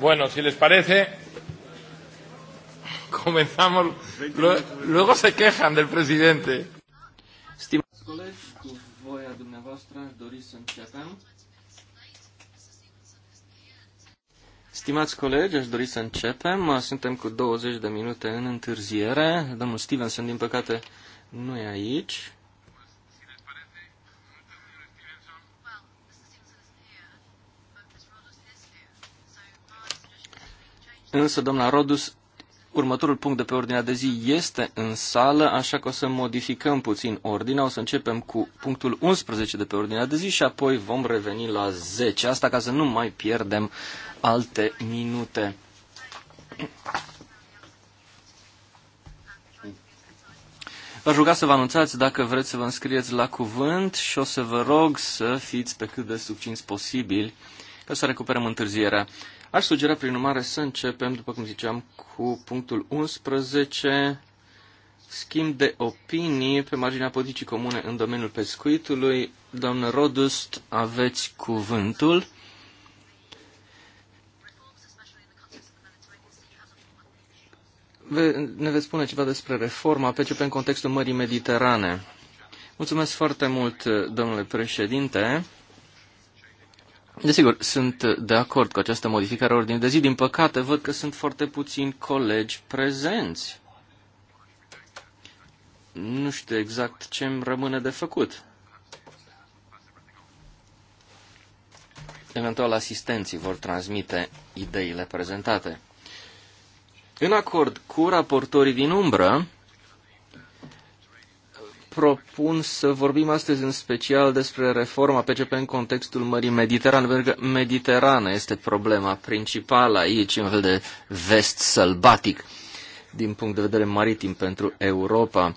Bueno, si les parece, comenzamos. Luego se quejan del presidente. Stimați colegi, dumneavoastră Stimați colegi, aș dori să începem. Suntem cu 20 de minute în întârziere. Domnul Stevenson, din păcate, nu e aici. Însă, doamna Rodus, următorul punct de pe ordinea de zi este în sală, așa că o să modificăm puțin ordinea. O să începem cu punctul 11 de pe ordinea de zi și apoi vom reveni la 10. Asta ca să nu mai pierdem alte minute. Vă ruga să vă anunțați dacă vreți să vă înscrieți la cuvânt și o să vă rog să fiți pe cât de succinți posibil ca să recuperăm întârzierea. Aș sugera, prin urmare, să începem, după cum ziceam, cu punctul 11, schimb de opinii pe marginea politicii comune în domeniul pescuitului. Doamnă Rodust, aveți cuvântul. Ne veți spune ceva despre reforma pe PCP în contextul Mării Mediterane. Mulțumesc foarte mult, domnule președinte. Desigur, sunt de acord cu această modificare a ordinii de zi. Din păcate, văd că sunt foarte puțini colegi prezenți. Nu știu exact ce îmi rămâne de făcut. Eventual, asistenții vor transmite ideile prezentate. În acord cu raportorii din umbră, propun să vorbim astăzi în special despre reforma PCP în contextul Mării Mediterane, pentru că Mediterana este problema principală aici, în fel de vest sălbatic din punct de vedere maritim pentru Europa.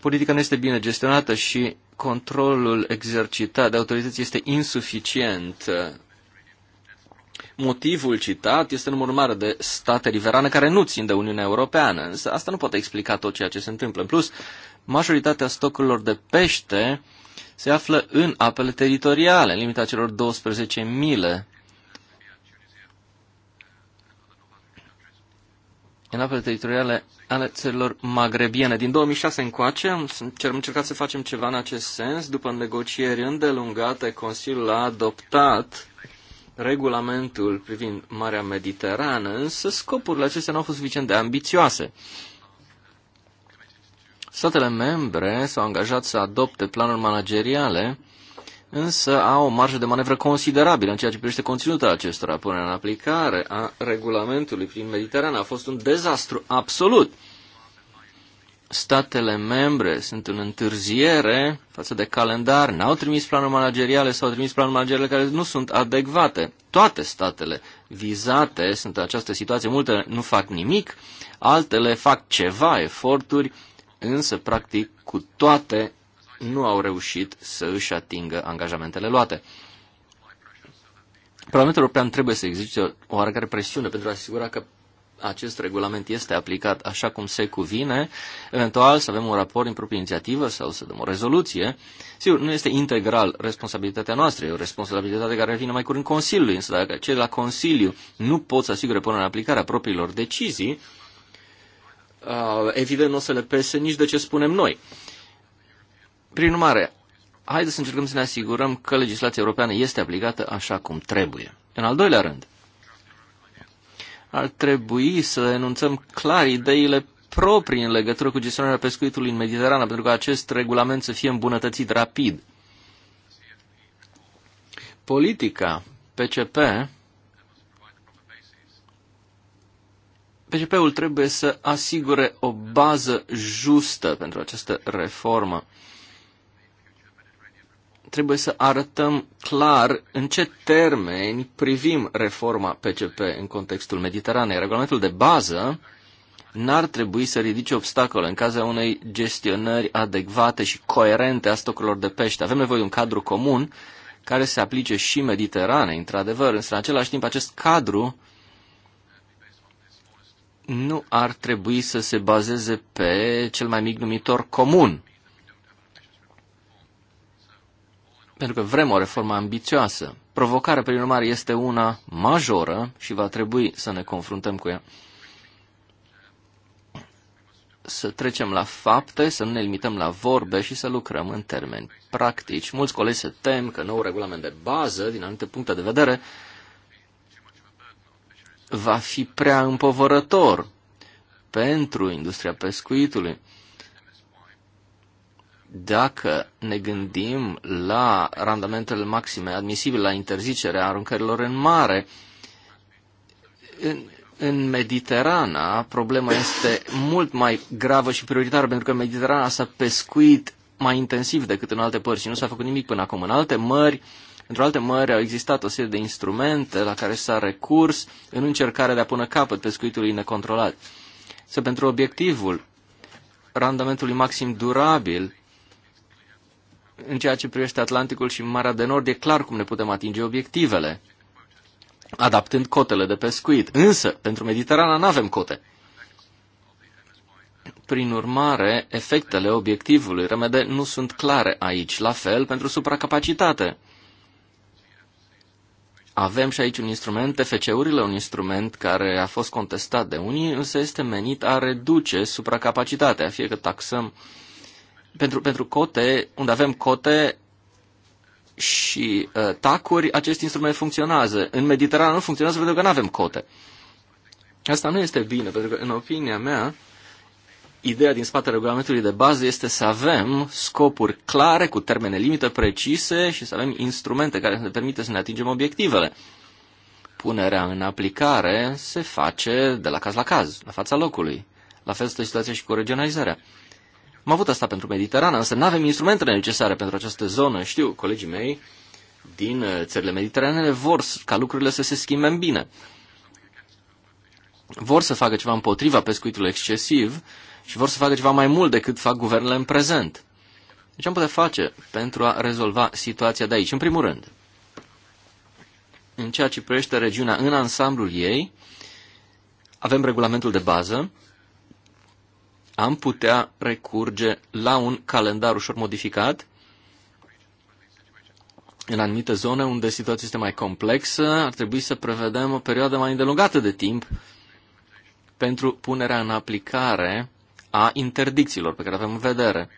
Politica nu este bine gestionată și controlul exercitat de autorități este insuficient. Motivul citat este numărul mare de state riverane care nu țin de Uniunea Europeană, însă asta nu poate explica tot ceea ce se întâmplă. În plus, majoritatea stocurilor de pește se află în apele teritoriale, în limita celor 12 mile. În apele teritoriale ale țărilor magrebiene. Din 2006 încoace am încercat să facem ceva în acest sens. După negocieri îndelungate, Consiliul a adoptat regulamentul privind Marea Mediterană, însă scopurile acestea nu au fost suficient de ambițioase. Statele membre s-au angajat să adopte planuri manageriale, însă au o marjă de manevră considerabilă în ceea ce privește conținutul acestora. Punerea în aplicare a regulamentului prin Mediterana a fost un dezastru absolut. Statele membre sunt în întârziere față de calendar, n-au trimis planuri manageriale sau au trimis planuri manageriale care nu sunt adecvate. Toate statele vizate sunt în această situație, multe nu fac nimic, altele fac ceva eforturi, însă, practic, cu toate nu au reușit să își atingă angajamentele luate. Parlamentul European trebuie să existe o oarecare presiune pentru a asigura că acest regulament este aplicat așa cum se cuvine, eventual să avem un raport în proprie inițiativă sau să dăm o rezoluție. Sigur, nu este integral responsabilitatea noastră, e o responsabilitate care vine mai curând Consiliului, însă dacă cei la Consiliu nu pot să asigure până în aplicarea propriilor decizii, Uh, evident nu o să le pese nici de ce spunem noi. Prin urmare, haideți să încercăm să ne asigurăm că legislația europeană este aplicată așa cum trebuie. În al doilea rând, ar trebui să enunțăm clar ideile proprii în legătură cu gestionarea pescuitului în Mediterana, pentru că acest regulament să fie îmbunătățit rapid. Politica PCP PCP-ul trebuie să asigure o bază justă pentru această reformă. Trebuie să arătăm clar în ce termeni privim reforma PCP în contextul Mediteranei. Regulamentul de bază n-ar trebui să ridice obstacole în cazul unei gestionări adecvate și coerente a stocurilor de pește. Avem nevoie de un cadru comun care se aplice și Mediteranei, într-adevăr, însă în același timp acest cadru nu ar trebui să se bazeze pe cel mai mic numitor comun. Pentru că vrem o reformă ambițioasă. Provocarea, prin urmare, este una majoră și va trebui să ne confruntăm cu ea. Să trecem la fapte, să nu ne limităm la vorbe și să lucrăm în termeni practici. Mulți colegi se tem că nou regulament de bază, din anumite puncte de vedere, va fi prea împovărător pentru industria pescuitului. Dacă ne gândim la randamentele maxime admisibile, la interzicerea aruncărilor în mare, în, în Mediterana problema este mult mai gravă și prioritară, pentru că Mediterana s-a pescuit mai intensiv decât în alte părți și nu s-a făcut nimic până acum. În alte mări, uh, Într-o alte mări au existat o serie de instrumente la care s-a recurs în încercarea de a pune capăt pescuitului necontrolat. Să pentru obiectivul randamentului maxim durabil în ceea ce privește Atlanticul și Marea de Nord, e clar cum ne putem atinge obiectivele, adaptând cotele de pescuit. Însă, pentru Mediterana nu avem cote. Prin urmare, efectele obiectivului remede nu sunt clare aici, la fel pentru supracapacitate. Avem și aici un instrument, TFC-urile, un instrument care a fost contestat de unii, însă este menit a reduce supracapacitatea, fie că taxăm pentru, pentru cote, unde avem cote și uh, tacuri, acest instrument funcționează. În Mediterană nu funcționează pentru că nu avem cote. Asta nu este bine, pentru că, în opinia mea, ideea din spatele regulamentului de bază este să avem scopuri clare, cu termene limite precise și să avem instrumente care să ne permită să ne atingem obiectivele. Punerea în aplicare se face de la caz la caz, la fața locului. La fel este situația și cu regionalizarea. Am avut asta pentru Mediterana, însă nu avem instrumentele necesare pentru această zonă. Știu, colegii mei din uh, țările mediteranele vor ca lucrurile să se schimbe în bine. Vor să facă ceva împotriva pescuitului excesiv, și vor să facă ceva mai mult decât fac guvernele în prezent. Ce deci am putea face pentru a rezolva situația de aici? În primul rând, în ceea ce privește regiunea în ansamblul ei, avem regulamentul de bază, am putea recurge la un calendar ușor modificat în anumite zone unde situația este mai complexă, ar trebui să prevedem o perioadă mai îndelungată de timp pentru punerea în aplicare a interdicțiilor pe care avem în vedere.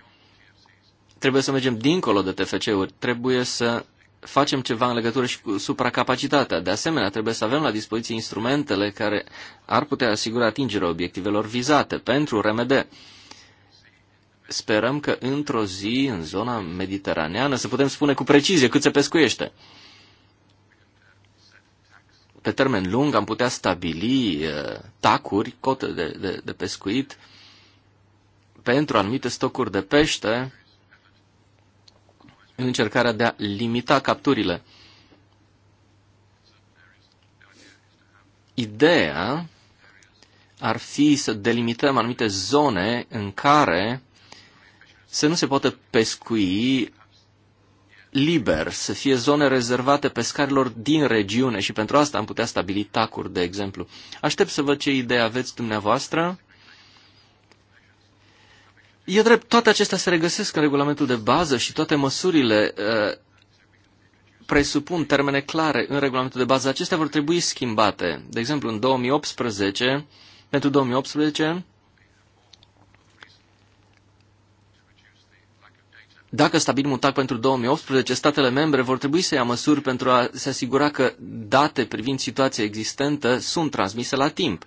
Trebuie să mergem dincolo de TFC-uri, trebuie să facem ceva în legătură și cu supracapacitatea. De asemenea, trebuie să avem la dispoziție instrumentele care ar putea asigura atingerea obiectivelor vizate pentru RMD. Sperăm că într-o zi, în zona mediteraneană, să putem spune cu precizie cât se pescuiește. Pe termen lung am putea stabili eh, tacuri, cote de, de, de pescuit, pentru anumite stocuri de pește în încercarea de a limita capturile. Ideea ar fi să delimităm anumite zone în care să nu se poată pescui liber, să fie zone rezervate pescarilor din regiune și pentru asta am putea stabili tacuri, de exemplu. Aștept să văd ce idee aveți dumneavoastră E drept, toate acestea se regăsesc în regulamentul de bază și toate măsurile uh, presupun termene clare în regulamentul de bază. Acestea vor trebui schimbate. De exemplu, în 2018, pentru 2018, Dacă stabilim un TAC pentru 2018, statele membre vor trebui să ia măsuri pentru a se asigura că date privind situația existentă sunt transmise la timp.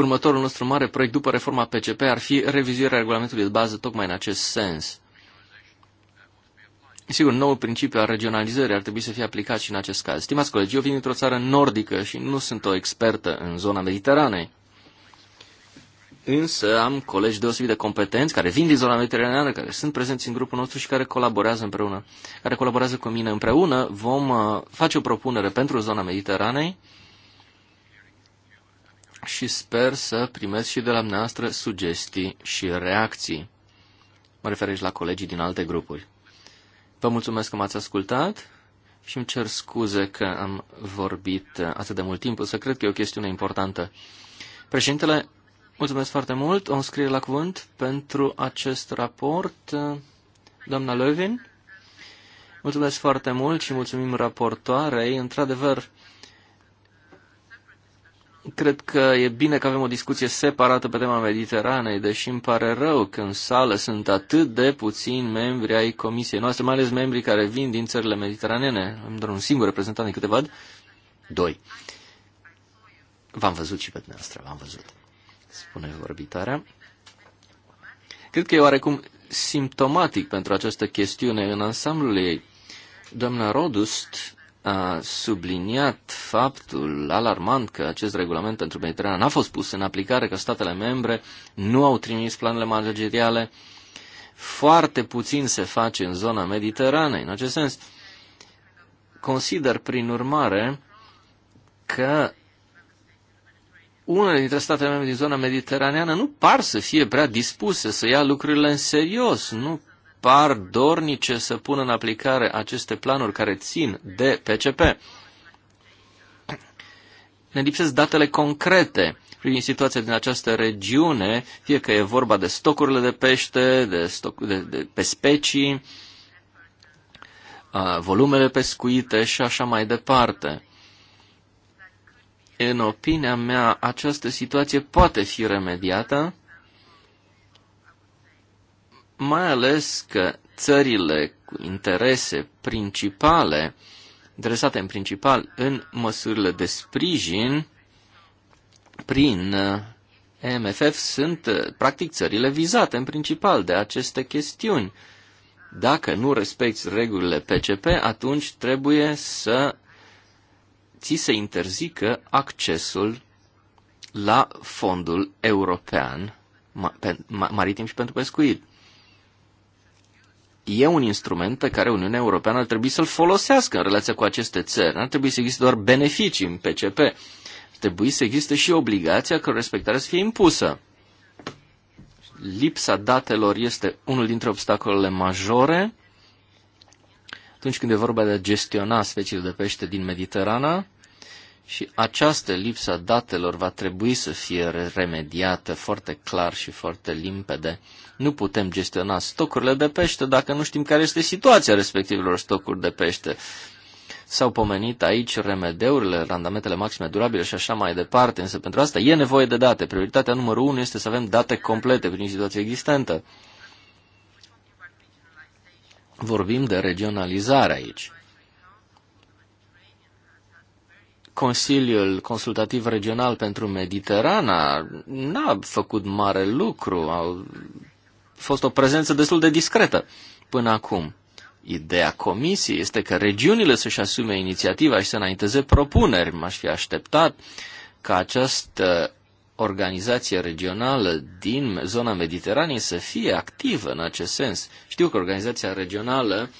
Următorul nostru mare proiect după reforma PCP ar fi revizuirea regulamentului de bază tocmai în acest sens. Sigur, noul principiu al regionalizării ar trebui să fie aplicat și în acest caz. Stimați colegi, eu vin dintr-o țară nordică și nu sunt o expertă în zona Mediteranei. Însă am colegi deosebit de competenți care vin din zona mediteraneană, care sunt prezenți în grupul nostru și care colaborează împreună. Care colaborează cu mine împreună, vom uh, face o propunere pentru zona Mediteranei și sper să primesc și de la dumneavoastră sugestii și reacții. Mă refer aici la colegii din alte grupuri. Vă mulțumesc că m-ați ascultat și îmi cer scuze că am vorbit atât de mult timp, însă cred că e o chestiune importantă. Președintele, mulțumesc foarte mult. O înscriere la cuvânt pentru acest raport. Doamna Lövin, mulțumesc foarte mult și mulțumim raportoarei. Într-adevăr, Cred că e bine că avem o discuție separată pe tema Mediteranei, deși îmi pare rău că în sală sunt atât de puțini membri ai comisiei noastre, mai ales membrii care vin din țările mediteranene. Am doar un singur reprezentant, din câte văd. Doi. V-am văzut și pe dumneavoastră, v-am văzut, spune vorbitarea. Cred că e oarecum simptomatic pentru această chestiune în ansamblul ei. Doamna Rodust a subliniat faptul alarmant că acest regulament pentru Mediterana n-a fost pus în aplicare, că statele membre nu au trimis planele manageriale, foarte puțin se face în zona Mediteranei. În acest sens, consider prin urmare că unele dintre statele membre din zona mediteraneană nu par să fie prea dispuse să ia lucrurile în serios, nu par dornice să pună în aplicare aceste planuri care țin de PCP. Ne lipsesc datele concrete privind situația din această regiune, fie că e vorba de stocurile de pește, de, stoc, de, de pe specii, volumele pescuite și așa mai departe. În opinia mea, această situație poate fi remediată mai ales că țările cu interese principale, interesate în principal în măsurile de sprijin prin eh, MFF, sunt eh, practic țările vizate în principal de aceste chestiuni. Dacă nu respecti regulile PCP, atunci trebuie să ți se interzică accesul la fondul european maritim și pentru pescuit e un instrument pe care Uniunea Europeană ar trebui să-l folosească în relația cu aceste țări. Nu ar trebui să existe doar beneficii în PCP. Ar trebui să existe și obligația că respectarea să fie impusă. Lipsa datelor este unul dintre obstacolele majore atunci când e vorba de a gestiona speciile de pește din Mediterana și această lipsă a datelor va trebui să fie remediată foarte clar și foarte limpede. Nu putem gestiona stocurile de pește dacă nu știm care este situația respectivelor stocuri de pește. S-au pomenit aici remedeurile, randamentele maxime durabile și așa mai departe, însă pentru asta e nevoie de date. Prioritatea numărul unu este să avem date complete prin situația existentă. Vorbim de regionalizare aici. Consiliul Consultativ Regional pentru Mediterana n-a făcut mare lucru, a fost o prezență destul de discretă până acum. Ideea comisiei este că regiunile să-și asume inițiativa și să înainteze propuneri. M-aș fi așteptat ca această organizație regională din zona Mediteranei să fie activă în acest sens. Știu că organizația regională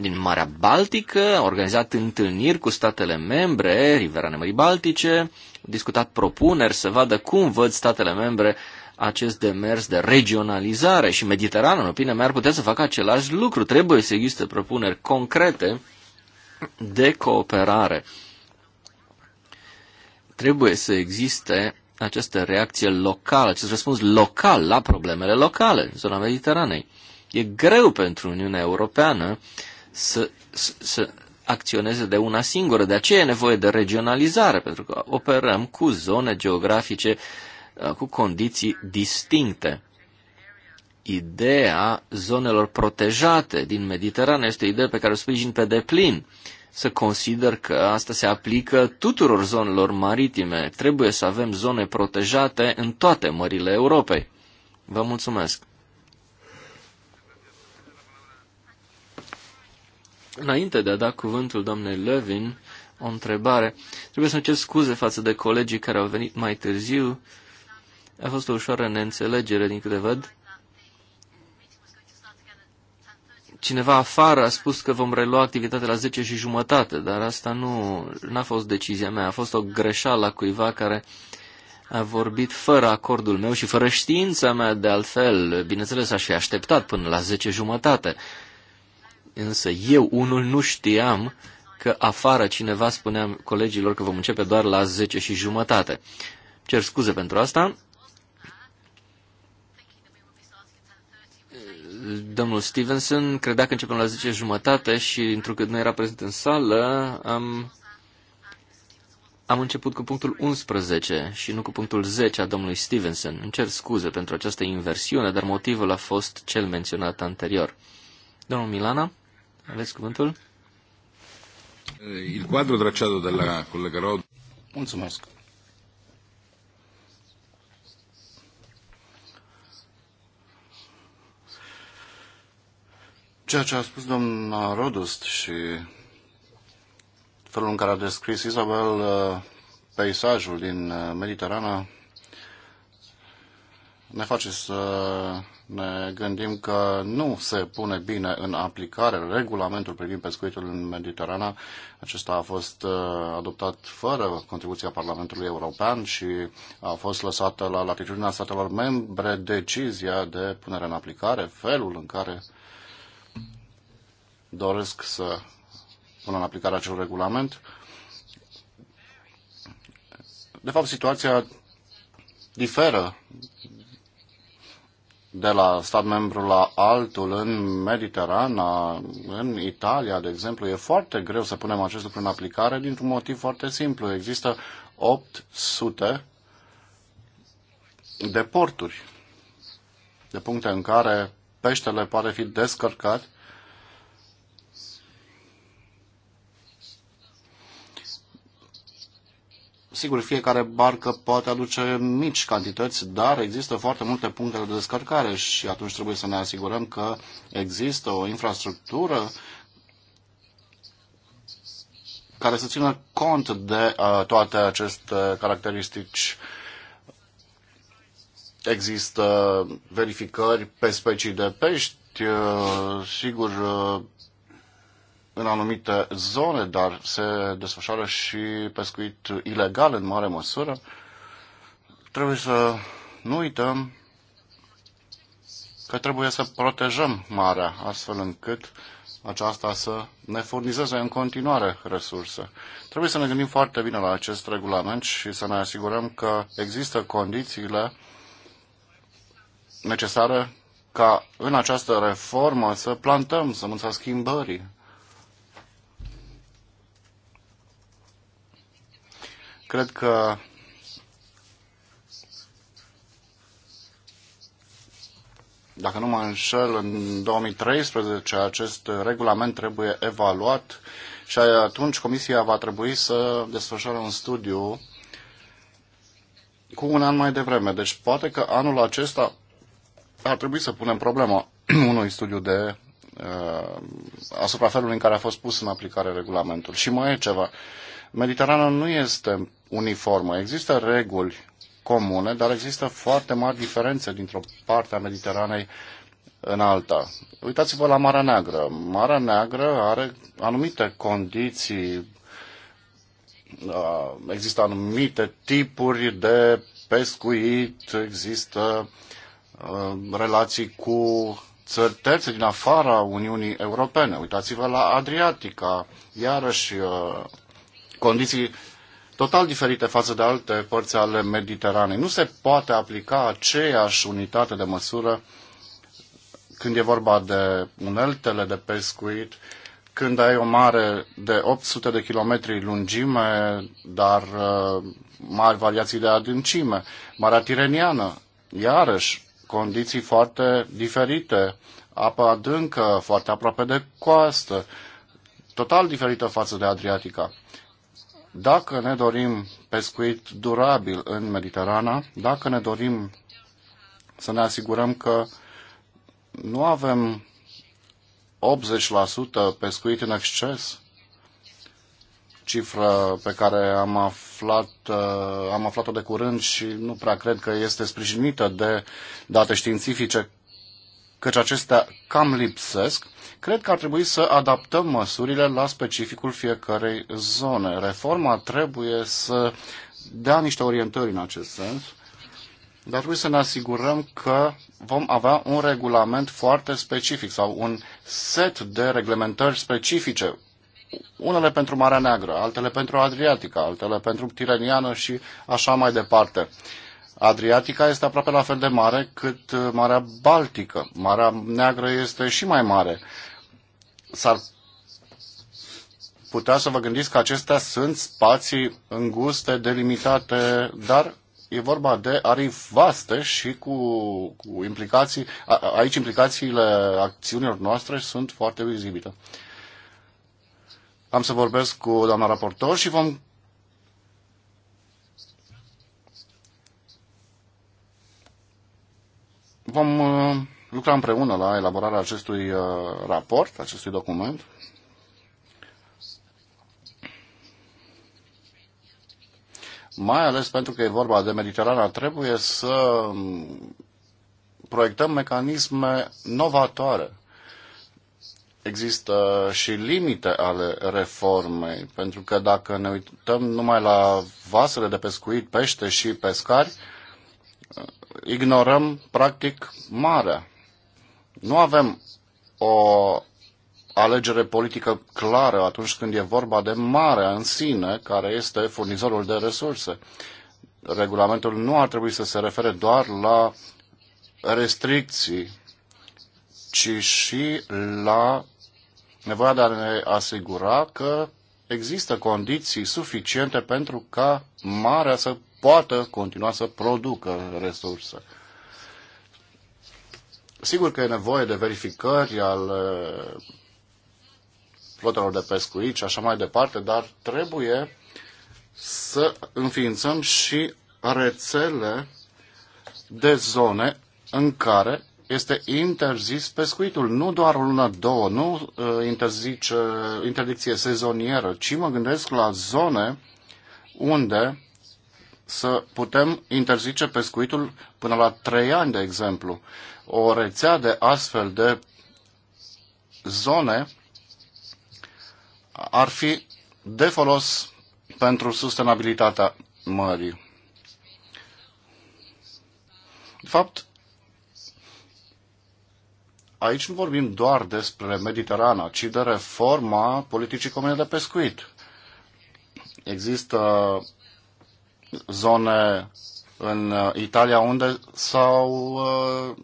din Marea Baltică, a organizat întâlniri cu statele membre, Rivera Nemării Baltice, discutat propuneri să vadă cum văd statele membre acest demers de regionalizare și Mediterana, în opinia mea, ar putea să facă același lucru. Trebuie să existe propuneri concrete de cooperare. Trebuie să existe această reacție locală, acest răspuns local la problemele locale în zona Mediteranei. E greu pentru Uniunea Europeană să, să, să acționeze de una singură. De aceea e nevoie de regionalizare, pentru că operăm cu zone geografice, uh, cu condiții distincte. Ideea zonelor protejate din Mediterană este o idee pe care o sprijin pe deplin. Să consider că asta se aplică tuturor zonelor maritime. Trebuie să avem zone protejate în toate mările Europei. Vă mulțumesc! Înainte de a da cuvântul doamnei Levin, o întrebare. Trebuie să-mi cer scuze față de colegii care au venit mai târziu. A fost o ușoară neînțelegere, din câte văd. Cineva afară a spus că vom relua activitatea la 10 și jumătate, dar asta nu a fost decizia mea. A fost o greșeală a cuiva care a vorbit fără acordul meu și fără știința mea de altfel. Bineînțeles, aș fi așteptat până la 10 jumătate. Însă eu unul nu știam că afară cineva spuneam colegilor că vom începe doar la 10 și jumătate. Cer scuze pentru asta. Domnul Stevenson credea că începem la 10 jumătate și, întrucât nu era prezent în sală, am, am început cu punctul 11 și nu cu punctul 10 a domnului Stevenson. Îmi cer scuze pentru această inversiune, dar motivul a fost cel menționat anterior. Domnul Milana? Aveți cuvântul? Il quadro tracciato dalla collega Rod. Mulțumesc. Ceea ce a spus doamna Rodust și felul în care a descris Isabel uh, peisajul din uh, Mediterana ne face să ne gândim că nu se pune bine în aplicare regulamentul privind pescuitul în Mediterana. Acesta a fost uh, adoptat fără contribuția Parlamentului European și a fost lăsată la latitudinea statelor membre decizia de punere în aplicare, felul în care doresc să pună în aplicare acel regulament. De fapt, situația diferă de la stat membru la altul în Mediterana, în Italia, de exemplu, e foarte greu să punem acest lucru în aplicare dintr-un motiv foarte simplu. Există 800 de porturi, de puncte în care peștele poate fi descărcat Sigur, fiecare barcă poate aduce mici cantități, dar există foarte multe puncte de descărcare și atunci trebuie să ne asigurăm că există o infrastructură care să țină cont de uh, toate aceste caracteristici. Există verificări pe specii de pești, uh, sigur, uh, în anumite zone, dar se desfășoară și pescuit ilegal în mare măsură, trebuie să nu uităm că trebuie să protejăm marea, astfel încât aceasta să ne furnizeze în continuare resurse. Trebuie să ne gândim foarte bine la acest regulament și să ne asigurăm că există condițiile necesare ca în această reformă să plantăm să schimbării. Cred că dacă nu mă înșel, în 2013 acest regulament trebuie evaluat și atunci Comisia va trebui să desfășoare un studiu cu un an mai devreme. Deci poate că anul acesta ar trebui să punem problema unui studiu de uh, asupra felului în care a fost pus în aplicare regulamentul. Și mai e ceva. Uh, Mediterana nu este uniformă. Există reguli comune, dar există foarte mari diferențe dintr-o parte a Mediteranei în alta. Uitați-vă la Marea Neagră. Marea Neagră are anumite condiții, există anumite tipuri de pescuit, există relații cu țări terțe din afara Uniunii Europene. Uitați-vă la Adriatica, iarăși condiții total diferite față de alte părți ale Mediteranei. Nu se poate aplica aceeași unitate de măsură când e vorba de uneltele de pescuit, când ai o mare de 800 de kilometri lungime, dar uh, mari variații de adâncime, Marea Tireniană, iarăși condiții foarte diferite, apă adâncă, foarte aproape de coastă, total diferită față de Adriatica. Dacă ne dorim pescuit durabil în Mediterana, dacă ne dorim să ne asigurăm că nu avem 80% pescuit în exces, cifră pe care am aflat, uh, am aflat-o de curând și nu prea cred că este sprijinită de date științifice, căci acestea cam lipsesc. Cred că ar trebui să adaptăm măsurile la specificul fiecarei zone. Reforma trebuie să dea niște orientări în acest sens, dar trebuie să ne asigurăm că vom avea un regulament foarte specific sau un set de reglementări specifice unele pentru Marea Neagră, altele pentru Adriatica, altele pentru Tireniană și așa mai departe. Adriatica este aproape la fel de mare cât uh, Marea Baltică. Marea Neagră este și mai mare. S-ar putea să vă gândiți că acestea sunt spații înguste, delimitate, dar e vorba de arii vaste și cu, cu implicații, a, aici implicațiile acțiunilor noastre sunt foarte vizibile. Am să vorbesc cu doamna raportor și vom Vom uh, lucra împreună la elaborarea acestui uh, raport, acestui document. Mai ales pentru că e vorba de Mediterana, trebuie să um, proiectăm mecanisme novatoare. Există și limite ale reformei, pentru că dacă ne uităm numai la vasele de pescuit, pește și pescari, ignorăm practic marea. Nu avem o alegere politică clară atunci când e vorba de marea în sine, care este furnizorul de resurse. Regulamentul nu ar trebui să se refere doar la restricții, ci și la nevoia de a ne asigura că există condiții suficiente pentru ca marea să poată continua să producă resurse. Sigur că e nevoie de verificări al uh, flotelor de pescuit și așa mai departe, dar trebuie să înființăm și rețele de zone în care este interzis pescuitul. Nu doar o lună, două, nu uh, interzice, interdicție sezonieră, ci mă gândesc la zone unde să putem interzice pescuitul până la trei ani, de exemplu. O rețea de astfel de zone ar fi de folos pentru sustenabilitatea mării. De fapt, aici nu vorbim doar despre Mediterana, ci de reforma politicii comune de pescuit. Există zone în uh, Italia unde s-au uh,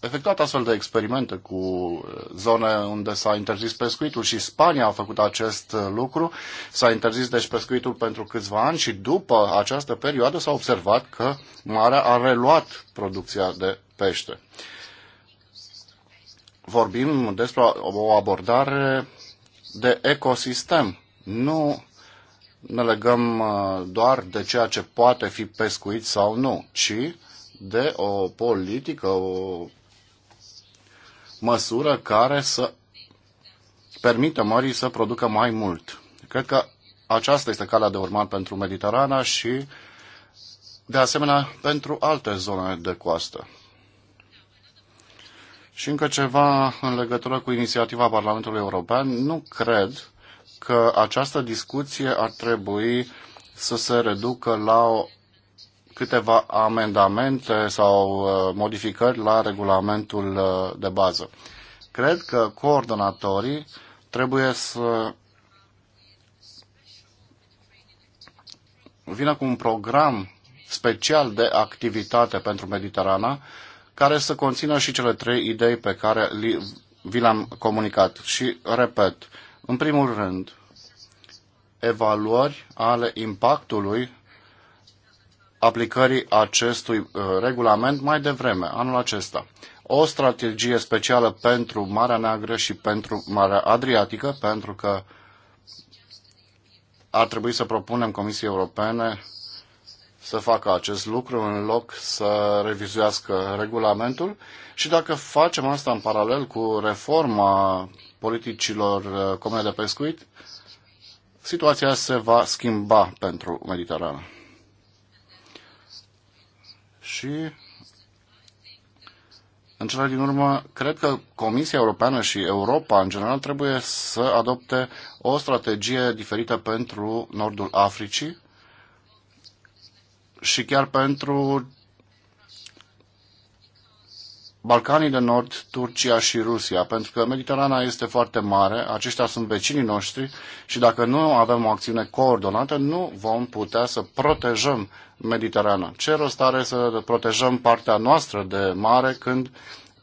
efectuat astfel de experimente cu uh, zone unde s-a interzis pescuitul și Spania a făcut acest lucru. S-a interzis deci pescuitul pentru câțiva ani și după această perioadă s-a observat că marea a reluat producția de pește. Vorbim despre o abordare de ecosistem, nu ne legăm uh, doar de ceea ce poate fi pescuit sau nu, ci de o politică, o măsură care să permită mării să producă mai mult. Cred că aceasta este calea de urmat pentru Mediterana și, de asemenea, pentru alte zone de coastă. Și încă ceva în legătură cu inițiativa Parlamentului European. Nu cred că această discuție ar trebui să se reducă la o câteva amendamente sau uh, modificări la regulamentul uh, de bază. Cred că coordonatorii trebuie să vină cu un program special de activitate pentru Mediterana care să conțină și cele trei idei pe care vi le-am comunicat. Și repet, în primul rând, evaluări ale impactului aplicării acestui uh, regulament mai devreme, anul acesta. O strategie specială pentru Marea Neagră și pentru Marea Adriatică, pentru că ar trebui să propunem Comisiei Europene să facă acest lucru în loc să revizuiască regulamentul și dacă facem asta în paralel cu reforma politicilor uh, comune de pescuit, situația se va schimba pentru Mediterana. Și în cele din urmă, cred că Comisia Europeană și Europa în general trebuie să adopte o strategie diferită pentru Nordul Africii și chiar pentru Balcanii de Nord, Turcia și Rusia, pentru că Mediterana este foarte mare, aceștia sunt vecinii noștri și dacă nu avem o acțiune coordonată, nu vom putea să protejăm Mediterana. Ce rost are să protejăm partea noastră de mare când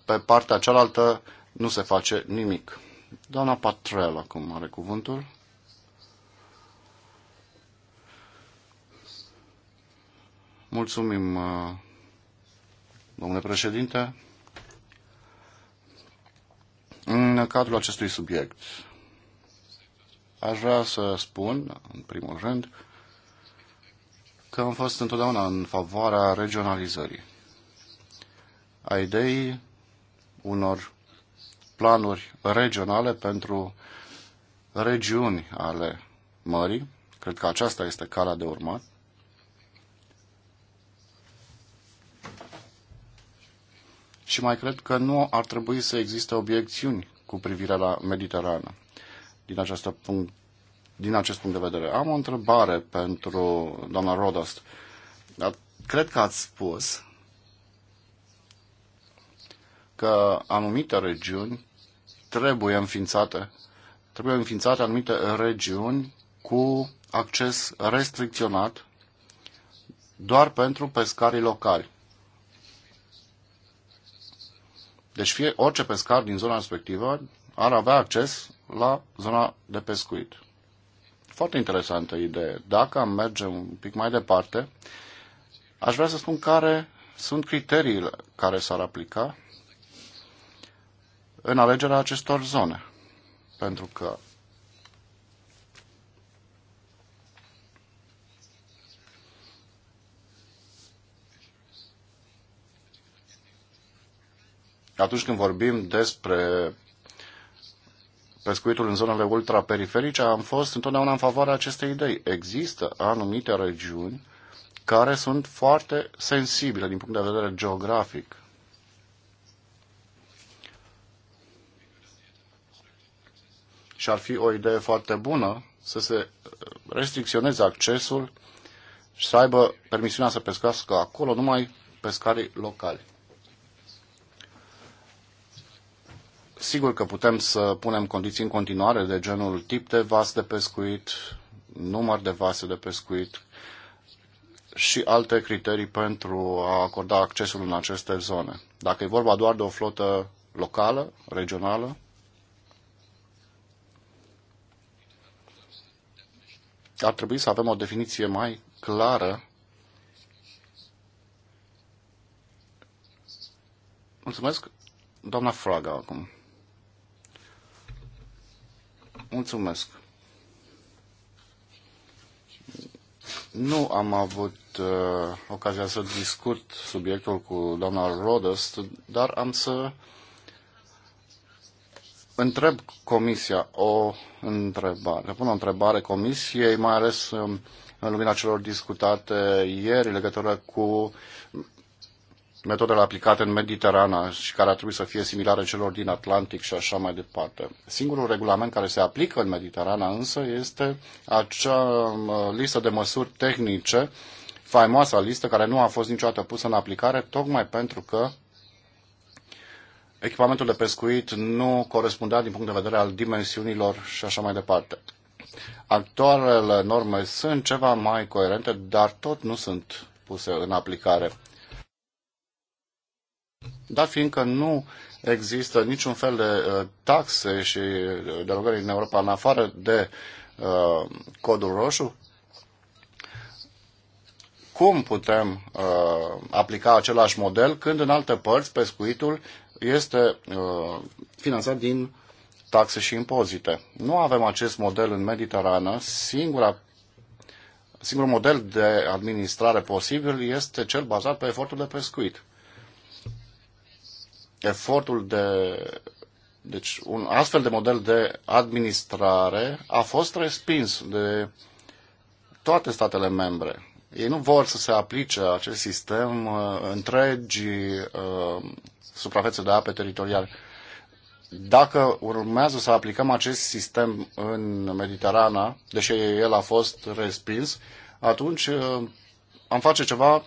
pe partea cealaltă nu se face nimic? Doamna Patrel acum are cuvântul. Mulțumim, uh, domnule președinte. În cadrul acestui subiect, aș vrea să spun, în primul rând, că am fost întotdeauna în favoarea regionalizării, a ideii unor planuri regionale pentru regiuni ale mării. Cred că aceasta este calea de urmat. și mai cred că nu ar trebui să existe obiecțiuni cu privire la Mediterană. Din, punct, din acest punct de vedere, am o întrebare pentru doamna Rodost. Cred că ați spus că anumite regiuni trebuie înființate, trebuie înființate anumite regiuni cu acces restricționat doar pentru pescarii locali. Deci fie orice pescar din zona respectivă ar avea acces la zona de pescuit. Foarte interesantă idee. Dacă am merge un pic mai departe, aș vrea să spun care sunt criteriile care s-ar aplica în alegerea acestor zone. Pentru că atunci când vorbim despre pescuitul în zonele ultraperiferice, am fost întotdeauna în favoarea acestei idei. Există anumite regiuni care sunt foarte sensibile din punct de vedere geografic. Și ar fi o idee foarte bună să se restricționeze accesul și să aibă permisiunea să pescuiască acolo numai pescarii locali. Sigur că putem să punem condiții în continuare de genul tip de vas de pescuit, număr de vase de pescuit și alte criterii pentru a acorda accesul în aceste zone. Dacă e vorba doar de o flotă locală, regională, ar trebui să avem o definiție mai clară. Mulțumesc, doamna Fraga, acum. Mulțumesc. Nu am avut uh, ocazia să discut subiectul cu doamna Rodas, dar am să întreb comisia o întrebare. Pun o întrebare comisiei, mai ales um, în lumina celor discutate ieri legătură cu metodele aplicate în Mediterana și care ar trebui să fie similare celor din Atlantic și așa mai departe. Singurul regulament care se aplică în Mediterana însă este acea uh, listă de măsuri tehnice, faimoasa listă care nu a fost niciodată pusă în aplicare, tocmai pentru că echipamentul de pescuit nu corespundea din punct de vedere al dimensiunilor și așa mai departe. Actualele norme sunt ceva mai coerente, dar tot nu sunt puse în aplicare. Dar fiindcă nu există niciun fel de uh, taxe și uh, derogări în Europa în afară de uh, codul roșu, cum putem uh, aplica același model când în alte părți pescuitul este uh, finanțat din taxe și impozite. Nu avem acest model în Mediterană. Singura, singurul model de administrare posibil este cel bazat pe efortul de pescuit efortul de. Deci, un astfel de model de administrare a fost respins de toate statele membre. Ei nu vor să se aplice acest sistem uh, întregii uh, suprafețe de ape teritoriale. Dacă urmează să aplicăm acest sistem în Mediterana, deși el a fost respins, atunci uh, am face ceva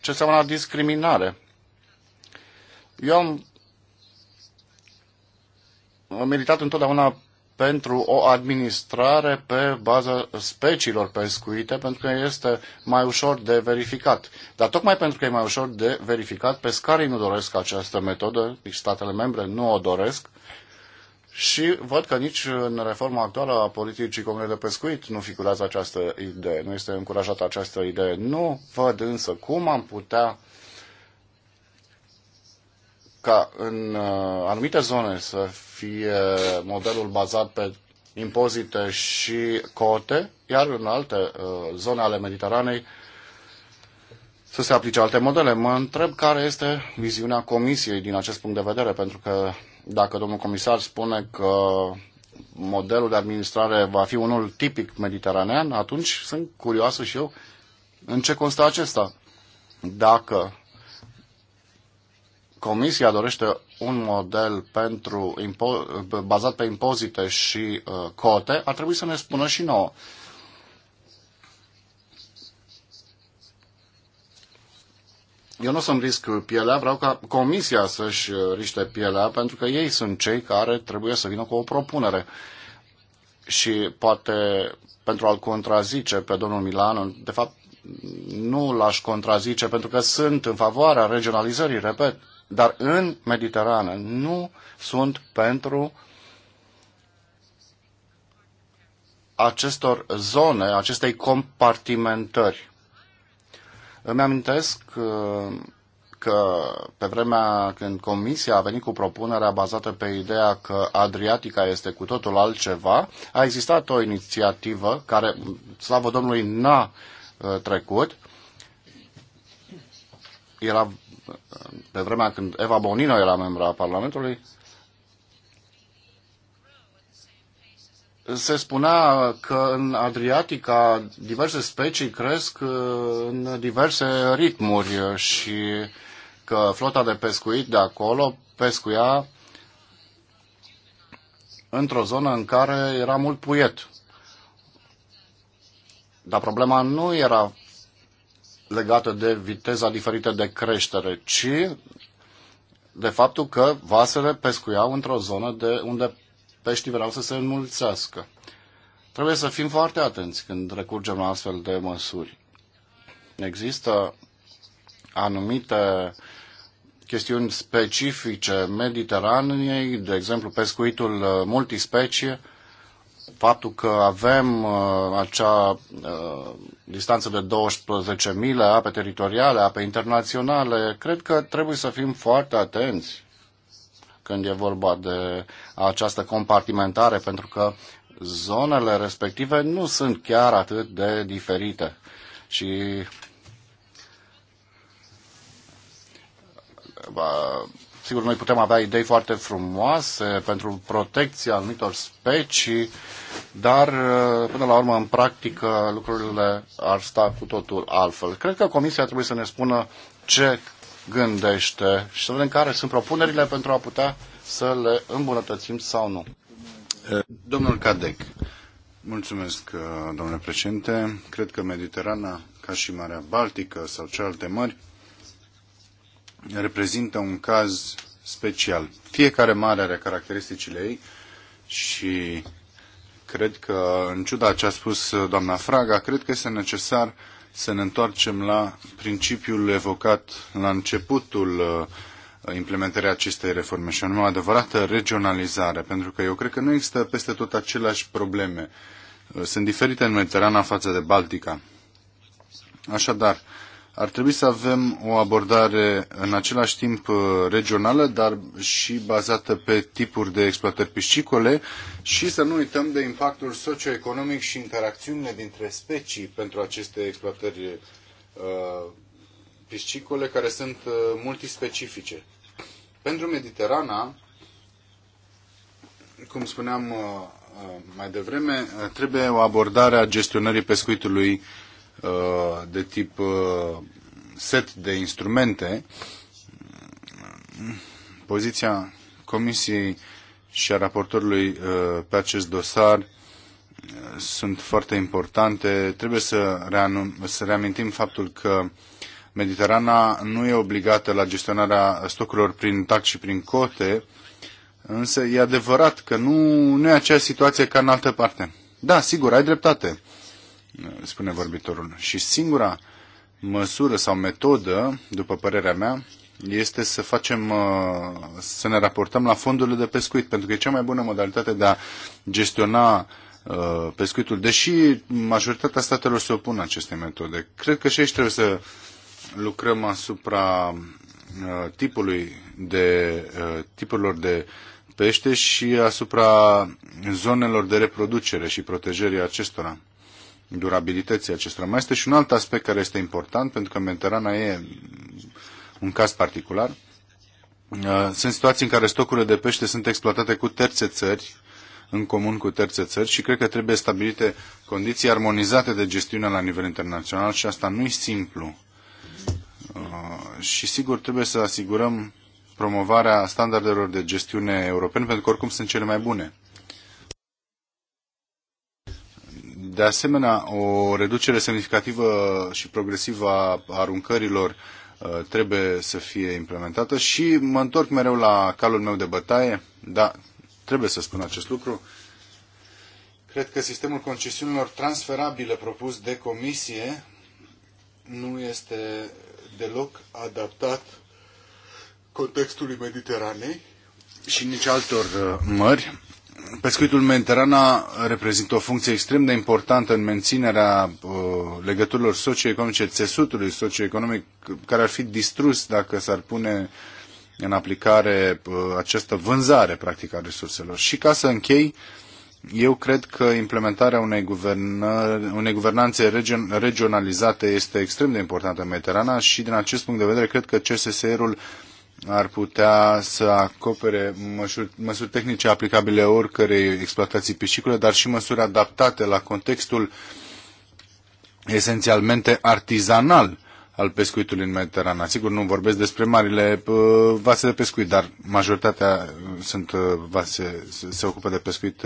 ce înseamnă discriminare. Eu am militat întotdeauna pentru o administrare pe bază speciilor pescuite, pentru că este mai ușor de verificat. Dar tocmai pentru că e mai ușor de verificat, pescarii nu doresc această metodă, nici statele membre nu o doresc și văd că nici în reforma actuală a politicii comune de pescuit nu figurează această idee, nu este încurajată această idee. Nu văd însă cum am putea uh, ca în uh, anumite zone să fie modelul bazat pe impozite și cote, iar în alte uh, zone ale Mediteranei să se aplice alte modele. Mă întreb care este viziunea Comisiei din acest punct de vedere, pentru că dacă domnul comisar spune că modelul de administrare va fi unul tipic mediteranean, atunci sunt curioasă și eu în ce constă acesta. Dacă Comisia dorește un model pentru bazat pe impozite și uh, cote, ar trebui să ne spună și nouă. Eu nu o să-mi risc pielea, vreau ca Comisia să-și uh, riște pielea, pentru că ei sunt cei care trebuie să vină cu o propunere. Și poate pentru a-l contrazice pe domnul Milan, de fapt nu l-aș contrazice pentru că sunt în favoarea regionalizării, repet, dar în Mediterană nu sunt pentru acestor zone, acestei compartimentări. Îmi amintesc uh, că pe vremea când Comisia a venit cu propunerea bazată pe ideea că Adriatica este cu totul altceva, a existat o inițiativă care, slavă Domnului, n-a uh, trecut. Era pe vremea când Eva Bonino era membra a Parlamentului, se spunea că în Adriatica diverse specii cresc uh, în diverse ritmuri și că flota de pescuit de acolo pescuia într-o zonă în care era mult puiet. Dar problema nu era legată de viteza diferită de creștere, ci de faptul că vasele pescuiau într-o zonă de unde peștii vreau să se înmulțească. Trebuie să fim foarte atenți când recurgem la astfel de măsuri. Există anumite chestiuni specifice Mediteranei, de exemplu pescuitul multispecie, faptul că avem uh, acea uh, distanță de 12 mile ape teritoriale, ape internaționale, cred că trebuie să fim foarte atenți când e vorba de această compartimentare, pentru că zonele respective nu sunt chiar atât de diferite. Și uh, Sigur, noi putem avea idei foarte frumoase pentru protecția anumitor specii, dar uh, până la urmă, în practică, lucrurile ar sta cu totul altfel. Cred că Comisia trebuie să ne spună ce gândește și să vedem care sunt propunerile pentru a putea să le îmbunătățim sau nu. Domnul Cadec, mulțumesc, uh, domnule președinte. Cred că Mediterana, ca și Marea Baltică sau cealaltă mări, reprezintă un caz special. Fiecare mare are caracteristicile ei și cred că, în ciuda ce a spus doamna Fraga, cred că este necesar să ne întoarcem la principiul evocat la începutul uh, implementării acestei reforme și anume o adevărată regionalizare, pentru că eu cred că nu există peste tot aceleași probleme. Uh, sunt diferite în Mediterana față de Baltica. Așadar, ar trebui să avem o abordare în același timp uh, regională, dar și bazată pe tipuri de exploatări piscicole și să nu uităm de impactul socioeconomic și interacțiunile dintre specii pentru aceste exploatări uh, piscicole care sunt uh, multispecifice. Pentru Mediterana, cum spuneam uh, uh mai devreme, uh, trebuie o abordare a gestionării pescuitului Uh, de tip uh, set de instrumente, poziția Comisiei și a raportorului uh, pe acest dosar sunt foarte importante. Trebuie să, reanum, să reamintim faptul că Mediterana nu e obligată la gestionarea stocurilor prin tax și prin cote, însă e adevărat că nu, nu e aceeași situație ca în altă parte. Da, sigur, ai dreptate spune vorbitorul. Și singura măsură sau metodă, după părerea mea, este să facem, uh, să ne raportăm la fondurile de pescuit, pentru că e cea mai bună modalitate de a gestiona uh, pescuitul, deși majoritatea statelor se opun acestei metode. Cred că și aici trebuie să lucrăm asupra uh, tipului de, tipurilor de pește și asupra zonelor de reproducere și protejării acestora durabilității acestora. Mai este și un alt aspect care este important, pentru că Mediterana e un caz particular. Uh, sunt situații în care stocurile de pește sunt exploatate cu terțe țări, în comun cu terțe țări și cred că trebuie stabilite condiții armonizate de gestiune la nivel internațional și asta nu e simplu. Uh, și sigur trebuie să asigurăm promovarea standardelor de gestiune europene, pentru că oricum sunt cele mai bune. De asemenea, o reducere semnificativă și progresivă a aruncărilor uh, trebuie să fie implementată și mă întorc mereu la calul meu de bătaie, dar trebuie să spun acest lucru. Cred că sistemul concesiunilor transferabile propus de comisie nu este deloc adaptat contextului Mediteranei și nici altor uh, mări pescuitul mediterana reprezintă o funcție extrem de importantă în menținerea uh, legăturilor socioeconomice, țesutului socioeconomic, care ar fi distrus dacă s-ar pune în aplicare uh, această vânzare, practic, a resurselor. Și ca să închei, eu cred că implementarea unei, guvernă, unei guvernanțe region, regionalizate este extrem de importantă în Mediterana și, din acest punct de vedere, cred că CSSR-ul ar putea să acopere măsuri, măsuri tehnice aplicabile oricărei exploatații piscicole, dar și măsuri adaptate la contextul esențialmente artizanal al pescuitului în Mediterana. Sigur, nu vorbesc despre marile uh, vase de pescuit, dar majoritatea uh, sunt uh, vase, se ocupă de pescuit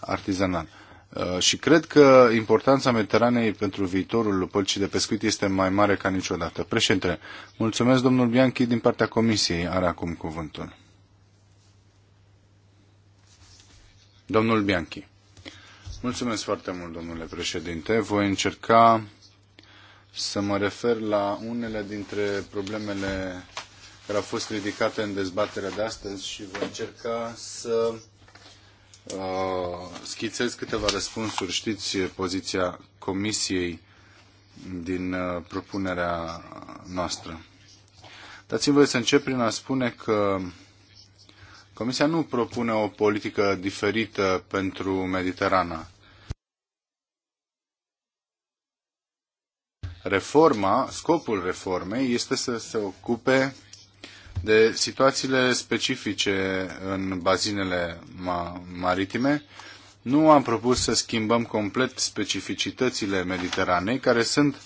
artizanal. Uh, și cred că importanța Mediteranei pentru viitorul pălcii de pescuit este mai mare ca niciodată. Președinte, mulțumesc domnul Bianchi din partea Comisiei. Are acum cuvântul. Domnul Bianchi. Mulțumesc foarte mult, domnule președinte. Voi încerca să mă refer la unele dintre problemele care au fost ridicate în dezbaterea de astăzi și voi încerca să Uh, schițez câteva răspunsuri. Știți poziția Comisiei din uh, propunerea noastră. Dați-mi voi să încep prin a spune că Comisia nu propune o politică diferită pentru Mediterana. Reforma, scopul reformei este să se ocupe de situațiile specifice în bazinele ma maritime, nu am propus să schimbăm complet specificitățile Mediteranei, care sunt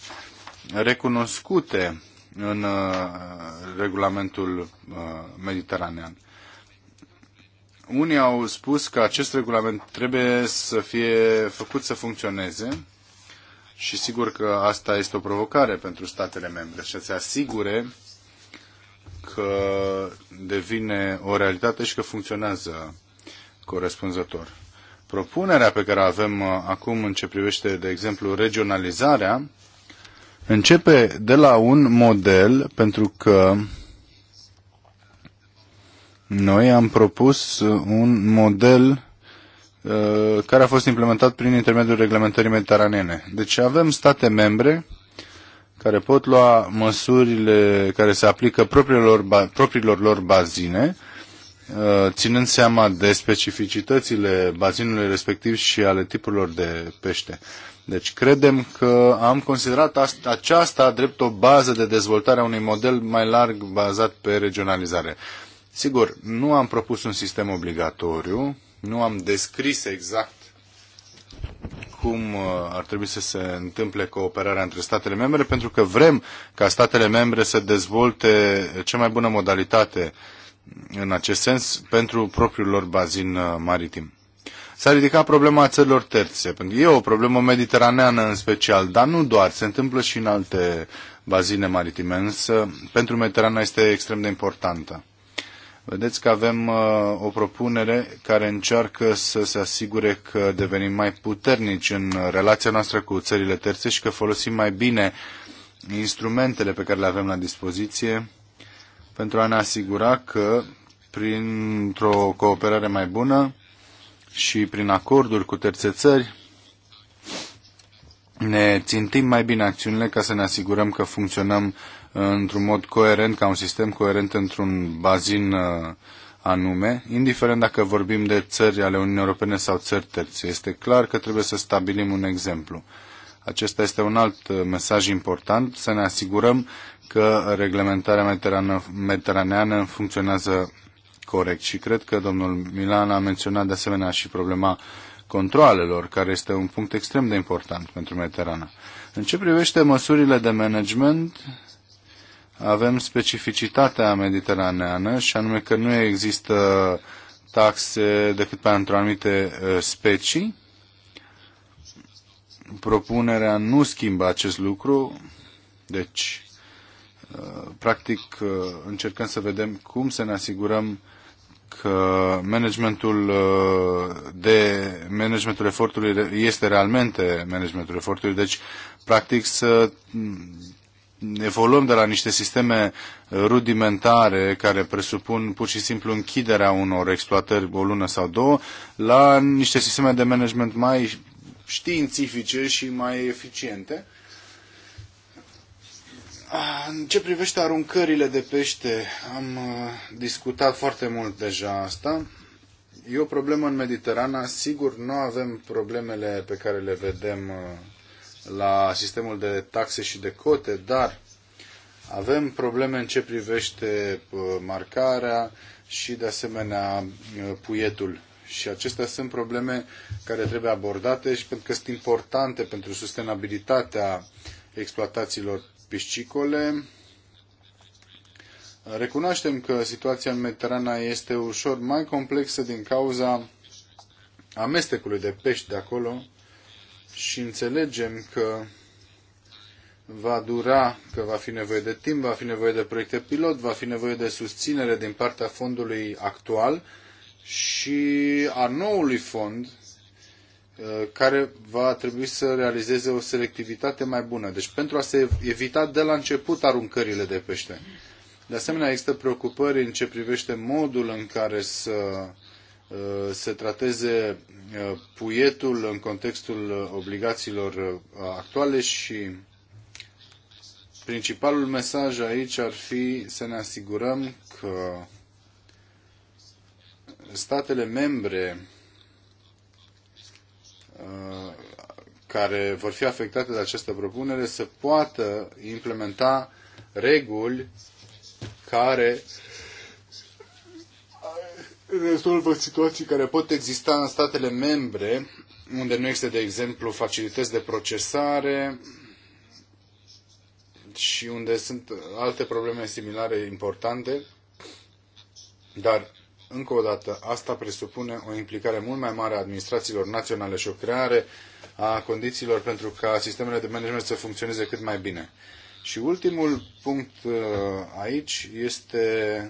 recunoscute în uh, regulamentul uh, mediteranean. Unii au spus că acest regulament trebuie să fie făcut să funcționeze și sigur că asta este o provocare pentru statele membre, să se asigure că devine o realitate și că funcționează corespunzător. Propunerea pe care o avem uh, acum în ce privește, de exemplu, regionalizarea, începe de la un model pentru că noi am propus uh, un model uh, care a fost implementat prin intermediul reglementării mediteranene. Deci avem state membre care pot lua măsurile care se aplică propriilor, propriilor lor bazine, uh, ținând seama de specificitățile bazinului respectiv și ale tipurilor de pește. Deci credem că am considerat aceasta drept o bază de dezvoltare a unui model mai larg bazat pe regionalizare. Sigur, nu am propus un sistem obligatoriu, nu am descris exact cum uh, ar trebui să se întâmple cooperarea între statele membre, pentru că vrem ca statele membre să dezvolte cea mai bună modalitate în acest sens pentru propriul lor bazin uh, maritim. S-a ridicat problema țărilor terțe, pentru că e o problemă mediteraneană în special, dar nu doar, se întâmplă și în alte bazine maritime, însă pentru Mediterana este extrem de importantă. Vedeți că avem uh, o propunere care încearcă să se asigure că devenim mai puternici în relația noastră cu țările terțe și că folosim mai bine instrumentele pe care le avem la dispoziție pentru a ne asigura că printr-o cooperare mai bună și prin acorduri cu terțe țări ne țintim mai bine acțiunile ca să ne asigurăm că funcționăm într-un mod coerent, ca un sistem coerent într-un bazin uh, anume, indiferent dacă vorbim de țări ale Uniunii Europene sau țări terțe. Este clar că trebuie să stabilim un exemplu. Acesta este un alt uh, mesaj important, să ne asigurăm că reglementarea mediteraneană funcționează corect. Și cred că domnul Milan a menționat de asemenea și problema controalelor, care este un punct extrem de important pentru Mediterana. În ce privește măsurile de management, avem specificitatea mediteraneană și anume că nu există taxe decât pentru anumite specii. Propunerea nu schimbă acest lucru, deci practic încercăm să vedem cum să ne asigurăm că managementul de managementul efortului este realmente managementul efortului, deci practic să evoluăm de la niște sisteme rudimentare care presupun pur și simplu închiderea unor exploatări o lună sau două la niște sisteme de management mai științifice și mai eficiente. În ce privește aruncările de pește, am uh, discutat foarte mult deja asta. E o problemă în Mediterana. Sigur, nu avem problemele pe care le vedem uh, la sistemul de taxe și de cote, dar avem probleme în ce privește uh, marcarea și, de asemenea, uh, puietul. Și acestea sunt probleme care trebuie abordate și pentru că sunt importante pentru sustenabilitatea exploatațiilor piscicole. Recunoaștem că situația în Mediterana este ușor mai complexă din cauza amestecului de pești de acolo și înțelegem că va dura, că va fi nevoie de timp, va fi nevoie de proiecte pilot, va fi nevoie de susținere din partea fondului actual și a noului fond uh, care va trebui să realizeze o selectivitate mai bună. Deci pentru a se evita de la început aruncările de pește. De asemenea, există preocupări în ce privește modul în care să uh, se trateze puietul în contextul obligațiilor actuale și principalul mesaj aici ar fi să ne asigurăm că statele membre uh, care vor fi afectate de această propunere să poată implementa reguli care rezolvă situații care pot exista în statele membre, unde nu există, de exemplu, facilități de procesare și unde sunt alte probleme similare importante, dar, încă o dată, asta presupune o implicare mult mai mare a administrațiilor naționale și o creare a condițiilor pentru ca sistemele de management să funcționeze cât mai bine. Și ultimul punct uh, aici este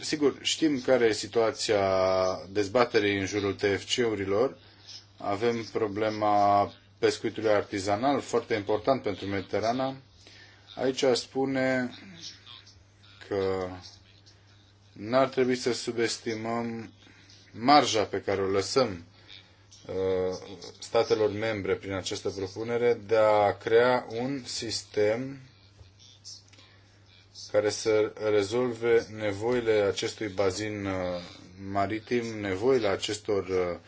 sigur, știm care e situația dezbaterii în jurul TFC-urilor. Avem problema pescuitului artizanal, foarte important pentru Mediterana. Aici spune că n-ar trebui să subestimăm marja pe care o lăsăm uh, statelor membre prin această propunere de a crea un sistem care să rezolve nevoile acestui bazin uh, maritim, nevoile acestor uh,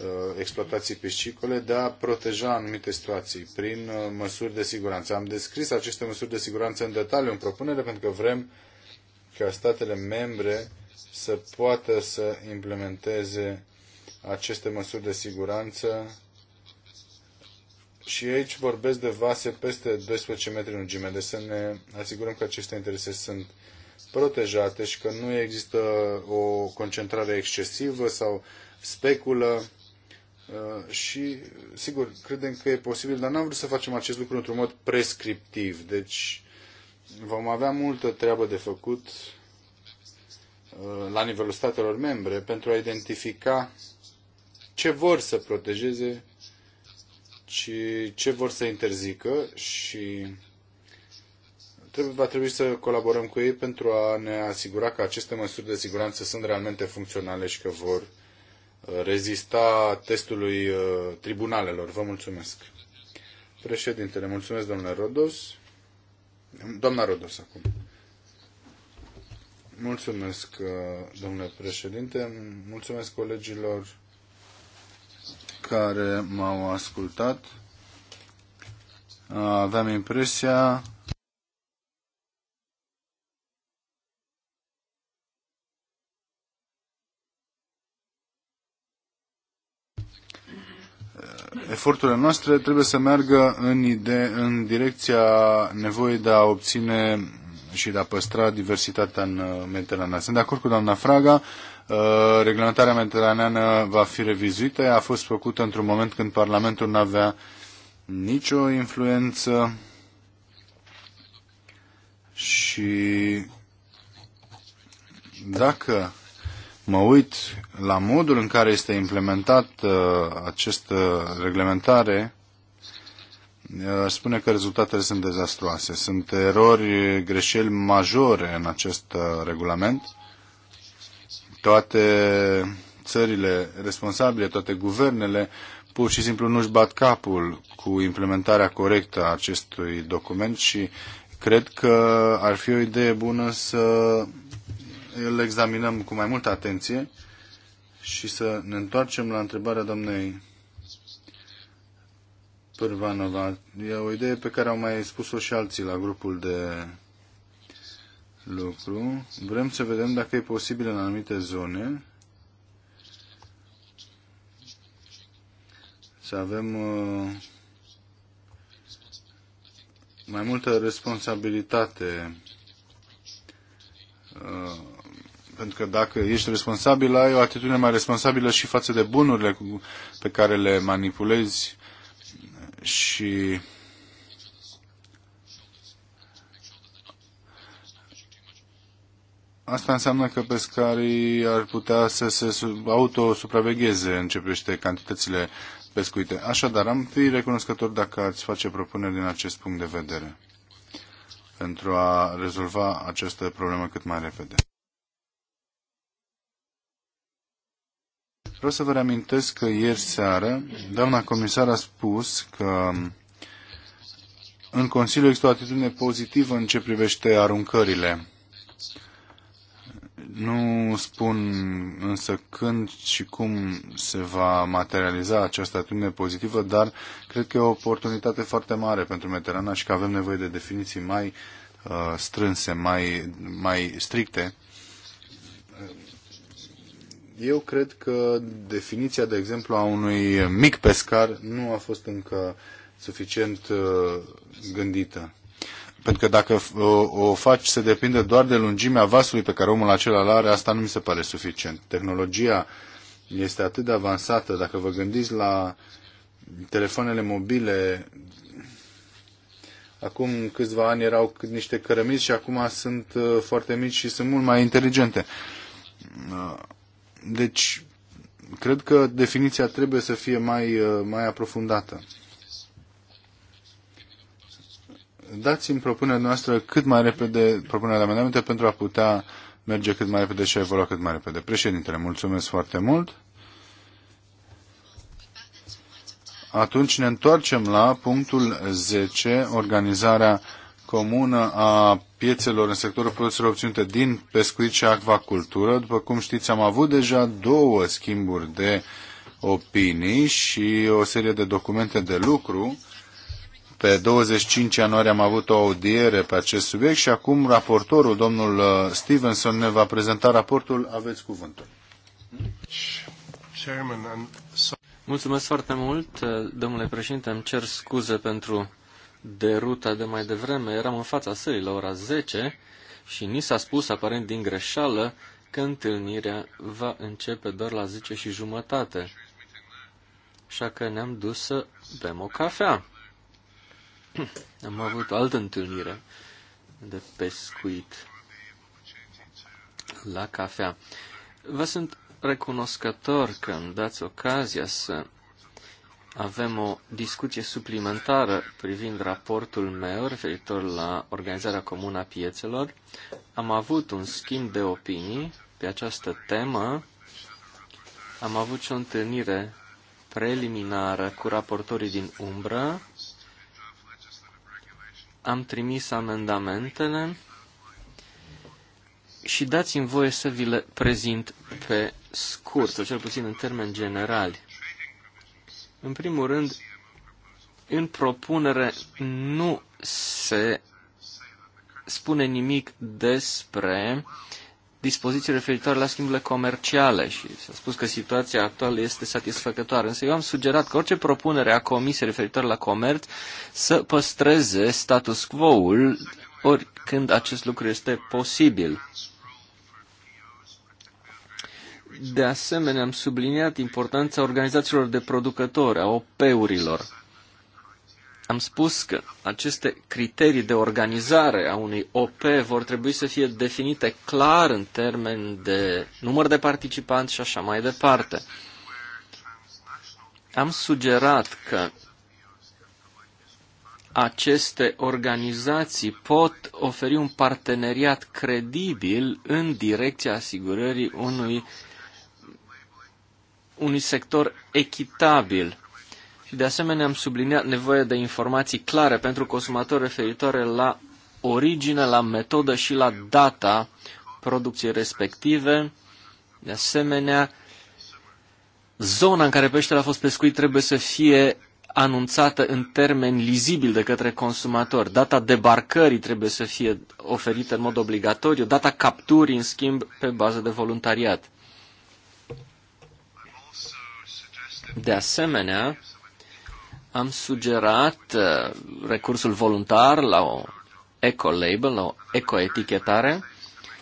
uh, exploatații piscicole de a proteja anumite situații prin măsuri de siguranță. Am descris aceste măsuri de siguranță în detaliu în propunere pentru că vrem ca statele membre să poată să implementeze aceste măsuri de siguranță și aici vorbesc de vase peste 12 metri lungime, deci să ne asigurăm că aceste interese sunt protejate și că nu există o concentrare excesivă sau speculă uh, și, sigur, credem că e posibil, dar n-am vrut să facem acest lucru într-un mod prescriptiv. Deci vom avea multă treabă de făcut uh, la nivelul statelor membre pentru a identifica ce vor să protejeze ci ce vor să interzică și trebuie, va trebui să colaborăm cu ei pentru a ne asigura că aceste măsuri de siguranță sunt realmente funcționale și că vor uh, rezista testului uh, tribunalelor. Vă mulțumesc. Președintele, mulțumesc domnule Rodos. Doamna Rodos acum. Mulțumesc, uh, domnule președinte. Mulțumesc colegilor care m-au ascultat. Aveam impresia eforturile noastre trebuie să meargă în, ide- în direcția nevoii de a obține și de a păstra diversitatea în Mediterana. Sunt de acord cu doamna Fraga, Uh, reglementarea mediteraneană va fi revizuită. a fost făcută într-un moment când Parlamentul nu avea nicio influență și dacă mă uit la modul în care este implementat uh, această reglementare, uh, spune că rezultatele sunt dezastroase. Sunt erori, greșeli majore în acest regulament toate țările responsabile, toate guvernele, pur și simplu nu-și bat capul cu implementarea corectă a acestui document și cred că ar fi o idee bună să îl examinăm cu mai multă atenție și să ne întoarcem la întrebarea doamnei Pârvanova. E o idee pe care au mai spus-o și alții la grupul de lucru. Vrem să vedem dacă e posibil în anumite zone să avem uh, mai multă responsabilitate. Uh, pentru că dacă ești responsabil, ai o atitudine mai responsabilă și față de bunurile pe care le manipulezi și Asta înseamnă că pescarii ar putea să se autosupravegheze în ce privește cantitățile pescuite. Așadar, am fi recunoscător dacă ați face propuneri din acest punct de vedere pentru a rezolva această problemă cât mai repede. Vreau să vă reamintesc că ieri seară doamna comisar a spus că în Consiliu există o atitudine pozitivă în ce privește aruncările nu spun însă când și cum se va materializa această atitudine pozitivă, dar cred că e o oportunitate foarte mare pentru Meterana și că avem nevoie de definiții mai uh, strânse, mai, mai stricte. Eu cred că definiția, de exemplu, a unui mic pescar nu a fost încă suficient uh, gândită. Pentru că dacă o, uh, o faci să depinde doar de lungimea vasului pe care omul acela îl are, asta nu mi se pare suficient. Tehnologia este atât de avansată. Dacă vă gândiți la telefoanele mobile, acum câțiva ani erau niște cărămizi și acum sunt uh, foarte mici și sunt mult mai inteligente. Uh, deci, cred că definiția trebuie să fie mai, mai aprofundată dați-mi propunerea noastră cât mai repede, propunerea de amendamente, pentru a putea merge cât mai repede și a evolua cât mai repede. Președintele, mulțumesc foarte mult. Atunci ne întoarcem la punctul 10, organizarea comună a piețelor în sectorul produselor obținute din pescuit și acvacultură. După cum știți, am avut deja două schimburi de opinii și o serie de documente de lucru pe 25 ianuarie am avut o audiere pe acest subiect și acum raportorul, domnul uh, Stevenson, ne va prezenta raportul. Aveți cuvântul. Mulțumesc foarte mult, uh, domnule președinte. Îmi cer scuze pentru deruta de mai devreme. Eram în fața sării la ora 10 și ni s-a spus, aparent din greșeală, că întâlnirea va începe doar la 10 și jumătate. Așa că ne-am dus să bem o cafea. Hmm. am avut altă întâlnire de pescuit la cafea. Vă sunt recunoscător că îmi dați ocazia să avem o discuție suplimentară privind raportul meu referitor la organizarea comună a piețelor. Am avut un schimb de opinii pe această temă. Am avut și o întâlnire preliminară cu raportorii din umbră am trimis amendamentele și dați-mi voie să vi le prezint pe scurt, sau cel puțin în termeni generali. În primul rând, în propunere nu se spune nimic despre dispoziții referitoare la schimburile comerciale și s-a spus că situația actuală este satisfăcătoare. Însă eu am sugerat că orice propunere a comisiei referitoare la comerț să păstreze status quo-ul oricând acest lucru este posibil. De asemenea, am subliniat importanța organizațiilor de producători, a OP-urilor. Am spus că aceste criterii de organizare a unui OP vor trebui să fie definite clar în termen de număr de participanți și așa mai departe. Am sugerat că aceste organizații pot oferi un parteneriat credibil în direcția asigurării unui, unui sector echitabil și de asemenea am subliniat nevoia de informații clare pentru consumatori referitoare la origine, la metodă și la data producției respective. De asemenea, zona în care peștele a fost pescuit trebuie să fie anunțată în termen lizibil de către consumator. Data debarcării trebuie să fie oferită în mod obligatoriu, data capturii, în schimb, pe bază de voluntariat. De asemenea, am sugerat uh, recursul voluntar la o eco-label, la o eco-etichetare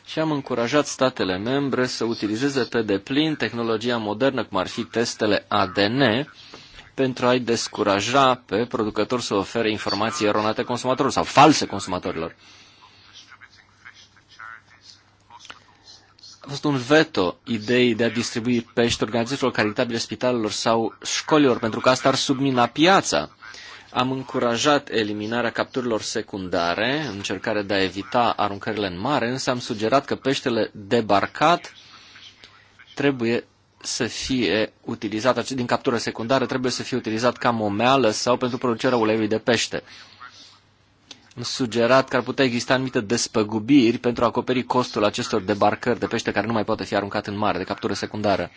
și am încurajat statele membre să utilizeze pe deplin tehnologia modernă, cum ar fi testele ADN, pentru a-i descuraja pe producători să ofere informații eronate consumatorilor sau false consumatorilor. a fost un veto ideii de a distribui pești organizațiilor caritabile spitalelor sau școlilor, pentru că asta ar submina piața. Am încurajat eliminarea capturilor secundare, în de a evita aruncările în mare, însă am sugerat că peștele debarcat trebuie să fie utilizat, din captură secundară trebuie să fie utilizat ca momeală sau pentru producerea uleiului de pește sugerat că ar putea exista anumite despăgubiri pentru a acoperi costul acestor debarcări de pește care nu mai poate fi aruncat în mare, de captură secundară.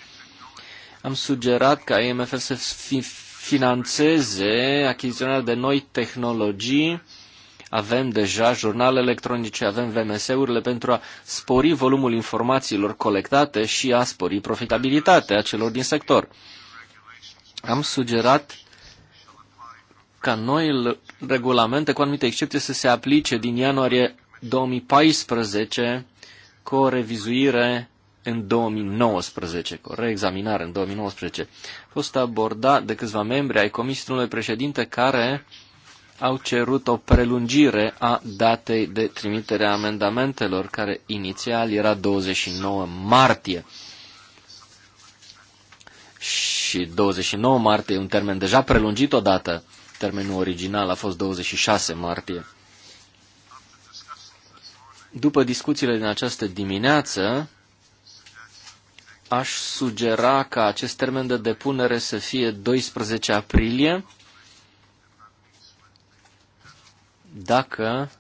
Am sugerat ca IMF să fi financeze achiziționarea de noi tehnologii. Avem deja jurnale electronice, avem VMS-urile pentru a spori volumul informațiilor colectate și a spori profitabilitatea celor din sector. Am sugerat ca noi regulamente, cu anumite excepții, să se aplice din ianuarie 2014 cu o revizuire în 2019, cu o reexaminare în 2019. A fost abordat de câțiva membri ai Comisiei președinte care au cerut o prelungire a datei de trimitere a amendamentelor, care inițial era 29 martie. Și 29 martie e un termen deja prelungit odată. Termenul original a fost 26 martie. După discuțiile din această dimineață, aș sugera ca acest termen de depunere să fie 12 aprilie, dacă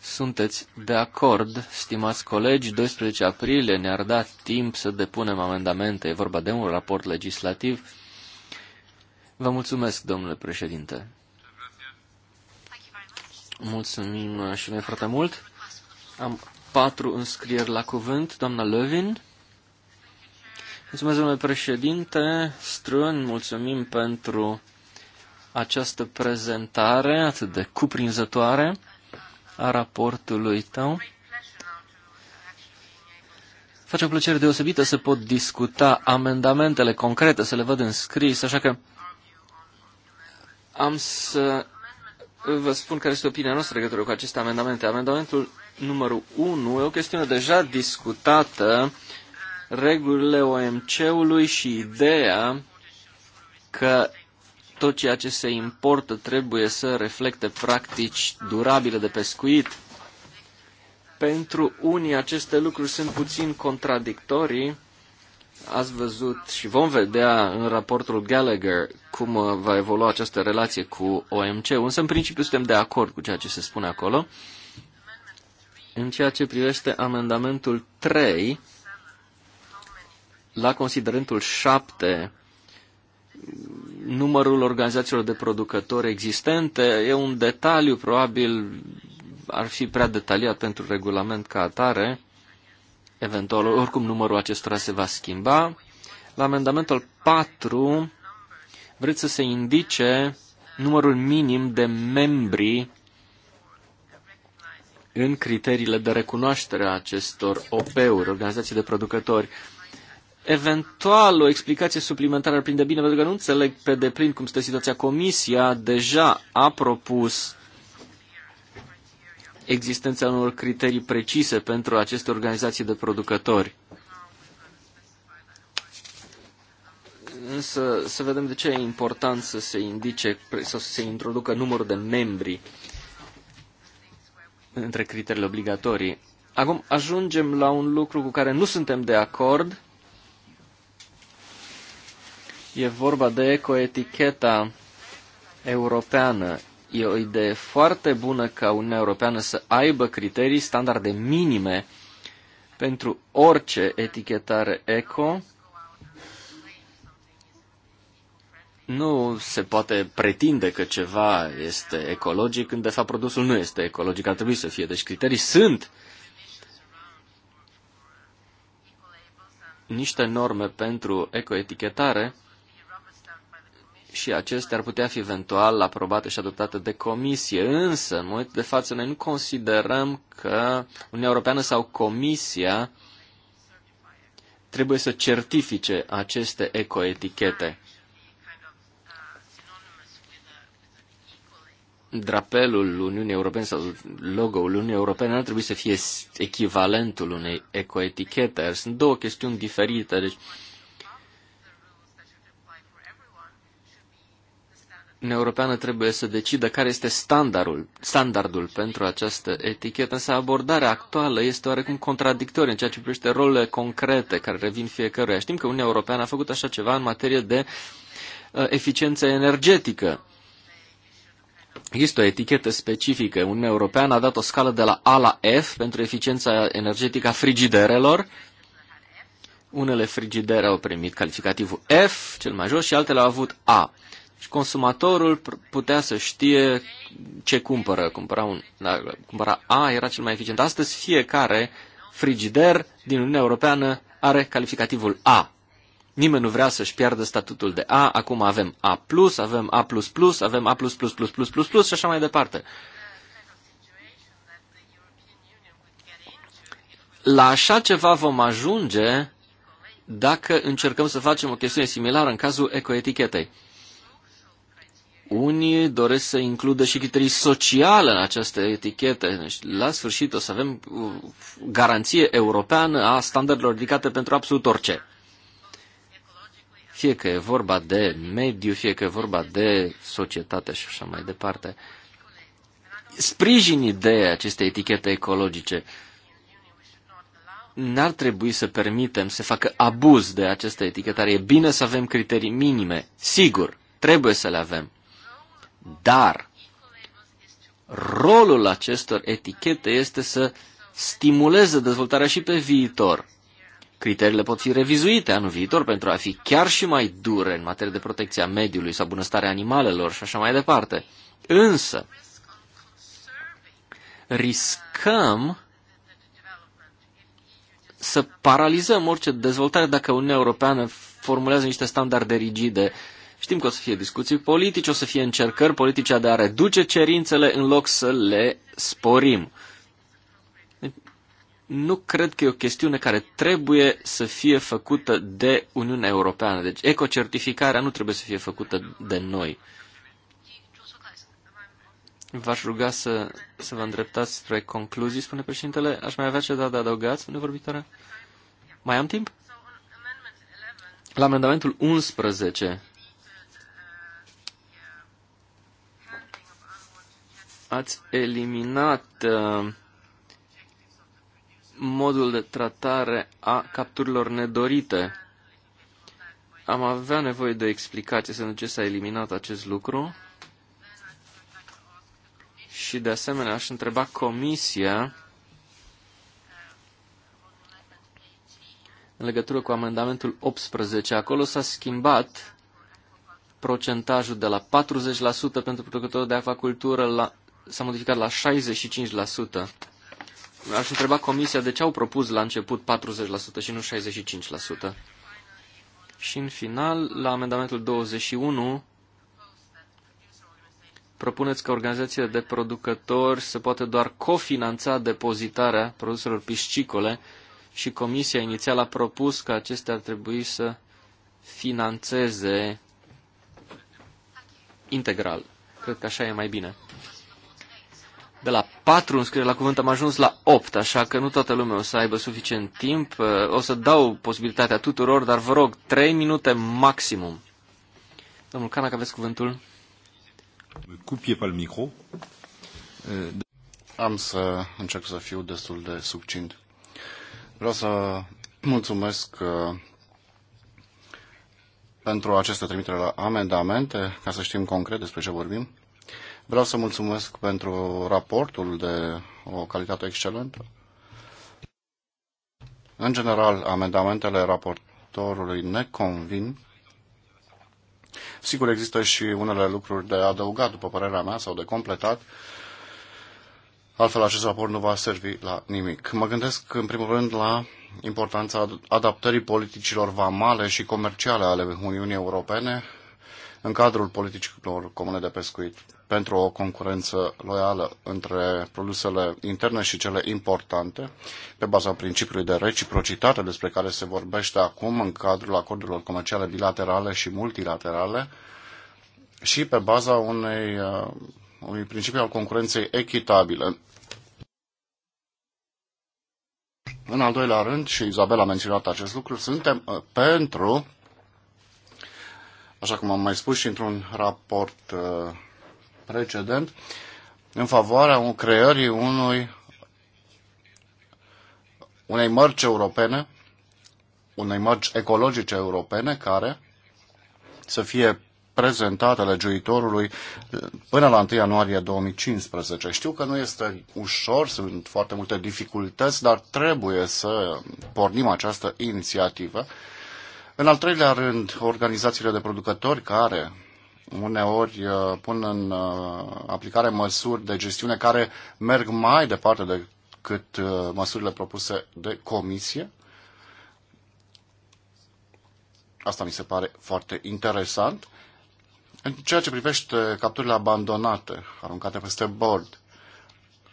sunteți de acord, stimați colegi, 12 aprilie ne-ar da timp să depunem amendamente. E vorba de un raport legislativ Vă mulțumesc, domnule președinte. Mulțumim și noi foarte mult. Am patru înscrieri la cuvânt. Doamna Levin. Mulțumesc, domnule președinte. Strân, mulțumim pentru această prezentare atât de cuprinzătoare a raportului tău. Face o plăcere deosebită să pot discuta amendamentele concrete, să le văd în scris, așa că am să vă spun care este opinia noastră legătură cu aceste amendamente. Amendamentul numărul 1 e o chestiune deja discutată, regulile OMC-ului și ideea că tot ceea ce se importă trebuie să reflecte practici durabile de pescuit. Pentru unii aceste lucruri sunt puțin contradictorii, Ați văzut și vom vedea în raportul Gallagher cum uh, va evolua această relație cu OMC, însă în principiu suntem de acord cu ceea ce se spune acolo. În ceea ce privește amendamentul 3, la considerentul 7, numărul organizațiilor de producători existente e un detaliu, probabil ar fi prea detaliat pentru regulament ca atare. Eventual, oricum numărul acestora se va schimba. La amendamentul 4 vreți să se indice numărul minim de membri în criteriile de recunoaștere a acestor OP-uri, organizații de producători. Eventual, o explicație suplimentară ar prinde bine, pentru că nu înțeleg pe deplin cum stă situația. Comisia deja a propus existența unor criterii precise pentru aceste organizații de producători. Însă să vedem de ce e important să se indice sau să se introducă numărul de membri între criteriile obligatorii. Acum ajungem la un lucru cu care nu suntem de acord. E vorba de ecoeticheta europeană. E o idee foarte bună ca Uniunea Europeană să aibă criterii, standarde minime pentru orice etichetare eco. Nu se poate pretinde că ceva este ecologic când de fapt produsul nu este ecologic, ar trebui să fie. Deci criterii sunt niște norme pentru ecoetichetare și acestea ar putea fi eventual aprobate și adoptate de comisie. Însă, în momentul de față, noi nu considerăm că Uniunea Europeană sau Comisia trebuie să certifice aceste ecoetichete. Drapelul Uniunii Europene sau logo-ul Uniunii Europene nu ar trebui să fie echivalentul unei ecoetichete. Sunt două chestiuni diferite. Deci, Uniunea Europeană trebuie să decidă care este standardul, standardul pentru această etichetă, însă abordarea actuală este oarecum contradictorie în ceea ce privește rolurile concrete care revin fiecăruia. Știm că Uniunea Europeană a făcut așa ceva în materie de uh, eficiență energetică. Există o etichetă specifică. Uniunea Europeană a dat o scală de la A la F pentru eficiența energetică a frigiderelor. Unele frigidere au primit calificativul F, cel mai jos, și altele au avut A și consumatorul putea să știe ce cumpără. Cumpăra, un, da, cumpăra A era cel mai eficient. Astăzi fiecare frigider din Uniunea Europeană are calificativul A. Nimeni nu vrea să-și piardă statutul de A, acum avem A+, avem A++, avem A++++++ și așa mai departe. La așa ceva vom ajunge dacă încercăm să facem o chestiune similară în cazul ecoetichetei. Unii doresc să includă și criterii sociale în această etichete. Deci, la sfârșit o să avem uh, garanție europeană a standardelor ridicate pentru absolut orice. Fie că e vorba de mediu, fie că e vorba de societate și așa mai departe. Sprijin ideea acestei etichete ecologice. N-ar trebui să permitem să facă abuz de această etichetare. E bine să avem criterii minime, sigur, trebuie să le avem. Dar rolul acestor etichete este să stimuleze dezvoltarea și pe viitor. Criteriile pot fi revizuite anul viitor pentru a fi chiar și mai dure în materie de protecție a mediului sau bunăstarea animalelor și așa mai departe. Însă, riscăm să paralizăm orice dezvoltare dacă Uniunea Europeană formulează niște standarde rigide Știm că o să fie discuții politice, o să fie încercări politice de a reduce cerințele în loc să le sporim. Nu cred că e o chestiune care trebuie să fie făcută de Uniunea Europeană. Deci ecocertificarea nu trebuie să fie făcută de noi. V-aș ruga să, să vă îndreptați spre concluzii, spune președintele. Aș mai avea ceva de adăugat, spune vorbitoare. Mai am timp? La amendamentul 11 ați eliminat uh, modul de tratare a capturilor nedorite. Am avea nevoie de explicație să ce s-a eliminat acest lucru. Și de asemenea aș întreba comisia în legătură cu amendamentul 18. Acolo s-a schimbat procentajul de la 40% pentru producători de acvacultură la s-a modificat la 65%. Aș întreba comisia de ce au propus la început 40% și nu 65%. Și în final, la amendamentul 21, propuneți că organizațiile de producători se poate doar cofinanța depozitarea produselor piscicole și comisia inițial a propus că acestea ar trebui să financeze integral. Cred că așa e mai bine de la 4 înscrieri la cuvânt am ajuns la 8, așa că nu toată lumea o să aibă suficient timp. Uh, o să dau posibilitatea tuturor, dar vă rog, 3 minute maximum. Domnul Canac, aveți cuvântul? Cupie pe micro. Uh, am să încerc să fiu destul de succint. Vreau să mulțumesc uh, pentru această trimitere la amendamente, ca să știm concret despre ce vorbim. Vreau să mulțumesc pentru raportul de o calitate excelentă. În general, amendamentele raportorului ne convin. Sigur, există și unele lucruri de adăugat, după părerea mea, sau de completat. Altfel, acest raport nu va servi la nimic. Mă gândesc, în primul rând, la importanța adaptării politicilor vamale și comerciale ale Uniunii Europene în cadrul politicilor comune de pescuit pentru o concurență loială între produsele interne și cele importante, pe baza principiului de reciprocitate despre care se vorbește acum în cadrul acordurilor comerciale bilaterale și multilaterale și pe baza unei, uh, unui principiu al concurenței echitabile. În al doilea rând, și Izabela a menționat acest lucru, suntem uh, pentru, așa cum am mai spus și într-un raport uh, precedent în favoarea creării unui, unei mărci europene, unei mărci ecologice europene care să fie prezentată legiuitorului eh, până la 1 ianuarie 2015. Știu că nu este ușor, sunt foarte multe dificultăți, dar trebuie să pornim această inițiativă. În al treilea rând, organizațiile de producători care uneori uh, pun în uh, aplicare măsuri de gestiune care merg mai departe decât uh, măsurile propuse de comisie. Asta mi se pare foarte interesant. În ceea ce privește capturile abandonate, aruncate peste bord,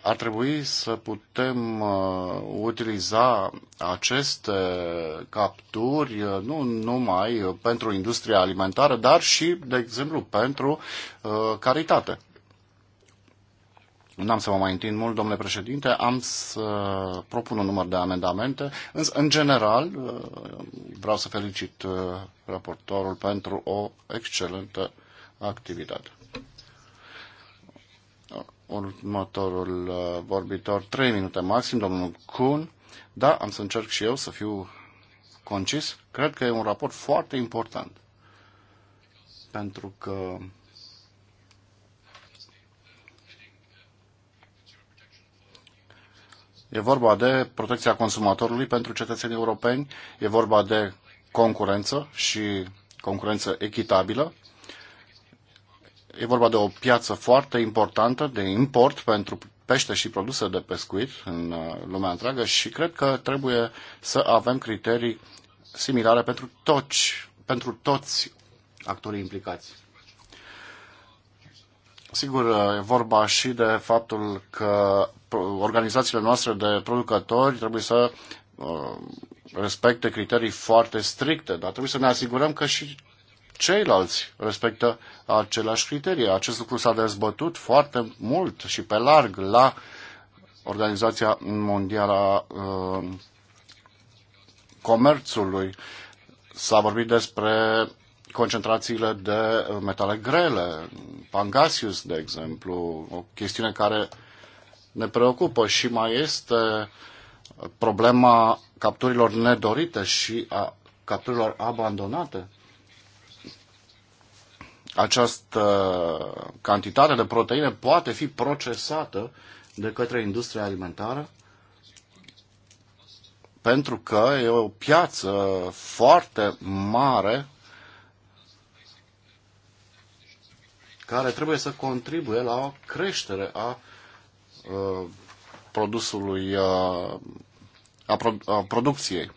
ar trebui să putem uh, utiliza aceste capturi uh, nu numai pentru industria alimentară, dar și, de exemplu, pentru uh, caritate. Nu am să mă mai întind mult, domnule președinte, am să propun un număr de amendamente, însă, în general, uh, vreau să felicit uh, raportorul pentru o excelentă activitate următorul uh, vorbitor, 3 minute maxim, domnul Kuhn. Da, am să încerc și eu să fiu concis. Cred că e un raport foarte important. Pentru că E vorba de protecția consumatorului pentru cetățenii europeni, e vorba de concurență și concurență echitabilă E vorba de o piață foarte importantă de import pentru pește și produse de pescuit în uh, lumea întreagă și cred că trebuie să avem criterii similare pentru toți, pentru toți actorii implicați. Sigur, uh, e vorba și de faptul că organizațiile noastre de producători trebuie să uh, respecte criterii foarte stricte, dar trebuie să ne asigurăm că și ceilalți respectă aceleași criterii. Acest lucru s-a dezbătut foarte mult și pe larg la Organizația Mondială a uh, Comerțului. S-a vorbit despre concentrațiile de metale grele, pangasius, de exemplu, o chestiune care ne preocupă și mai este problema capturilor nedorite și a capturilor abandonate această cantitate de proteine poate fi procesată de către industria alimentară pentru că e o piață foarte mare care trebuie să contribuie la o creștere a uh, produsului, uh, a, a producției.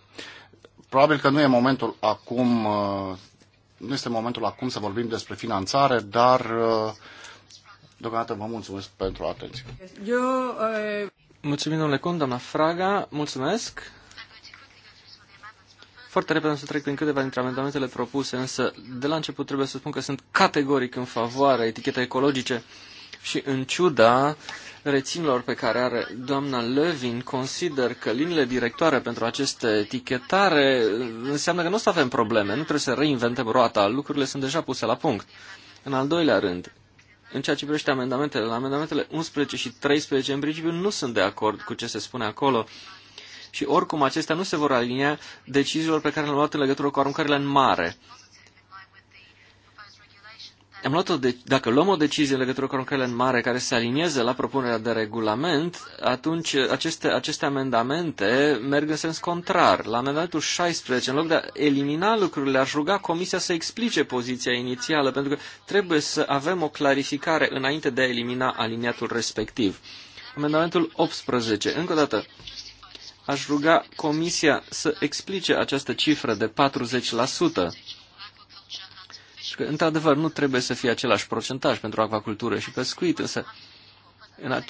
Probabil că nu e momentul acum uh, nu este momentul acum să vorbim despre finanțare, dar uh, deocamdată vă mulțumesc pentru atenție. Eu, uh... Mulțumim, domnule Con, doamna Fraga, mulțumesc. Foarte repede am să trec prin câteva dintre amendamentele propuse, însă de la început trebuie să spun că sunt categoric în favoarea etichetei ecologice și în ciuda uh, reținilor pe care are doamna Levin, consider că liniile directoare pentru aceste etichetare uh, înseamnă că nu o să avem probleme, nu trebuie să reinventăm roata, lucrurile sunt deja puse la punct. În al doilea rând, în ceea ce privește amendamentele, la amendamentele 11 și 13, în principiu, nu sunt de acord cu ce se spune acolo și oricum acestea nu se vor alinia deciziilor pe care le-am luat în legătură cu aruncările în mare am luat o de- dacă luăm o decizie în legătură cu aruncările în mare care se alinieze la propunerea de regulament, atunci aceste, aceste amendamente merg în sens contrar. La amendamentul 16, în loc de a elimina lucrurile, aș ruga Comisia să explice poziția inițială, pentru că trebuie să avem o clarificare înainte de a elimina aliniatul respectiv. Amendamentul 18. Încă o dată, aș ruga Comisia să explice această cifră de 40%. Și că, într-adevăr, nu trebuie să fie același procentaj pentru acvacultură și pescuit, însă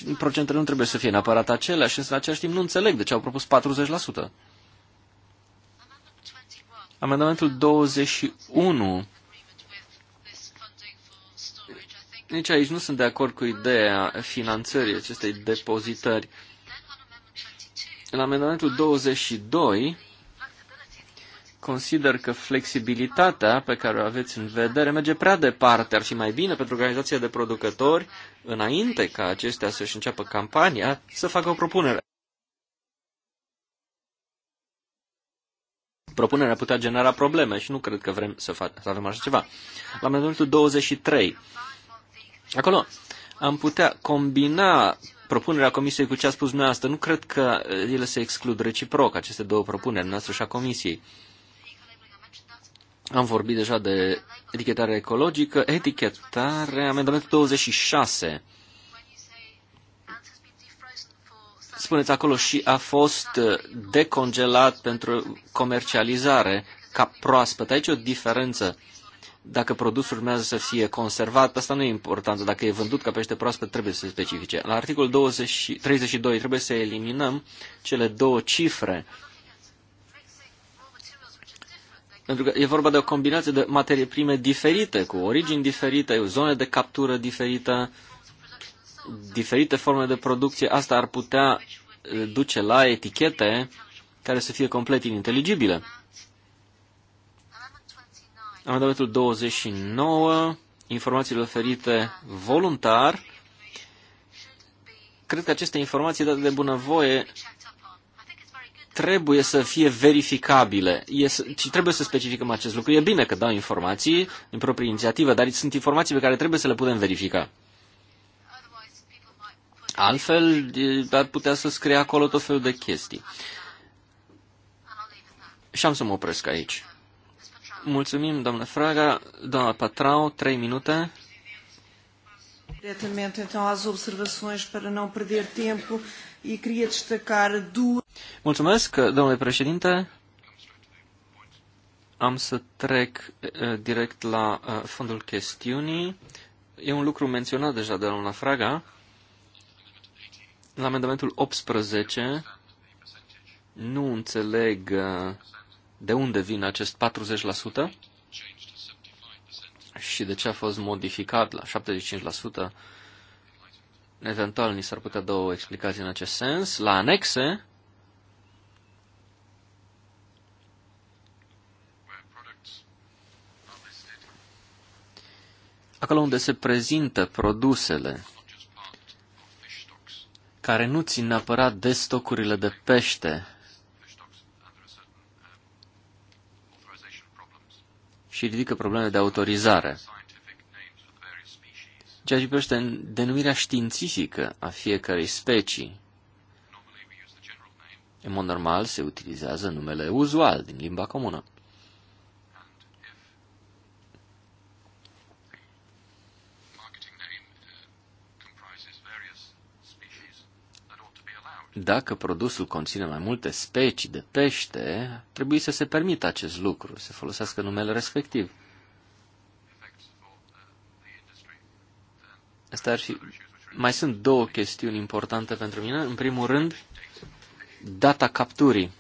în procentele nu trebuie să fie neapărat aceleași, însă în același timp nu înțeleg de ce au propus 40%. Amendamentul 21. Nici aici nu sunt de acord cu ideea finanțării acestei depozitări. În amendamentul 22, consider că flexibilitatea pe care o aveți în vedere merge prea departe. Ar fi mai bine pentru organizația de producători, înainte ca acestea să-și înceapă campania, să facă o propunere. Propunerea putea genera probleme și nu cred că vrem să, fac, să avem așa ceva. La momentul 23, acolo am putea combina propunerea Comisiei cu ce a spus dumneavoastră. Nu cred că ele se exclud reciproc, aceste două propuneri, noastră și a Comisiei. Uh, am vorbit deja de etichetare ecologică, etichetare, amendamentul 26. Spuneți acolo și a fost uh, decongelat pentru comercializare ca proaspăt. Aici e o diferență. Dacă produsul urmează să fie conservat, asta nu e important. Dacă e vândut ca pește proaspăt, trebuie să se specifice. La articolul 20, 32 trebuie să eliminăm cele două cifre pentru că e vorba de o combinație de materii prime diferite, cu origini diferite, zone de captură diferite, diferite forme de producție. Asta ar putea uh, duce la etichete care să fie complet ininteligibile. Amendamentul 29, informațiile oferite voluntar. Cred că aceste informații date de bunăvoie trebuie să fie verificabile e, și trebuie să specificăm acest lucru. E bine că dau informații în proprie inițiativă, dar sunt informații pe care trebuie să le putem verifica. Altfel, ar putea să scrie acolo tot felul de chestii. Și am să mă opresc aici. Mulțumim, doamnă Fraga. Doamna Patrau, trei minute. Diretamente, então, às observações para não perder tempo e queria destacar duas. Mulțumesc, domnule președinte. Am să trec uh, direct la uh, eh, fondul chestiunii. E un lucru menționat deja de la Fraga. La amendamentul 18 nu înțeleg uh, de unde vine acest 40% și de ce a fost modificat la 75%. Eventual, ni s-ar putea da o explicație în acest sens. La anexe, acolo unde se prezintă produsele care nu țin neapărat de stocurile de pește. și ridică probleme de autorizare. Ceea ce privește denumirea științifică a fiecarei specii, în mod normal se utilizează numele uzual din limba comună. dacă produsul conține mai multe specii de pește, trebuie să se permită acest lucru, să folosească numele respectiv. Asta ar fi... Mai sunt două chestiuni importante pentru mine. În primul rând, data capturii.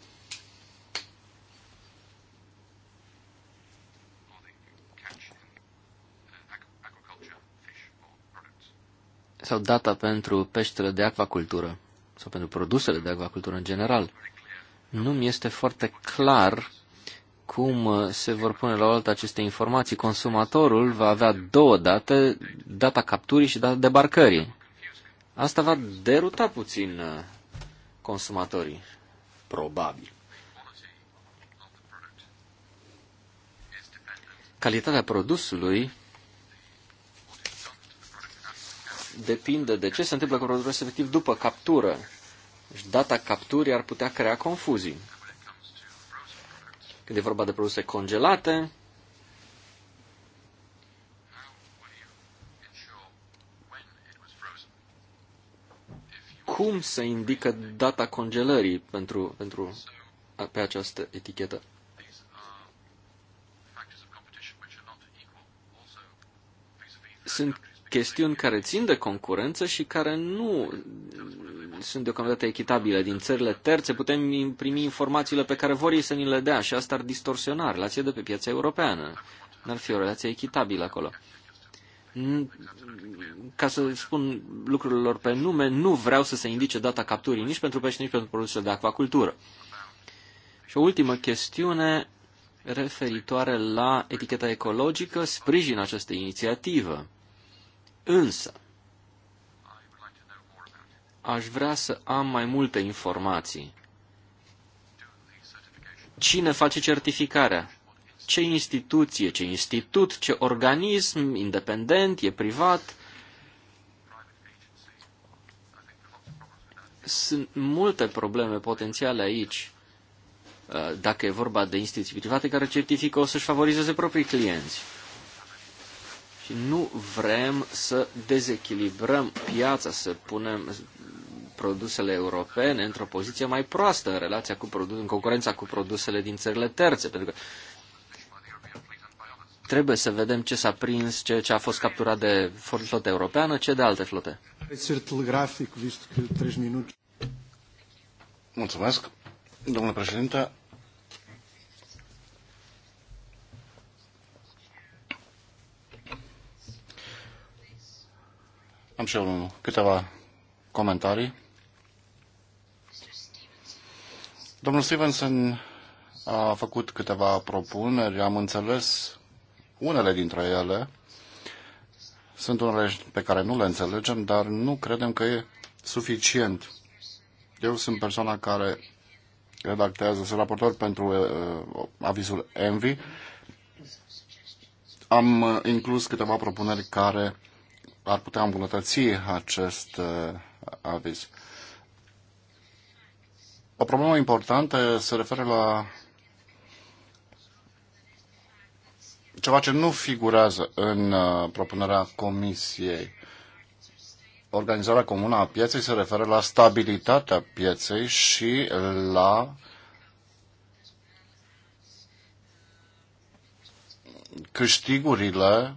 sau data pentru peștele de acvacultură sau pentru produsele de acvacultură în general. Nu mi este foarte clar cum uh, se vor pune la oaltă aceste informații. Consumatorul va avea două date, data capturii și data debarcării. Asta va deruta puțin uh, consumatorii, probabil. Calitatea produsului depinde de ce se întâmplă cu produsul respectiv după captură. Deci data capturii ar putea crea confuzii. Când e vorba de produse congelate, cum se indică data congelării pentru, pentru pe această etichetă? Sunt chestiuni care țin de concurență și care nu sunt deocamdată echitabile din țările terțe, putem primi informațiile pe care vor ei să ni le dea și asta ar distorsiona relația de pe piața europeană. N-ar fi o relație echitabilă acolo. Ca să spun lucrurilor pe nume, nu vreau să se indice data capturii nici pentru pești, nici pentru produsele de acvacultură. Și o ultimă chestiune referitoare la eticheta ecologică sprijin această inițiativă. Însă, aș vrea să am mai multe informații. Cine face certificarea? Ce instituție, ce institut, ce organism independent, e privat? Sunt multe probleme potențiale aici. Uh, dacă e vorba de instituții private care certifică, o să-și favorizeze proprii clienți și nu vrem să dezechilibrăm piața, să punem produsele europene într-o poziție mai proastă în relația cu produs, în concurența cu produsele din țările terțe, pentru că trebuie să vedem ce s-a prins, ce, ce a fost capturat de flotă europeană, ce de alte flote. Mulțumesc, domnule președinte. Am și eu câteva comentarii. Domnul Stevenson a făcut câteva propuneri, am înțeles unele dintre ele. Sunt unele pe care nu le înțelegem, dar nu credem că e suficient. Eu sunt persoana care redactează, sunt raportor pentru uh, avizul Envy. Am uh, inclus câteva propuneri care ar putea îmbunătăți acest uh, aviz. O problemă importantă se referă la ceva ce nu figurează în uh, propunerea Comisiei. Organizarea comună a pieței se referă la stabilitatea pieței și la câștigurile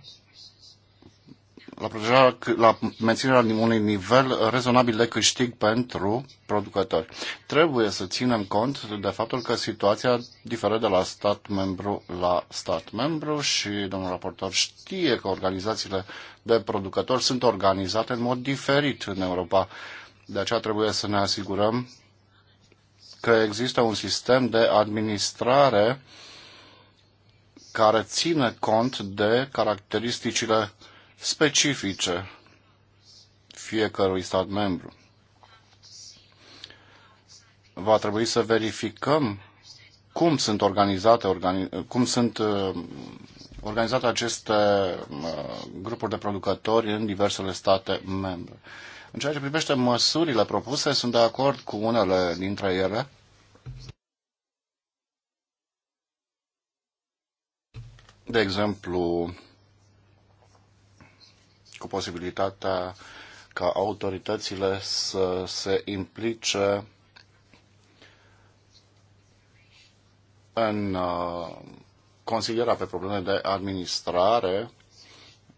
la, protejarea, la menținerea unui nivel rezonabil de câștig pentru producători. Trebuie să ținem cont de faptul că situația diferă de la stat membru la stat membru și domnul raportor știe că organizațiile de producători sunt organizate în mod diferit în Europa. De aceea trebuie să ne asigurăm că există un sistem de administrare care ține cont de caracteristicile specifice fiecărui stat membru. Va trebui să verificăm cum sunt organizate, organi- cum sunt uh, organizate aceste uh, grupuri de producători în diversele state membre. În ceea ce privește măsurile propuse, sunt de acord cu unele dintre ele. De exemplu, cu posibilitatea ca autoritățile să se implice în uh, consilierea pe probleme de administrare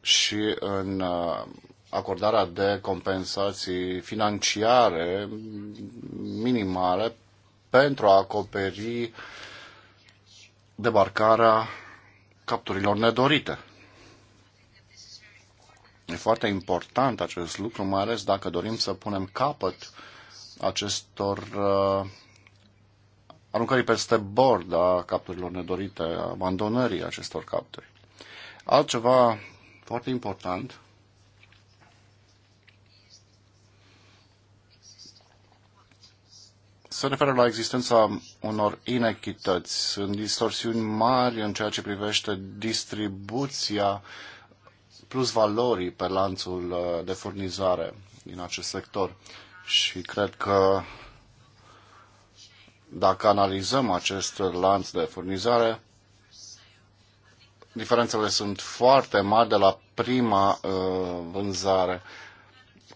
și în uh, acordarea de compensații financiare minimale pentru a acoperi debarcarea capturilor nedorite. E foarte important acest lucru, mai ales dacă dorim să punem capăt acestor uh, aruncării peste bord a capturilor nedorite, abandonării acestor capturi. Altceva foarte important se referă la existența unor inechități. Sunt distorsiuni mari în ceea ce privește distribuția plus valorii pe lanțul uh, de furnizare din acest sector. Și cred că dacă analizăm acest lanț de furnizare, diferențele sunt foarte mari de la prima uh, vânzare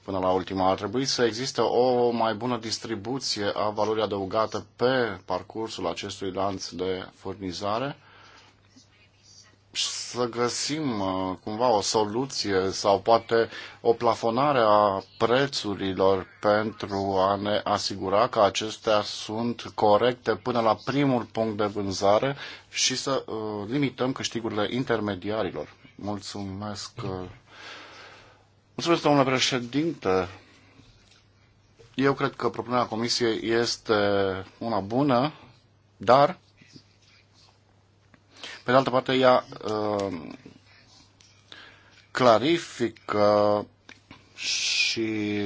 până la ultima. Ar trebui să existe o mai bună distribuție a valorii adăugate pe parcursul acestui lanț de furnizare să găsim uh, cumva o soluție sau poate o plafonare a prețurilor pentru a ne asigura că acestea sunt corecte până la primul punct de vânzare și să uh, limităm câștigurile intermediarilor. Mulțumesc. Uh, mulțumesc, domnule președinte. Eu cred că propunerea Comisiei este una bună, dar pe de altă parte, ea uh, clarifică și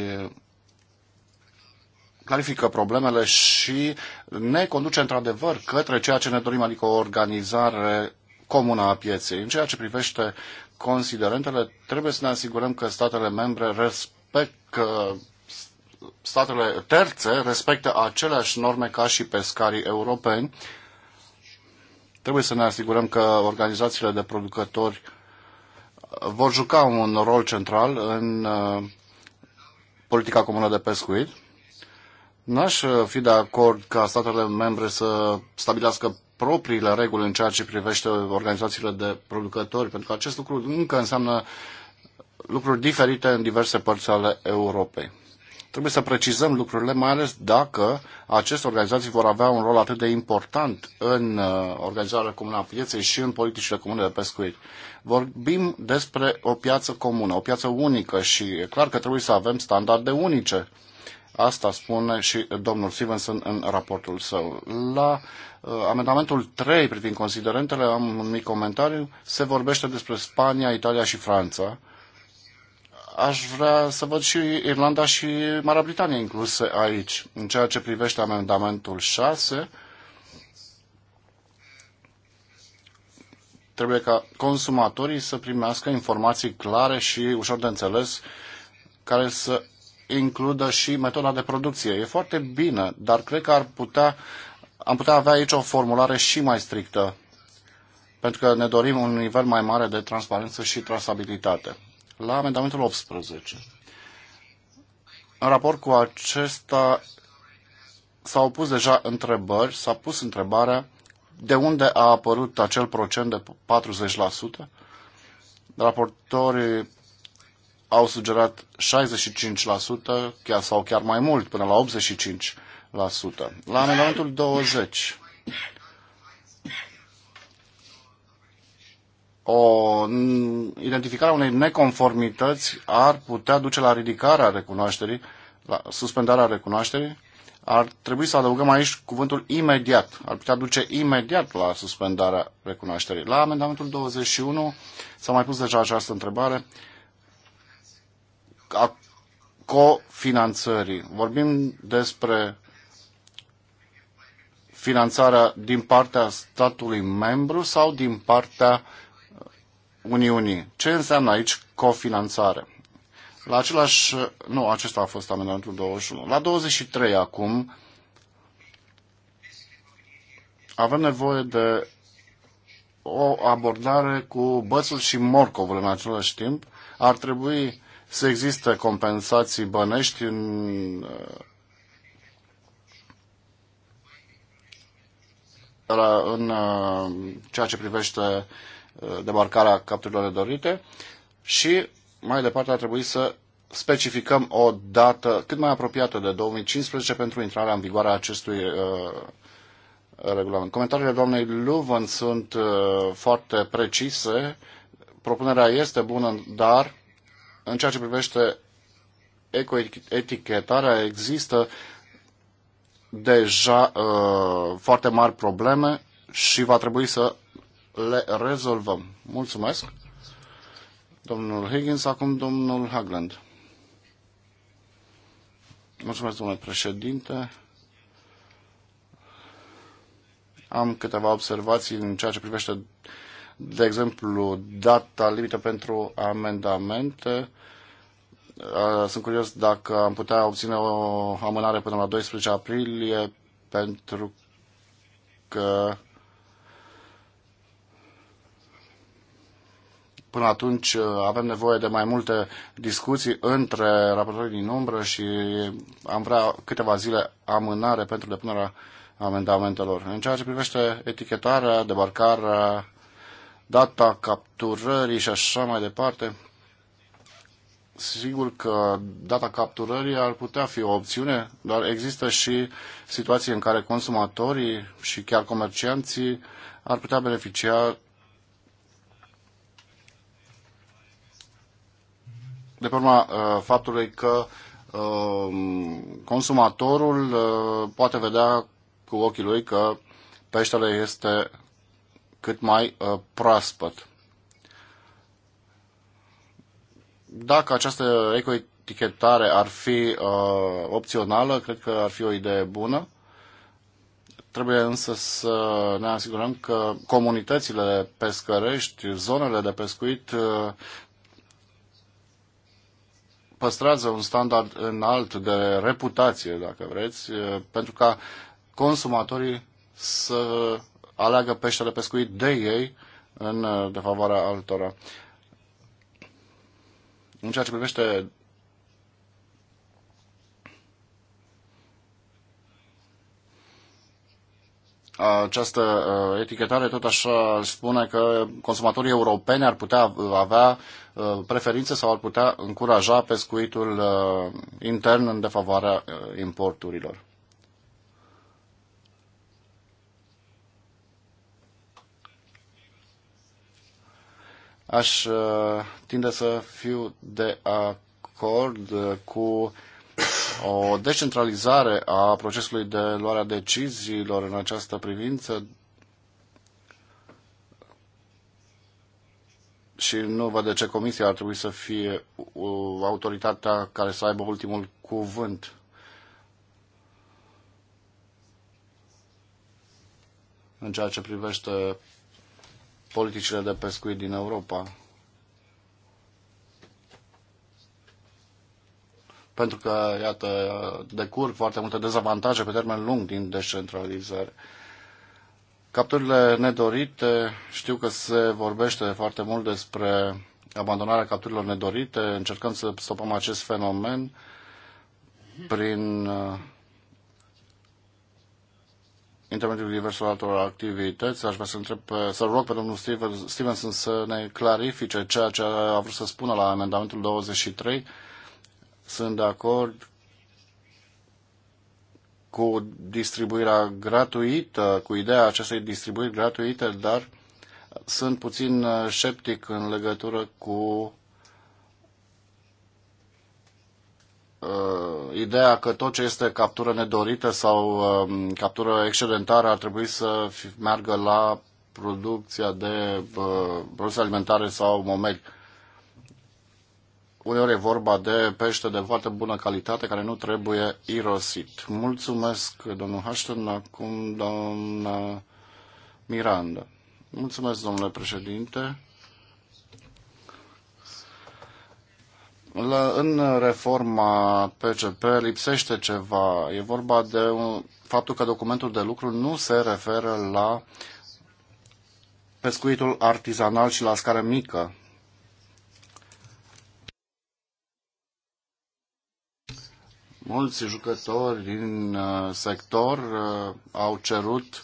clarifică problemele și ne conduce într-adevăr către ceea ce ne dorim, adică o organizare comună a pieței. În ceea ce privește considerentele, trebuie să ne asigurăm că statele membre respect, că statele terțe respectă aceleași norme ca și pescarii europeni Trebuie să ne asigurăm că organizațiile de producători vor juca un rol central în uh, politica comună de pescuit. N-aș uh, fi de acord ca statele membre să stabilească propriile reguli în ceea ce privește organizațiile de producători, pentru că acest lucru încă înseamnă lucruri diferite în diverse părți ale Europei. Trebuie să precizăm lucrurile, mai ales dacă aceste organizații vor avea un rol atât de important în uh, organizarea comună a pieței și în politicile comune de pescuit. Vorbim despre o piață comună, o piață unică și e clar că trebuie să avem standarde unice. Asta spune și domnul Stevenson în raportul său. La uh, amendamentul 3 privind considerentele am un mic comentariu. Se vorbește despre Spania, Italia și Franța aș vrea să văd și Irlanda și Marea Britanie incluse aici. În ceea ce privește amendamentul 6, trebuie ca consumatorii să primească informații clare și ușor de înțeles care să includă și metoda de producție. E foarte bine, dar cred că ar putea, am putea avea aici o formulare și mai strictă, pentru că ne dorim un nivel mai mare de transparență și trasabilitate la amendamentul 18. În raport cu acesta s-au pus deja întrebări, s-a pus întrebarea de unde a apărut acel procent de 40%. Raportorii au sugerat 65%, chiar sau chiar mai mult, până la 85%. La amendamentul 20 o identificare a unei neconformități ar putea duce la ridicarea recunoașterii, la suspendarea recunoașterii. Ar trebui să adăugăm aici cuvântul imediat. Ar putea duce imediat la suspendarea recunoașterii. La amendamentul 21 s-a mai pus deja această întrebare a cofinanțării. Vorbim despre finanțarea din partea statului membru sau din partea uh, Uniunii. Ce înseamnă aici cofinanțare? La același... Nu, acesta a fost amendamentul 21. La 23 acum avem nevoie de o abordare cu bățul și morcovul în același timp. Ar trebui să existe compensații bănești în uh, în uh, ceea ce privește demarcarea capturilor dorite și mai departe ar trebui să specificăm o dată cât mai apropiată de 2015 pentru intrarea în vigoare a acestui uh, regulament. Comentariile doamnei Luvan sunt uh, foarte precise. Propunerea este bună, dar în ceea ce privește ecoetichetarea există deja uh, foarte mari probleme și va trebui să le rezolvăm. Mulțumesc. Domnul Higgins, acum domnul Hagland. Mulțumesc, domnule președinte. Am câteva observații în ceea ce privește, de exemplu, data limită pentru amendamente. Sunt curios dacă am putea obține o amânare până la 12 aprilie, pentru că Până atunci uh, avem nevoie de mai multe discuții între raportorii din umbră și am vrea câteva zile amânare pentru depunerea amendamentelor. În ceea ce privește etichetarea, debarcarea, data capturării și așa mai departe, sigur că data capturării ar putea fi o opțiune, dar există și situații în care consumatorii și chiar comercianții ar putea beneficia de pe urma uh, faptului că uh, consumatorul uh, poate vedea cu ochii lui că peștele este cât mai proaspăt. Dacă această ecoetichetare ar fi opțională, cred că ar fi o idee bună. Trebuie însă să ne asigurăm că comunitățile pescărești, zonele de pescuit păstrează un standard înalt de reputație, dacă vreți, pentru ca consumatorii să aleagă peștele pescuit de ei în defavoarea altora. În ceea ce privește Această uh, etichetare tot așa spune că consumatorii europeni ar putea uh, avea uh, preferințe sau ar putea încuraja pescuitul intern în defavoarea importurilor. Aș tinde să fiu de acord cu o decentralizare a procesului de luare a deciziilor în această privință și nu văd de ce comisia ar trebui să fie autoritatea care să aibă ultimul cuvânt. în ceea ce privește politicile de pescuit din Europa. pentru că, iată, decurg foarte multe dezavantaje pe termen lung din descentralizare. Capturile nedorite, știu că se vorbește foarte mult despre abandonarea capturilor nedorite, încercăm să stopăm acest fenomen prin uh, intermediul diverselor altor activități. Aș vrea să întreb, să rog pe domnul Stevenson să ne clarifice ceea ce a vrut să spună la amendamentul 23 sunt de acord cu distribuirea gratuită, cu ideea acestei distribuiri gratuite, dar sunt puțin uh, sceptic în legătură cu uh, ideea că tot ce este captură nedorită sau uh, captură excedentară ar trebui să meargă la producția de uh, produse alimentare sau momeli. Uh, uneori e vorba de pește de foarte bună calitate care nu trebuie irosit. Mulțumesc, domnul Hașton, acum doamna Miranda. Mulțumesc, domnule președinte. La, în reforma PCP lipsește ceva. E vorba de un, faptul că documentul de lucru nu se referă la pescuitul artizanal și la scară mică. mulți jucători din uh, sector uh, au cerut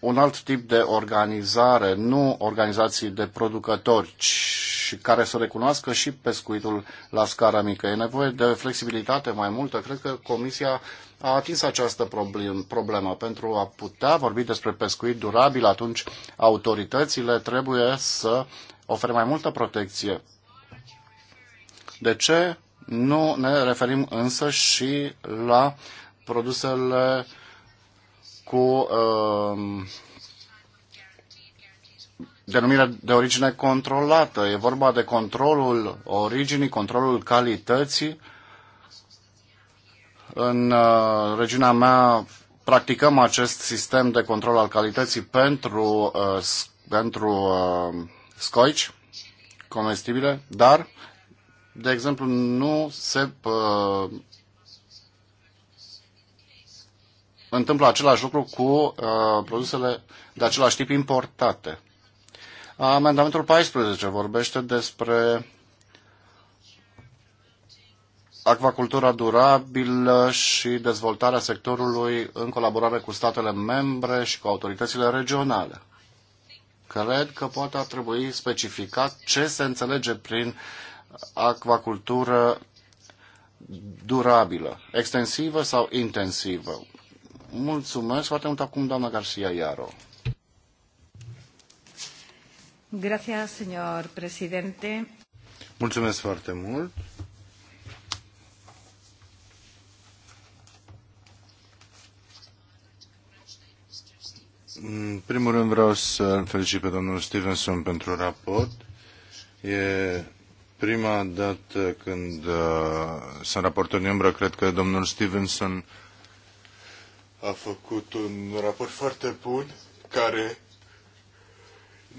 un alt tip de organizare, nu organizații de producători, ci care să recunoască și pescuitul la scară mică. E nevoie de flexibilitate mai multă. Cred că Comisia a atins această problem, problemă. Pentru a putea vorbi despre pescuit durabil, atunci autoritățile trebuie să ofere mai multă protecție. De ce nu ne referim însă și la produsele cu uh, de origine controlată. E vorba de controlul originii, controlul calității. În uh, regiunea mea practicăm acest sistem de control al calității pentru, uh, pentru uh, scoici comestibile, dar de exemplu, nu se uh, întâmplă același lucru cu uh, produsele de același tip importate. Amendamentul 14 vorbește despre acvacultura durabilă și dezvoltarea sectorului în colaborare cu statele membre și cu autoritățile regionale. Cred că poate ar trebui specificat ce se înțelege prin uh, acvacultură durabilă, extensivă sau intensivă. Mulțumesc foarte mult acum, doamna Garcia Iaro. Gracias, señor presidente. Mulțumesc foarte mult. În primul rând vreau să l felicit pe domnul Stevenson pentru raport. E Prima dată când uh, sunt raportor în umbră, cred că domnul Stevenson a făcut un raport foarte bun care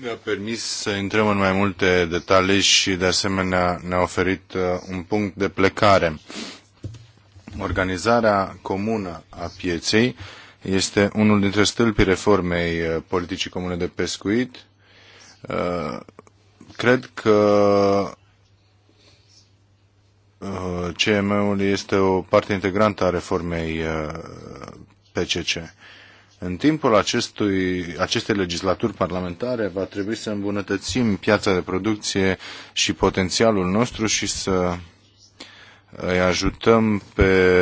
ne-a permis să intrăm în mai multe detalii și de asemenea ne-a oferit uh, un punct de plecare. Organizarea comună a pieței este unul dintre stâlpii reformei uh, politicii comune de pescuit. Uh, cred că Uh, CME-ul este o parte integrantă a reformei uh, PCC. În timpul acestui, acestei legislaturi parlamentare va trebui să îmbunătățim piața de producție și potențialul nostru și să uh, îi ajutăm pe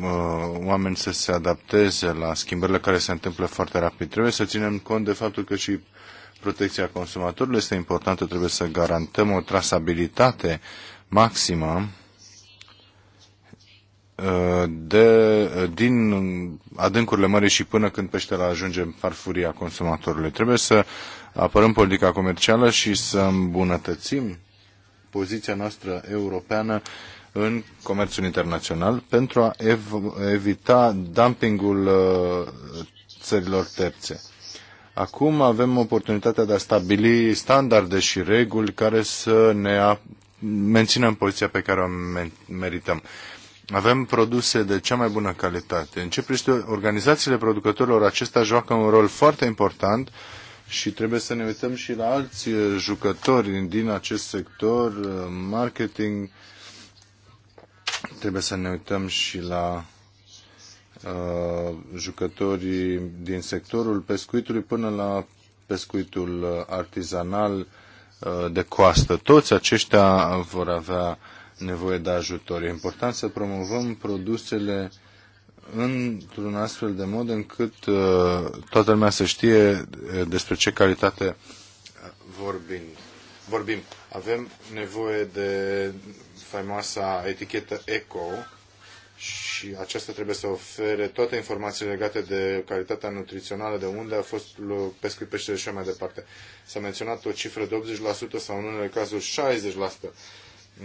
uh, oameni să se adapteze la schimbările care se întâmplă foarte rapid. Trebuie să ținem cont de faptul că și protecția consumatorilor este importantă, trebuie să garantăm o trasabilitate maximă de, din adâncurile mării și până când peștele ajunge în farfuria consumatorului. Trebuie să apărăm politica comercială și să îmbunătățim poziția noastră europeană în comerțul internațional pentru a ev- evita dumpingul uh, țărilor terțe. Acum avem oportunitatea de a stabili standarde și reguli care să ne mențină în poziția pe care o merităm avem produse de cea mai bună calitate. În ce privește organizațiile producătorilor, acesta joacă un rol foarte important și trebuie să ne uităm și la alți eh, jucători din acest sector, eh, marketing, trebuie să ne uităm și la uh, jucătorii din sectorul pescuitului până la pescuitul artizanal uh, de coastă. Toți aceștia vor avea nevoie de ajutor. E important să promovăm produsele într-un astfel de mod încât uh, toată lumea să știe uh, despre ce calitate vorbim. vorbim. Avem nevoie de faimoasa etichetă ECO și aceasta trebuie să ofere toate informațiile legate de calitatea nutrițională, de unde a fost pescuit peștele și așa mai departe. S-a menționat o cifră de 80% sau în unele cazuri 60%.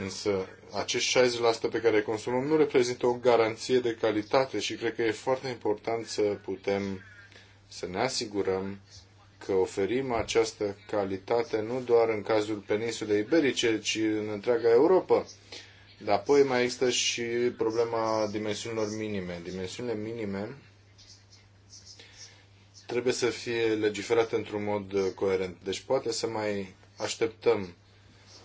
Însă acești 60% pe care îi consumăm nu reprezintă o garanție de calitate și cred că e foarte important să putem să ne asigurăm că oferim această calitate nu doar în cazul peninsulei iberice, ci în întreaga Europa. Dar apoi mai există și problema dimensiunilor minime. Dimensiunile minime trebuie să fie legiferate într-un mod coerent. Deci poate să mai așteptăm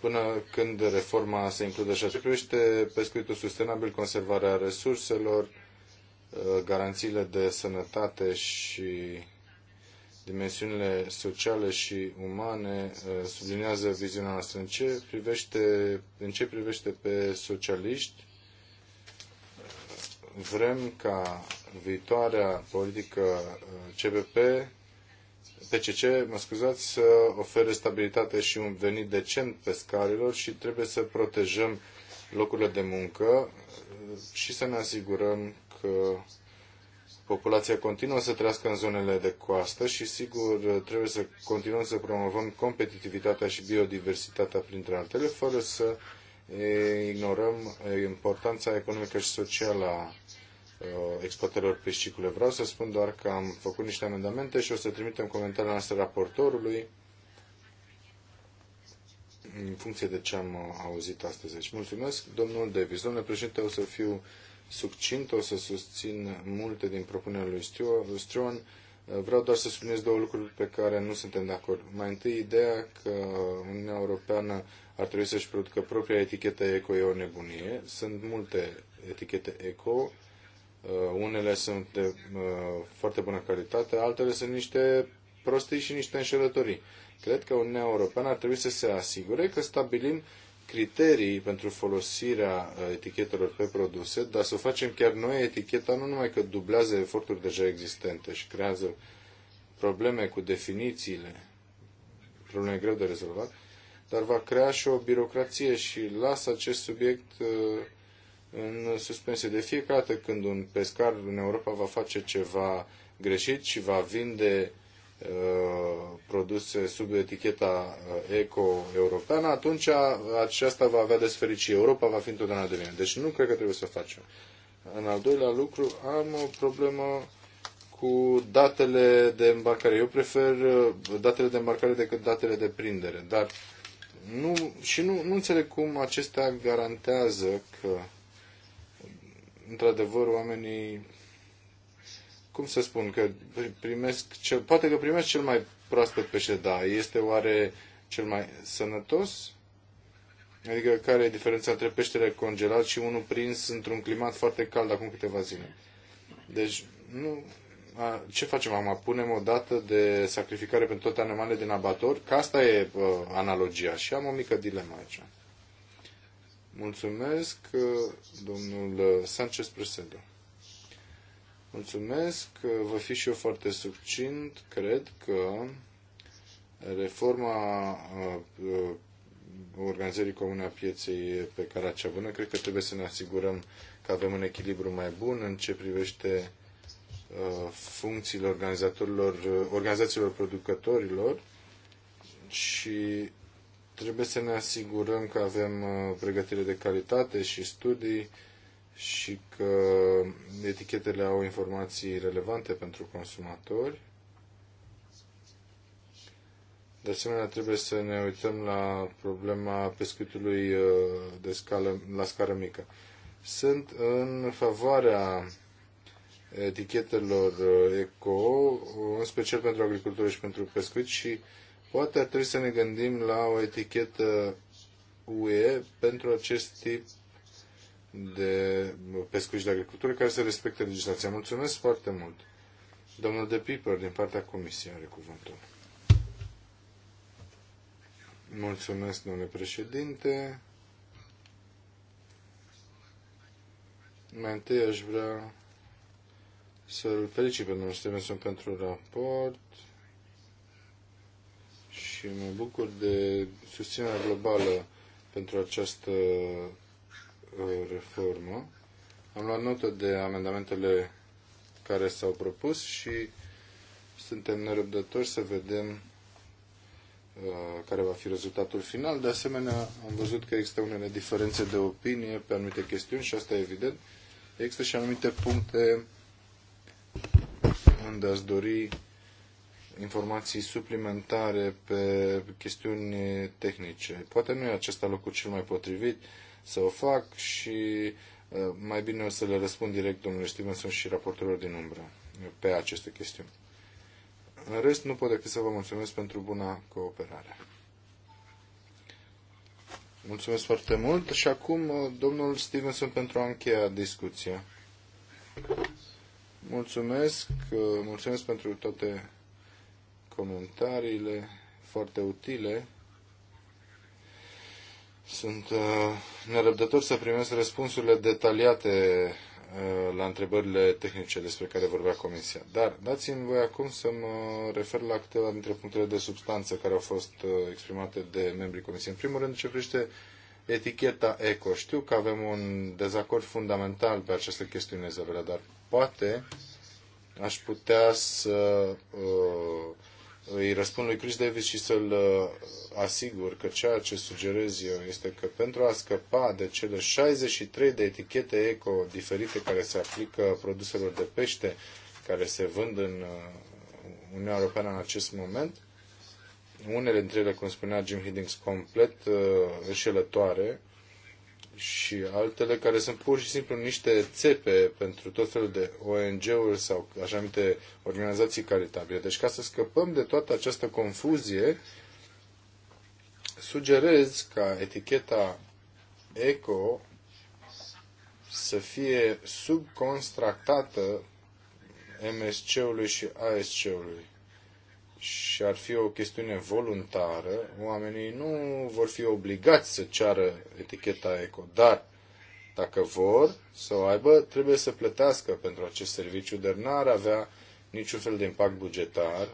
până când reforma se include și ce Privește pescuitul sustenabil, conservarea resurselor, uh, garanțiile de sănătate și dimensiunile sociale și umane uh, sublinează viziunea noastră. În ce privește, în ce privește pe socialiști, vrem ca viitoarea politică uh, CPP PCC, mă scuzați, să ofere stabilitate și un venit decent pescarilor și trebuie să protejăm locurile de muncă și să ne asigurăm că populația continuă să trăiască în zonele de coastă și, sigur, trebuie să continuăm să promovăm competitivitatea și biodiversitatea, printre altele, fără să ignorăm importanța economică și socială a Uh, exploatărilor piscicole. Vreau să spun doar că am făcut niște amendamente și o să trimitem comentariile noastre raportorului în funcție de ce am uh, auzit astăzi. Deci, mulțumesc, domnul Davis. Domnule președinte, o să fiu succint, o să susțin multe din propunerile lui Struan. Uh, vreau doar să subliniez două lucruri pe care nu suntem de acord. Mai întâi, ideea că Uniunea Europeană ar trebui să-și producă propria etichetă eco e o nebunie. Sunt multe etichete eco Uh, unele sunt de uh, foarte bună calitate, altele sunt niște prostii și niște înșelătorii. Cred că Uniunea Europeană ar trebui să se asigure că stabilim criterii pentru folosirea uh, etichetelor pe produse, dar să facem chiar noi eticheta, nu numai că dublează eforturi deja existente și creează probleme cu definițiile, probleme greu de rezolvat, dar va crea și o birocrație și lasă acest subiect în suspensie. De fiecare dată când un pescar în Europa va face ceva greșit și va vinde uh, produse sub eticheta uh, eco-europeană, atunci uh, aceasta va avea desferit Europa va fi întotdeauna de vină. Deci nu cred că trebuie să facem. În al doilea lucru, am o problemă cu datele de îmbarcare. Eu prefer uh, datele de îmbarcare decât datele de prindere, dar nu, și nu, nu înțeleg cum acestea garantează că într-adevăr, oamenii, cum să spun, că primesc, cel, poate că primesc cel mai proaspăt pește, da, este oare cel mai sănătos? Adică care e diferența între peștele congelat și unul prins într-un climat foarte cald acum câteva zile? Deci, nu, a, ce facem acum? Punem o dată de sacrificare pentru toate animalele din abator? Că asta e uh, analogia și am o mică dilemă aici. Mulțumesc, uh, domnul uh, Sanchez Presedo. Mulțumesc, uh, vă fi și eu foarte succint. Cred că reforma organizării comune a pieței pe care cea bună, cred că trebuie să ne asigurăm că avem un echilibru mai bun în ce privește funcțiile organizatorilor, organizațiilor producătorilor și Trebuie să ne asigurăm că avem uh, pregătire de calitate și studii și că etichetele au informații relevante pentru consumatori. De asemenea, trebuie să ne uităm la problema pescuitului uh, de scală, la scară mică. Sunt în favoarea etichetelor uh, eco, în special pentru agricultură și pentru pescuit și Poate ar trebui să ne gândim la o etichetă UE pentru acest tip de pescuit de agricultură care să respecte legislația. Mulțumesc foarte mult. Domnul De Piper, din partea Comisiei, are cuvântul. Mulțumesc, domnule președinte. Mai întâi aș vrea să-l felicit pe domnul Stevenson pentru raport și mă bucur de susținerea globală pentru această uh, reformă. Am luat notă de amendamentele care s-au propus și suntem nerăbdători să vedem uh, care va fi rezultatul final. De asemenea, am văzut că există unele diferențe de opinie pe anumite chestiuni și asta e evident. Există și anumite puncte unde ați dori informații suplimentare pe chestiuni tehnice. Poate nu e acesta locul cel mai potrivit să o fac și uh, mai bine o să le răspund direct domnului Stevenson și raportorilor din umbră pe aceste chestiuni. În rest, nu pot decât să vă mulțumesc pentru buna cooperare. Mulțumesc foarte mult și acum uh, domnul Stevenson pentru a încheia discuția. Mulțumesc, uh, mulțumesc pentru toate comentariile foarte utile. Sunt uh, nerăbdător să primesc răspunsurile detaliate uh, la întrebările tehnice despre care vorbea Comisia. Dar dați-mi voi acum să mă refer la câteva dintre punctele de substanță care au fost uh, exprimate de membrii Comisiei. În primul rând, ce privește eticheta eco. Știu că avem un dezacord fundamental pe această chestiune, Izabela, dar poate aș putea să uh, îi răspund lui Chris Davis și să-l uh, asigur că ceea ce sugerez eu este că pentru a scăpa de cele 63 de etichete eco diferite care se aplică produselor de pește care se vând în uh, Uniunea Europeană în acest moment, unele dintre ele, cum spunea Jim Hiddings, complet uh, înșelătoare, și altele care sunt pur și simplu niște țepe pentru tot felul de ONG-uri sau așa numite organizații caritabile. Deci ca să scăpăm de toată această confuzie, sugerez ca eticheta eco să fie subcontractată MSC-ului și ASC-ului și ar fi o chestiune voluntară, oamenii nu vor fi obligați să ceară eticheta eco, dar dacă vor să o aibă, trebuie să plătească pentru acest serviciu, dar n-ar avea niciun fel de impact bugetar.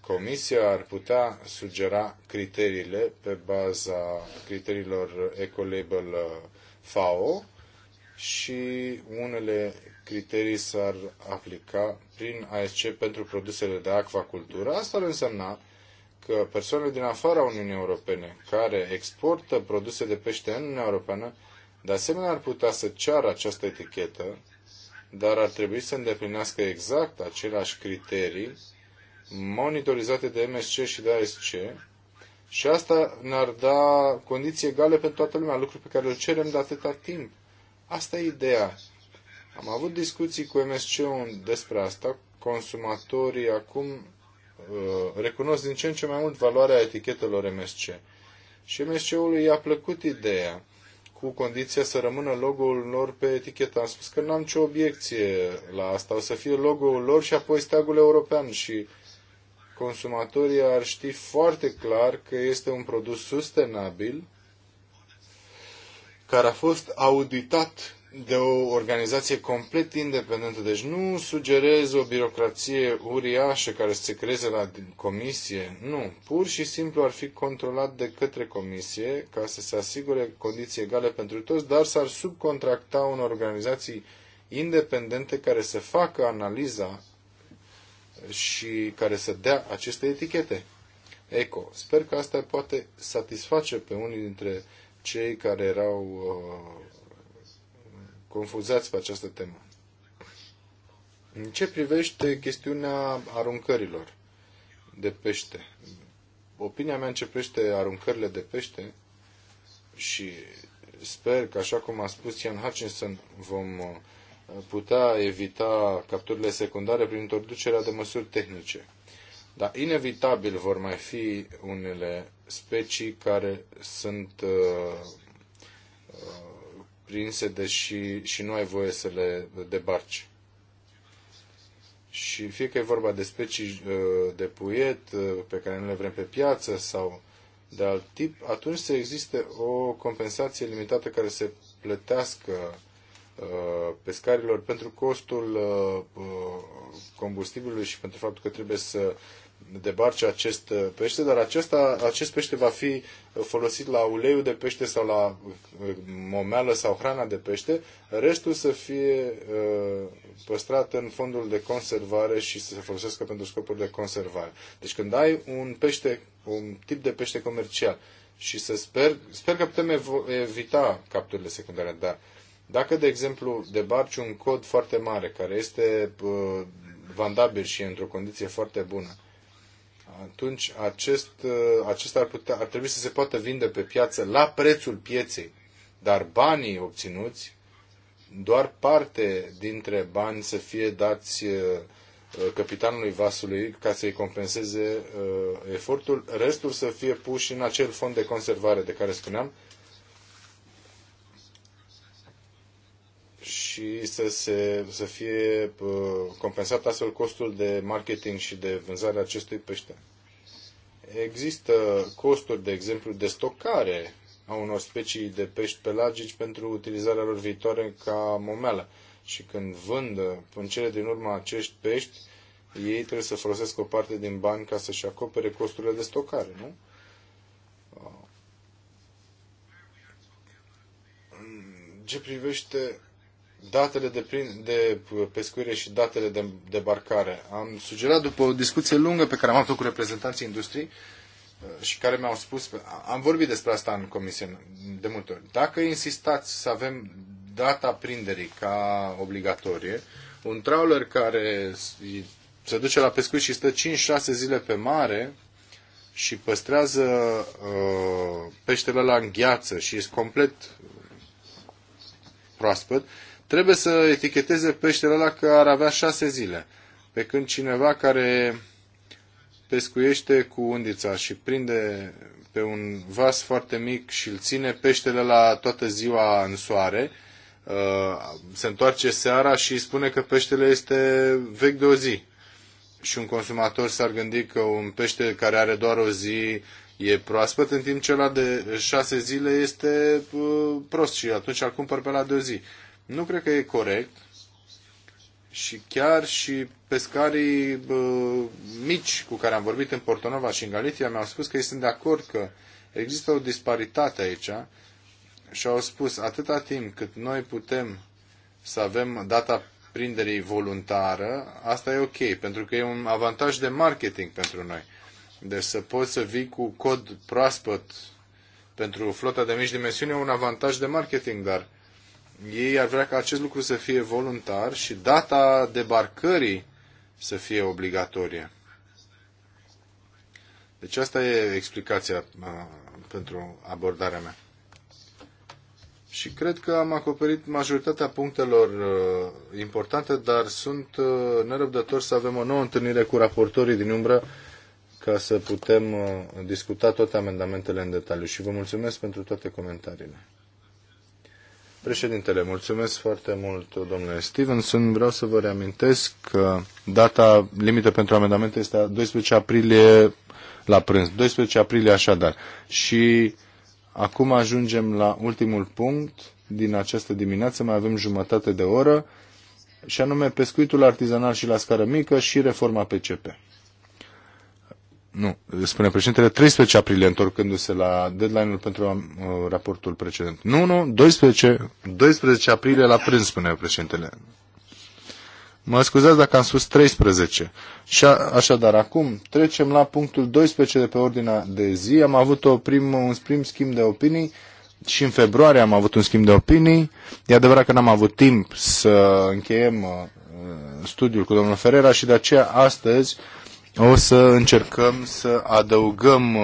Comisia ar putea sugera criteriile pe baza criteriilor Ecolabel uh, FAO și unele criterii s-ar aplica prin ASC pentru produsele de acvacultură. Asta ar însemna că persoanele din afara Uniunii Europene care exportă produse de pește în Uniunea Europeană, de asemenea ar putea să ceară această etichetă, dar ar trebui să îndeplinească exact aceleași criterii monitorizate de MSC și de ASC și asta ne-ar da condiții egale pentru toată lumea, lucruri pe care îl cerem de atâta timp. Asta e ideea am avut discuții cu msc despre asta. Consumatorii acum uh, recunosc din ce în ce mai mult valoarea etichetelor MSC. Și MSC-ului i-a plăcut ideea cu condiția să rămână logo-ul lor pe etichetă. Am spus că n-am nicio obiecție la asta. O să fie logo-ul lor și apoi steagul european și consumatorii ar ști foarte clar că este un produs sustenabil care a fost auditat de o organizație complet independentă. Deci nu sugerez o birocrație uriașă care să se creeze la comisie. Nu. Pur și simplu ar fi controlat de către comisie ca să se asigure condiții egale pentru toți, dar s-ar subcontracta unor organizații independente care să facă analiza și care să dea aceste etichete. Eco. Sper că asta poate satisface pe unii dintre cei care erau uh, confuzați pe această temă. În ce privește chestiunea aruncărilor de pește, opinia mea începește aruncările de pește și sper că, așa cum a spus Ian Hutchinson, vom uh, putea evita capturile secundare prin introducerea de măsuri tehnice. Dar inevitabil vor mai fi unele specii care sunt uh, prinse, deși și nu ai voie să le debarci. Și fie că e vorba de specii uh, de puiet uh, pe care nu le vrem pe piață sau de alt tip, atunci să existe o compensație limitată care se plătească uh, pescarilor pentru costul combustibilului și pentru faptul că trebuie să debarce acest uh, pește, dar acesta, acest pește va fi folosit la uleiul de pește sau la uh, momeală sau hrana de pește, restul să fie uh, păstrat în fondul de conservare și să se folosească pentru scopuri de conservare. Deci când ai un pește, un tip de pește comercial și să sper, sper că putem evita capturile secundare, dar dacă, de exemplu, debarci un cod foarte mare care este vandabil și într-o condiție foarte bună, atunci acest, uh, acesta ar, putea, ar trebui să se poată vinde pe piață la prețul pieței, dar banii obținuți, doar parte dintre bani să fie dați uh, capitanului vasului ca să-i compenseze uh, efortul, restul să fie puși în acel fond de conservare de care spuneam, și să, se, să fie uh, compensat astfel costul de marketing și de vânzare a acestui pește. Există costuri, de exemplu, de stocare a unor specii de pești pelagici pentru utilizarea lor viitoare ca momeală. Și când vând în cele din urmă acești pești, ei trebuie să folosesc o parte din bani ca să-și acopere costurile de stocare, nu? ce privește datele de, prin, de pescuire și datele de debarcare. Am sugerat după o discuție lungă pe care am avut-o cu reprezentanții industriei uh, și care mi-au spus, am vorbit despre asta în comisie de multe ori, dacă insistați să avem data prinderii ca obligatorie, un trawler care se duce la pescuit și stă 5-6 zile pe mare și păstrează uh, peștele la în gheață și este complet uh, proaspăt, trebuie să eticheteze peștele ăla că ar avea șase zile. Pe când cineva care pescuiește cu undița și prinde pe un vas foarte mic și îl ține peștele la toată ziua în soare, uh, se întoarce seara și spune că peștele este vechi de o zi. Și un consumator s-ar gândi că un pește care are doar o zi e proaspăt, în timp ce la de șase zile este uh, prost și atunci îl cumpăr pe la de o zi. Nu cred că e corect și chiar și pescarii bă, mici cu care am vorbit în Portonova și în Galicia mi-au spus că ei sunt de acord că există o disparitate aici și au spus atâta timp cât noi putem să avem data prinderii voluntară, asta e ok, pentru că e un avantaj de marketing pentru noi. Deci să poți să vii cu cod proaspăt pentru flota de mici dimensiuni e un avantaj de marketing, dar ei ar vrea ca acest lucru să fie voluntar și data debarcării să fie obligatorie. Deci asta e explicația a, uh, pentru abordarea mea. Și cred că am acoperit majoritatea punctelor uh, importante, dar sunt uh, nerăbdător să avem o nouă întâlnire cu raportorii din umbră ca să putem uh, discuta toate amendamentele în detaliu. Și vă mulțumesc pentru toate comentariile. Președintele, mulțumesc foarte mult, domnule Stevenson. Vreau să vă reamintesc că data limită pentru amendamente este 12 aprilie la prânz. 12 aprilie așadar. Și acum ajungem la ultimul punct din această dimineață. Mai avem jumătate de oră și anume pescuitul artizanal și la scară mică și reforma PCP. Nu, spune președintele, 13 aprilie, întorcându-se la deadline-ul pentru uh, raportul precedent. Nu, nu, 12, 12 aprilie la prânz, spune președintele. Mă scuzați dacă am spus 13. Și a, așadar, acum trecem la punctul 12 de pe ordinea de zi. Am avut o prim, un prim schimb de opinii și în februarie am avut un schimb de opinii. E adevărat că n-am avut timp să încheiem uh, studiul cu domnul Ferrera și de aceea astăzi uh, o să încercăm să adăugăm uh,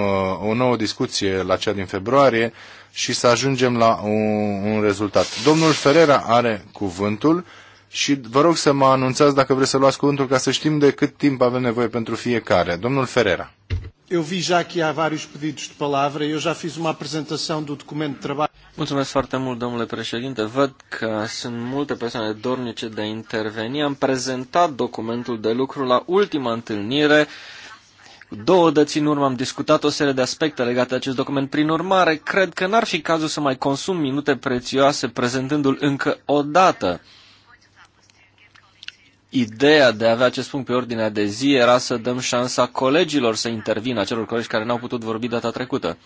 o nouă discuție la cea din februarie și să ajungem la un, un rezultat. Domnul Ferera are cuvântul și vă rog să mă anunțați dacă vreți să luați cuvântul ca să știm de cât timp avem nevoie pentru fiecare. Domnul Ferera. Eu vi já que há vários pedidos de palavra. Eu já fiz uma apresentação do documento de trabalho. Mulțumesc foarte mult, domnule președinte. Văd că sunt multe persoane dornice de a interveni. Am prezentat documentul de lucru la ultima întâlnire. două dăți în urmă am discutat o serie de aspecte legate de acest document. Prin urmare, cred că n-ar fi cazul să mai consum minute prețioase prezentându-l încă o dată ideea de a avea acest punct pe ordinea de zi era să dăm șansa colegilor să intervină, acelor colegi care n-au putut vorbi data trecută.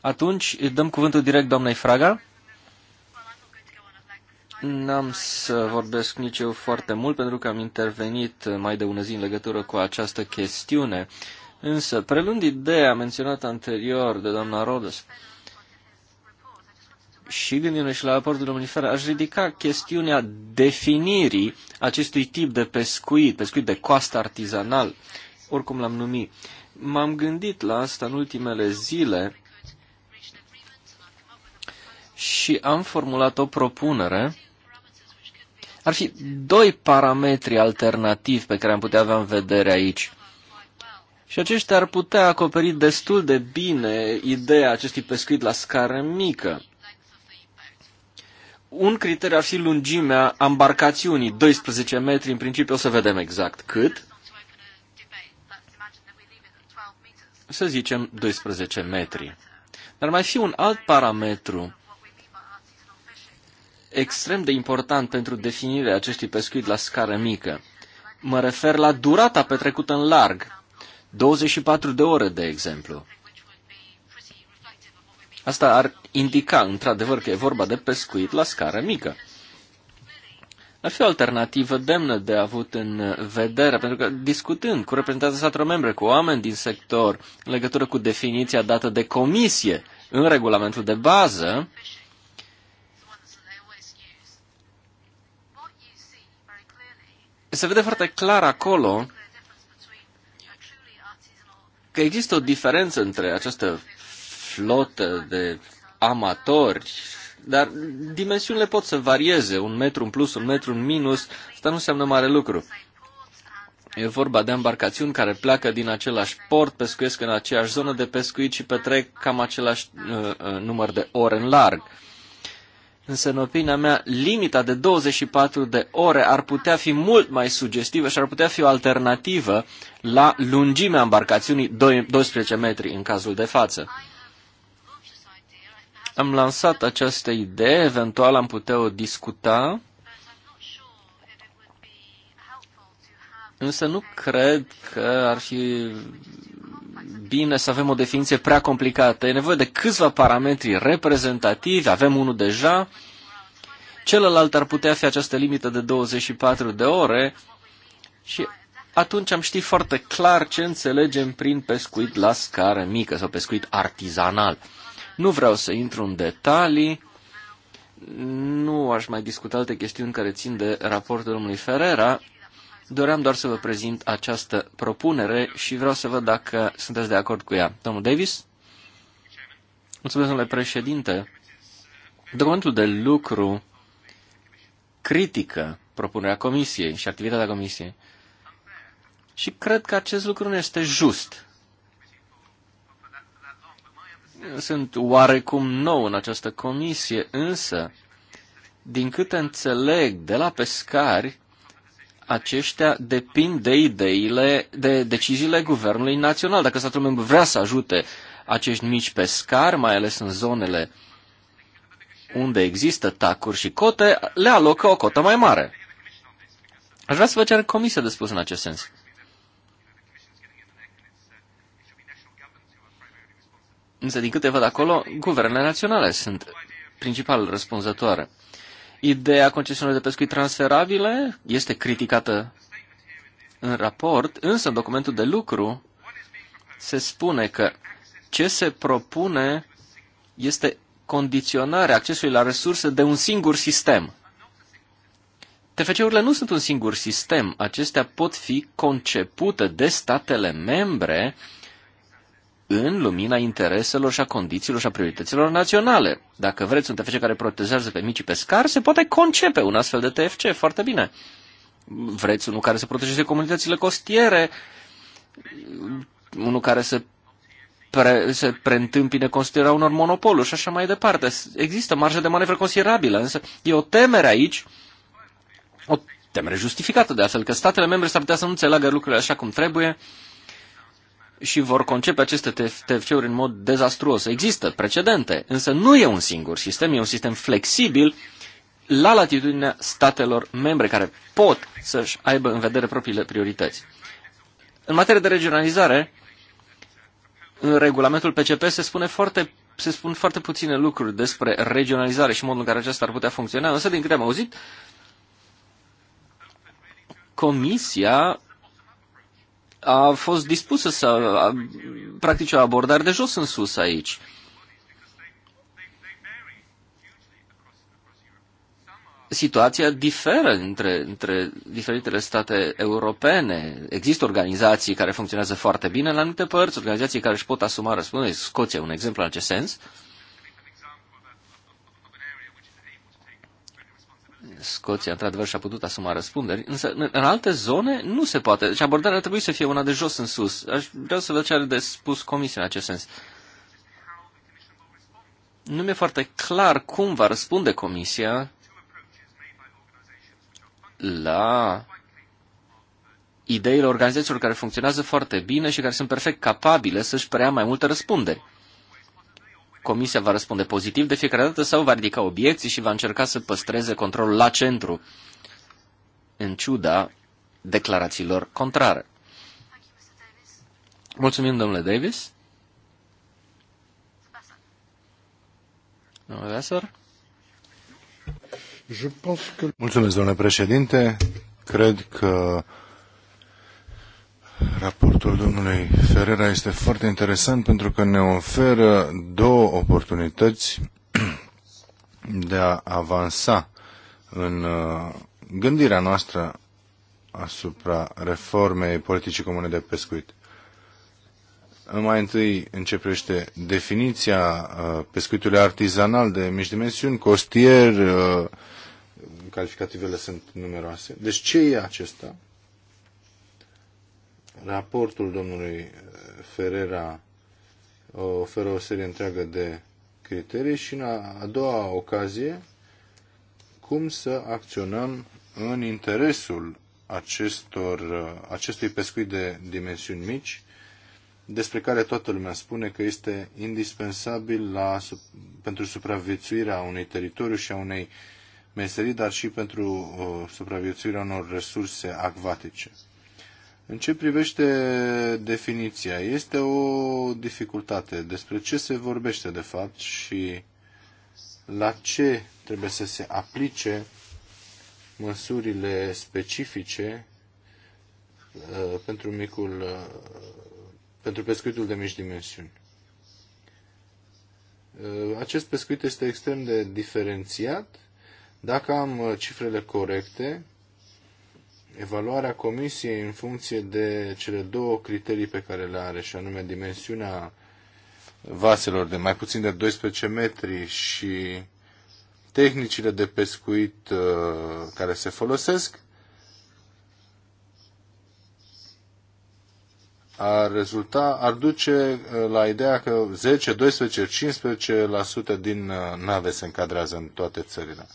Atunci dăm cuvântul direct doamnei Fraga. N-am să vorbesc nici eu foarte mult pentru că am intervenit mai de ună zi în legătură cu această chestiune. Însă, prelând ideea menționată anterior de doamna Rodos, uh, și gândindu-ne și la aportul domnifer, aș ridica chestiunea definirii acestui tip de pescuit, pescuit de coastă artizanal, oricum l-am numit. M-am gândit la asta în ultimele zile și am formulat o propunere. Ar fi doi parametri alternativi pe care am putea avea în vedere aici. Și aceștia ar putea acoperi destul de bine ideea acestui pescuit la scară mică un criteriu ar fi lungimea ambarcațiunii, 12 metri în principiu, o să vedem exact cât. Să zicem 12 metri. Dar mai fi un alt parametru extrem de important pentru definirea acestui pescuit la scară mică. Mă refer la durata petrecută în larg, 24 de ore, de exemplu. Asta ar indica, într-adevăr, că e vorba de pescuit la scară mică. Ar fi o alternativă demnă de avut în vedere, pentru că discutând cu reprezentanții statelor membre, cu oameni din sector, în legătură cu definiția dată de comisie în regulamentul de bază, se vede foarte clar acolo că există o diferență între această flotă de amatori, dar dimensiunile pot să varieze, un metru în plus, un metru în minus, asta nu înseamnă mare lucru. E vorba de embarcațiuni care pleacă din același port, pescuiesc în aceeași zonă de pescuit și petrec cam același uh, uh număr de ore în larg. Însă, în opinia mea, limita de 24 de ore ar putea fi mult mai sugestivă și ar putea fi o alternativă la lungimea embarcațiunii 12 metri în cazul de față. Am lansat această idee, eventual am putea o discuta, însă nu cred că ar fi bine să avem o definiție prea complicată. E nevoie de câțiva parametri reprezentativi, avem unul deja, celălalt ar putea fi această limită de 24 de ore și atunci am ști foarte clar ce înțelegem prin pescuit la scară mică sau pescuit artizanal. Nu vreau să intru în detalii, nu aș mai discuta alte chestiuni care țin de raportul domnului Ferrera, doream doar să vă prezint această propunere și vreau să văd dacă sunteți de acord cu ea. Domnul Davis? Mulțumesc, domnule președinte. Documentul de lucru critică propunerea comisiei și activitatea comisiei. Și cred că acest lucru nu este just sunt oarecum nou în această comisie, însă, din câte înțeleg de la pescari, aceștia depind de ideile, de deciziile guvernului național. Dacă statul membru vrea să ajute acești mici pescari, mai ales în zonele unde există tacuri și cote, le alocă o cotă mai mare. Aș vrea să vă cer comisia de spus în acest sens. Însă, din câte văd acolo, guvernele naționale sunt principal răspunzătoare. Ideea concesiunilor de pescuit transferabile este criticată în raport, însă în documentul de lucru se spune că ce se propune este condiționarea accesului la resurse de un singur sistem. TFC-urile nu sunt un singur sistem, acestea pot fi concepute de statele membre în lumina intereselor și a condițiilor și a priorităților naționale. Dacă vreți un TFC care protejează pe micii pescari, se poate concepe un astfel de TFC foarte bine. Vreți unul care să protejeze comunitățile costiere, unul care să pre, se preîntâmpine considera unor monopoluri și așa mai departe. Există marjă de manevră considerabilă, însă e o temere aici, o temere justificată de altfel, că statele membre s-ar putea să nu înțeleagă lucrurile așa cum trebuie, uh, și vor concepe aceste TFC-uri în mod dezastruos. Există precedente, însă nu e un singur sistem, e un sistem flexibil la latitudinea statelor membre care pot să-și aibă în vedere propriile priorități. În materie de regionalizare, în regulamentul PCP se spune foarte se spun foarte puține lucruri despre regionalizare și modul în care aceasta ar putea funcționa, însă din câte am auzit, Comisia a fost dispusă să practice o abordare de jos în sus aici. situația diferă între, între diferitele state europene. Există organizații care funcționează foarte bine la anumite părți, organizații care își pot asuma răspunderea. Scoția, un exemplu în acest sens. Uh, Scoția, într-adevăr, și-a putut asuma răspunderi, însă în alte zone nu se poate. Deci abordarea ar trebui să fie una de jos în sus. Aș vrea să văd ce are de spus Comisia în acest sens. Nu mi-e foarte clar cum va răspunde Comisia la ideile organizațiilor care funcționează foarte bine și care sunt perfect capabile să-și preia mai multe răspunderi. Comisia va răspunde pozitiv de fiecare dată sau va ridica obiecții și va încerca să păstreze controlul la centru, în ciuda declarațiilor contrare. Mulțumim, domnule Davis. Mulțumesc, domnule președinte. Cred că Raportul domnului Ferreira este foarte interesant pentru că ne oferă două oportunități de a avansa în uh, gândirea noastră asupra reformei politicii comune de pescuit. Mai întâi începește definiția uh, pescuitului artizanal de mici dimensiuni, costier, uh, calificativele sunt numeroase. Deci ce e acesta? Raportul domnului Ferrera oferă o serie întreagă de criterii și în a doua ocazie cum să acționăm în interesul acestor, acestui pescuit de dimensiuni mici, despre care toată lumea spune că este indispensabil la, pentru supraviețuirea unui teritoriu și a unei meserii, dar și pentru uh, supraviețuirea unor resurse acvatice. În ce privește definiția, este o dificultate despre ce se vorbește de fapt și la ce trebuie să se aplice măsurile specifice uh, pentru micul uh, pentru pescuitul de mici dimensiuni. Uh, acest pescuit este extrem de diferențiat. Dacă am cifrele corecte, evaluarea comisiei în funcție de cele două criterii pe care le are, și anume dimensiunea vaselor de mai puțin de 12 metri și tehnicile de pescuit uh, care se folosesc, ar rezulta, ar duce uh, la ideea că 10, 12, 15% din uh, nave se încadrează în toate țările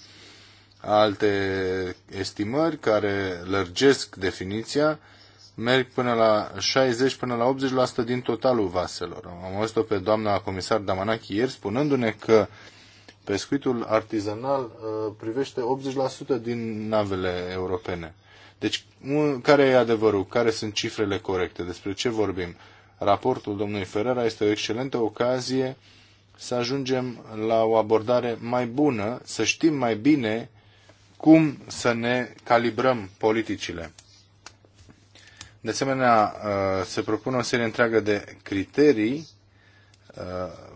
alte estimări care lărgesc definiția, merg până la 60 până la 80% din totalul vaselor. Am auzit-o pe doamna comisar Damanachi ieri spunându-ne că pescuitul artizanal uh, privește 80% din navele europene. Deci, care e adevărul? Care sunt cifrele corecte? Despre ce vorbim? Raportul domnului Ferrera este o excelentă ocazie să ajungem la o abordare mai bună, să știm mai bine cum să ne calibrăm politicile. De asemenea, uh, se propune o serie întreagă de criterii. Uh,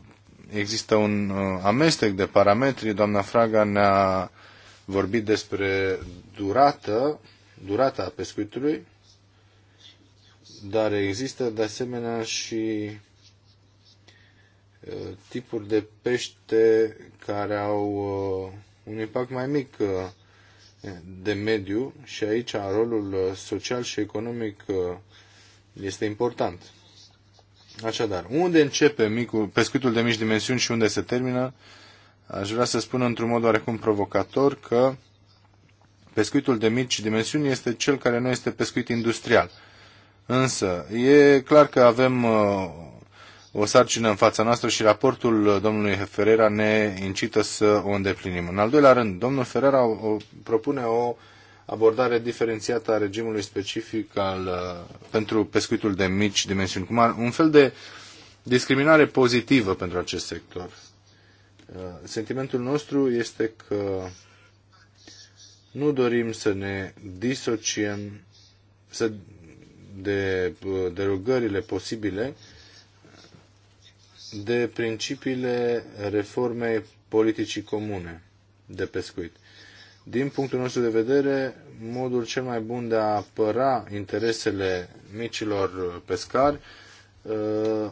există un uh, amestec de parametri. Doamna Fraga ne-a vorbit despre durată, durata pescuitului, dar există de asemenea și tipuri de pește care au un impact mai mic de mediu și aici rolul uh, social și economic uh, este important. Așadar, unde începe micul, pescuitul de mici dimensiuni și unde se termină, aș vrea să spun într-un mod oarecum provocator că pescuitul de mici dimensiuni este cel care nu este pescuit industrial. Însă, e clar că avem uh, o sarcină în fața noastră și raportul domnului Ferreira ne incită să o îndeplinim. În al doilea rând, domnul Ferreira o, propune o abordare diferențiată a regimului specific al, uh, pentru pescuitul de mici dimensiuni, cum ar, un fel de discriminare pozitivă pentru acest sector. Uh, sentimentul nostru este că nu dorim să ne disociem să de uh, derogările posibile de principiile reformei politicii comune de pescuit. Din punctul nostru de vedere, modul cel mai bun de a apăra interesele micilor pescari uh,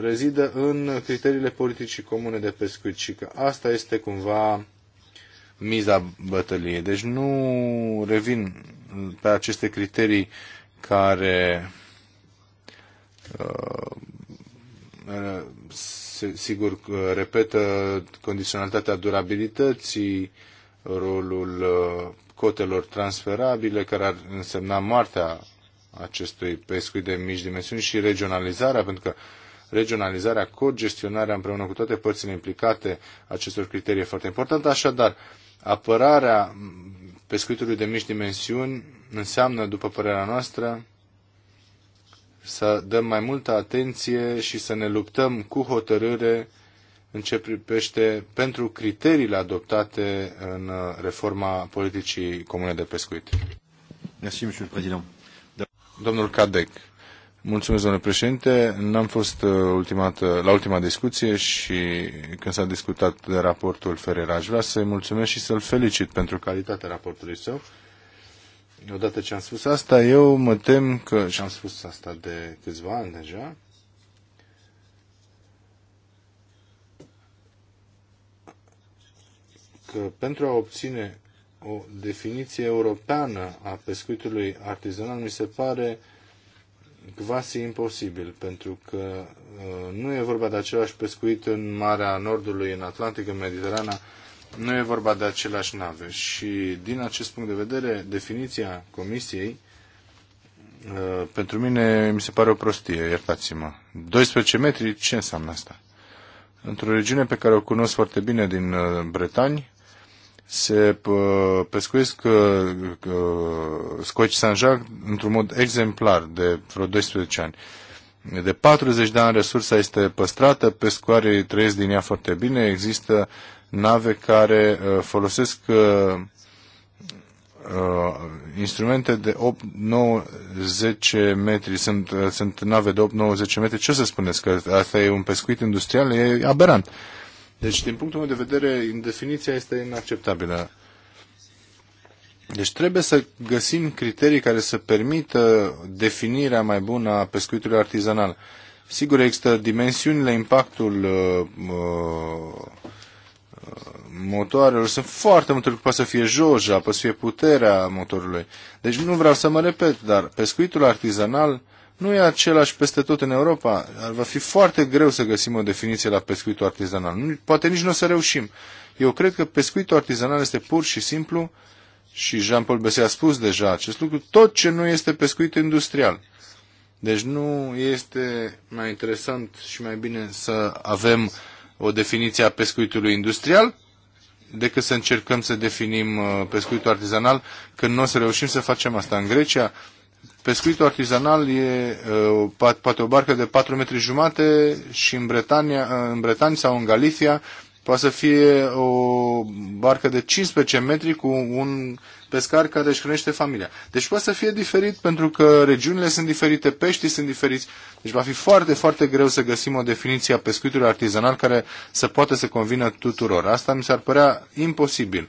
rezidă în criteriile politicii comune de pescuit și că asta este cumva miza bătăliei. Deci nu revin pe aceste criterii care uh, sigur, repetă condiționalitatea durabilității, rolul uh, cotelor transferabile, care ar însemna moartea acestui pescuit de mici dimensiuni și regionalizarea, pentru că regionalizarea, cogestionarea împreună cu toate părțile implicate acestor criterii e foarte important. Așadar, apărarea pescuitului de mici dimensiuni înseamnă, după părerea noastră, să dăm mai multă atenție și să ne luptăm cu hotărâre în ce privește pentru criteriile adoptate în uh, reforma politicii comune de pescuit. Mersi, Monsieur Président. Da. Domnul Cadec. Mulțumesc, domnule președinte. N-am fost uh, ultimată, la ultima discuție și când s-a discutat de raportul Ferreira. Aș vrea să-i mulțumesc și să-l felicit pentru calitatea raportului său odată ce am spus asta, eu mă tem că, și am spus asta de câțiva ani deja, că pentru a obține o definiție europeană a pescuitului artizanal mi se pare quasi imposibil, pentru că uh, nu e vorba de același pescuit în Marea Nordului, în Atlantic, în Mediterana, nu e vorba de aceleași nave și din acest punct de vedere, definiția comisiei uh, pentru mine mi se pare o prostie, iertați-mă. 12 metri, ce înseamnă asta? Într-o regiune pe care o cunosc foarte bine din uh, Bretani, se uh, pescuiesc scoci Saint-Jacques într-un mod exemplar de vreo 12 ani. De 40 de ani resursa este păstrată, pescoarii trăiesc din ea foarte bine, există uh, nave care uh, folosesc uh, uh, instrumente de 8, 9, 10 metri, sunt, sunt nave de 8, 9, 10 metri, ce să spuneți? Că asta e un pescuit industrial? E aberant. Deci, din punctul meu de vedere, definiția este inacceptabilă. Deci trebuie să găsim criterii care să permită definirea mai bună a pescuitului artizanal. Sigur, există dimensiunile, impactul uh, motoarelor. Sunt foarte multe lucruri. Poate să fie joja, poate să fie puterea motorului. Deci nu vreau să mă repet, dar pescuitul artizanal nu e același peste tot în Europa. Ar va fi foarte greu să găsim o definiție la pescuitul artizanal. Nu, poate nici nu o să reușim. Eu cred că pescuitul artizanal este pur și simplu, și Jean-Paul Besset a spus deja acest lucru, tot ce nu este pescuit industrial. Deci nu este mai interesant și mai bine să avem o definiție a pescuitului industrial decât să încercăm să definim uh, pescuitul artizanal când nu o să reușim să facem asta. În Grecia, pescuitul artizanal e uh, poate o barcă de 4 metri jumate și în Bretania, uh, în Bretania sau în Galicia Poate să fie o barcă de 15 metri cu un pescar care își hrănește familia. Deci poate să fie diferit pentru că regiunile sunt diferite, peștii sunt diferiți. Deci va fi foarte, foarte greu să găsim o definiție a pescuitului artizanal care să poată să convină tuturor. Asta mi s-ar părea imposibil.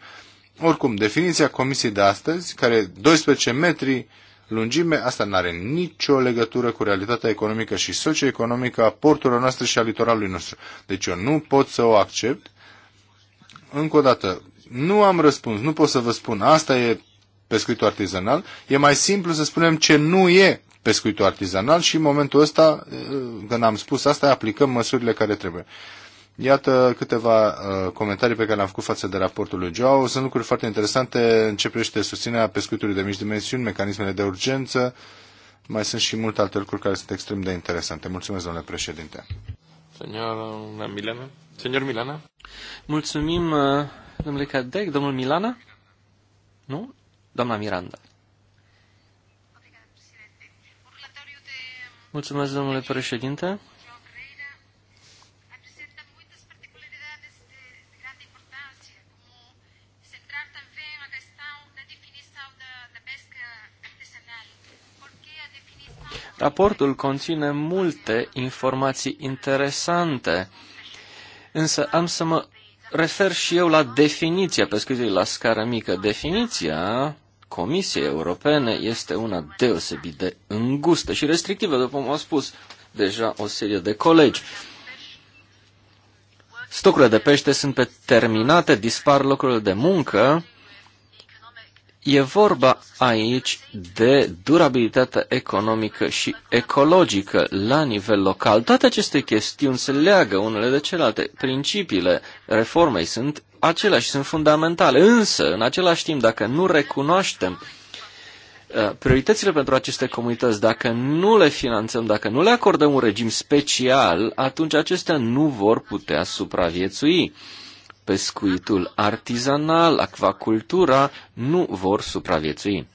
Oricum, definiția comisiei de astăzi, care 12 metri lungime, asta nu are nicio legătură cu realitatea economică și socioeconomică a porturilor noastre și a litoralului nostru. Deci eu nu pot să o accept. Încă o dată, nu am răspuns, nu pot să vă spun, asta e pescuitul artizanal, e mai simplu să spunem ce nu e pescuitul artizanal și în momentul ăsta, eh, când am spus asta, aplicăm măsurile care trebuie. Iată câteva uh, comentarii pe care le-am făcut față de raportul lui Joao. Sunt lucruri foarte interesante. Începește susținerea pescuitului de mici dimensiuni, mecanismele de urgență. Mai sunt și multe alte lucruri care sunt extrem de interesante. Mulțumesc, domnule președinte. Senora Milana. Senor Milana. Mulțumim, uh, domnule Cadec. Domnul Milana? Nu? Doamna Miranda. Mulțumesc, domnule președinte. Raportul conține multe informații interesante, însă am să mă refer și eu la definiția scris la scară mică. Definiția Comisiei Europene este una deosebit de îngustă și restrictivă, după cum au spus deja o serie de colegi. Stocurile de pește sunt pe terminate, dispar locurile de muncă E vorba aici de durabilitatea economică și ecologică la nivel local. Toate aceste chestiuni se leagă unele de celelalte. Principiile reformei sunt aceleași, sunt fundamentale. Însă, în același timp, dacă nu recunoaștem uh, prioritățile pentru aceste comunități, dacă nu le finanțăm, dacă nu le acordăm un regim special, atunci acestea nu vor putea supraviețui pescuitul artizanal, acvacultura, nu vor supraviețui.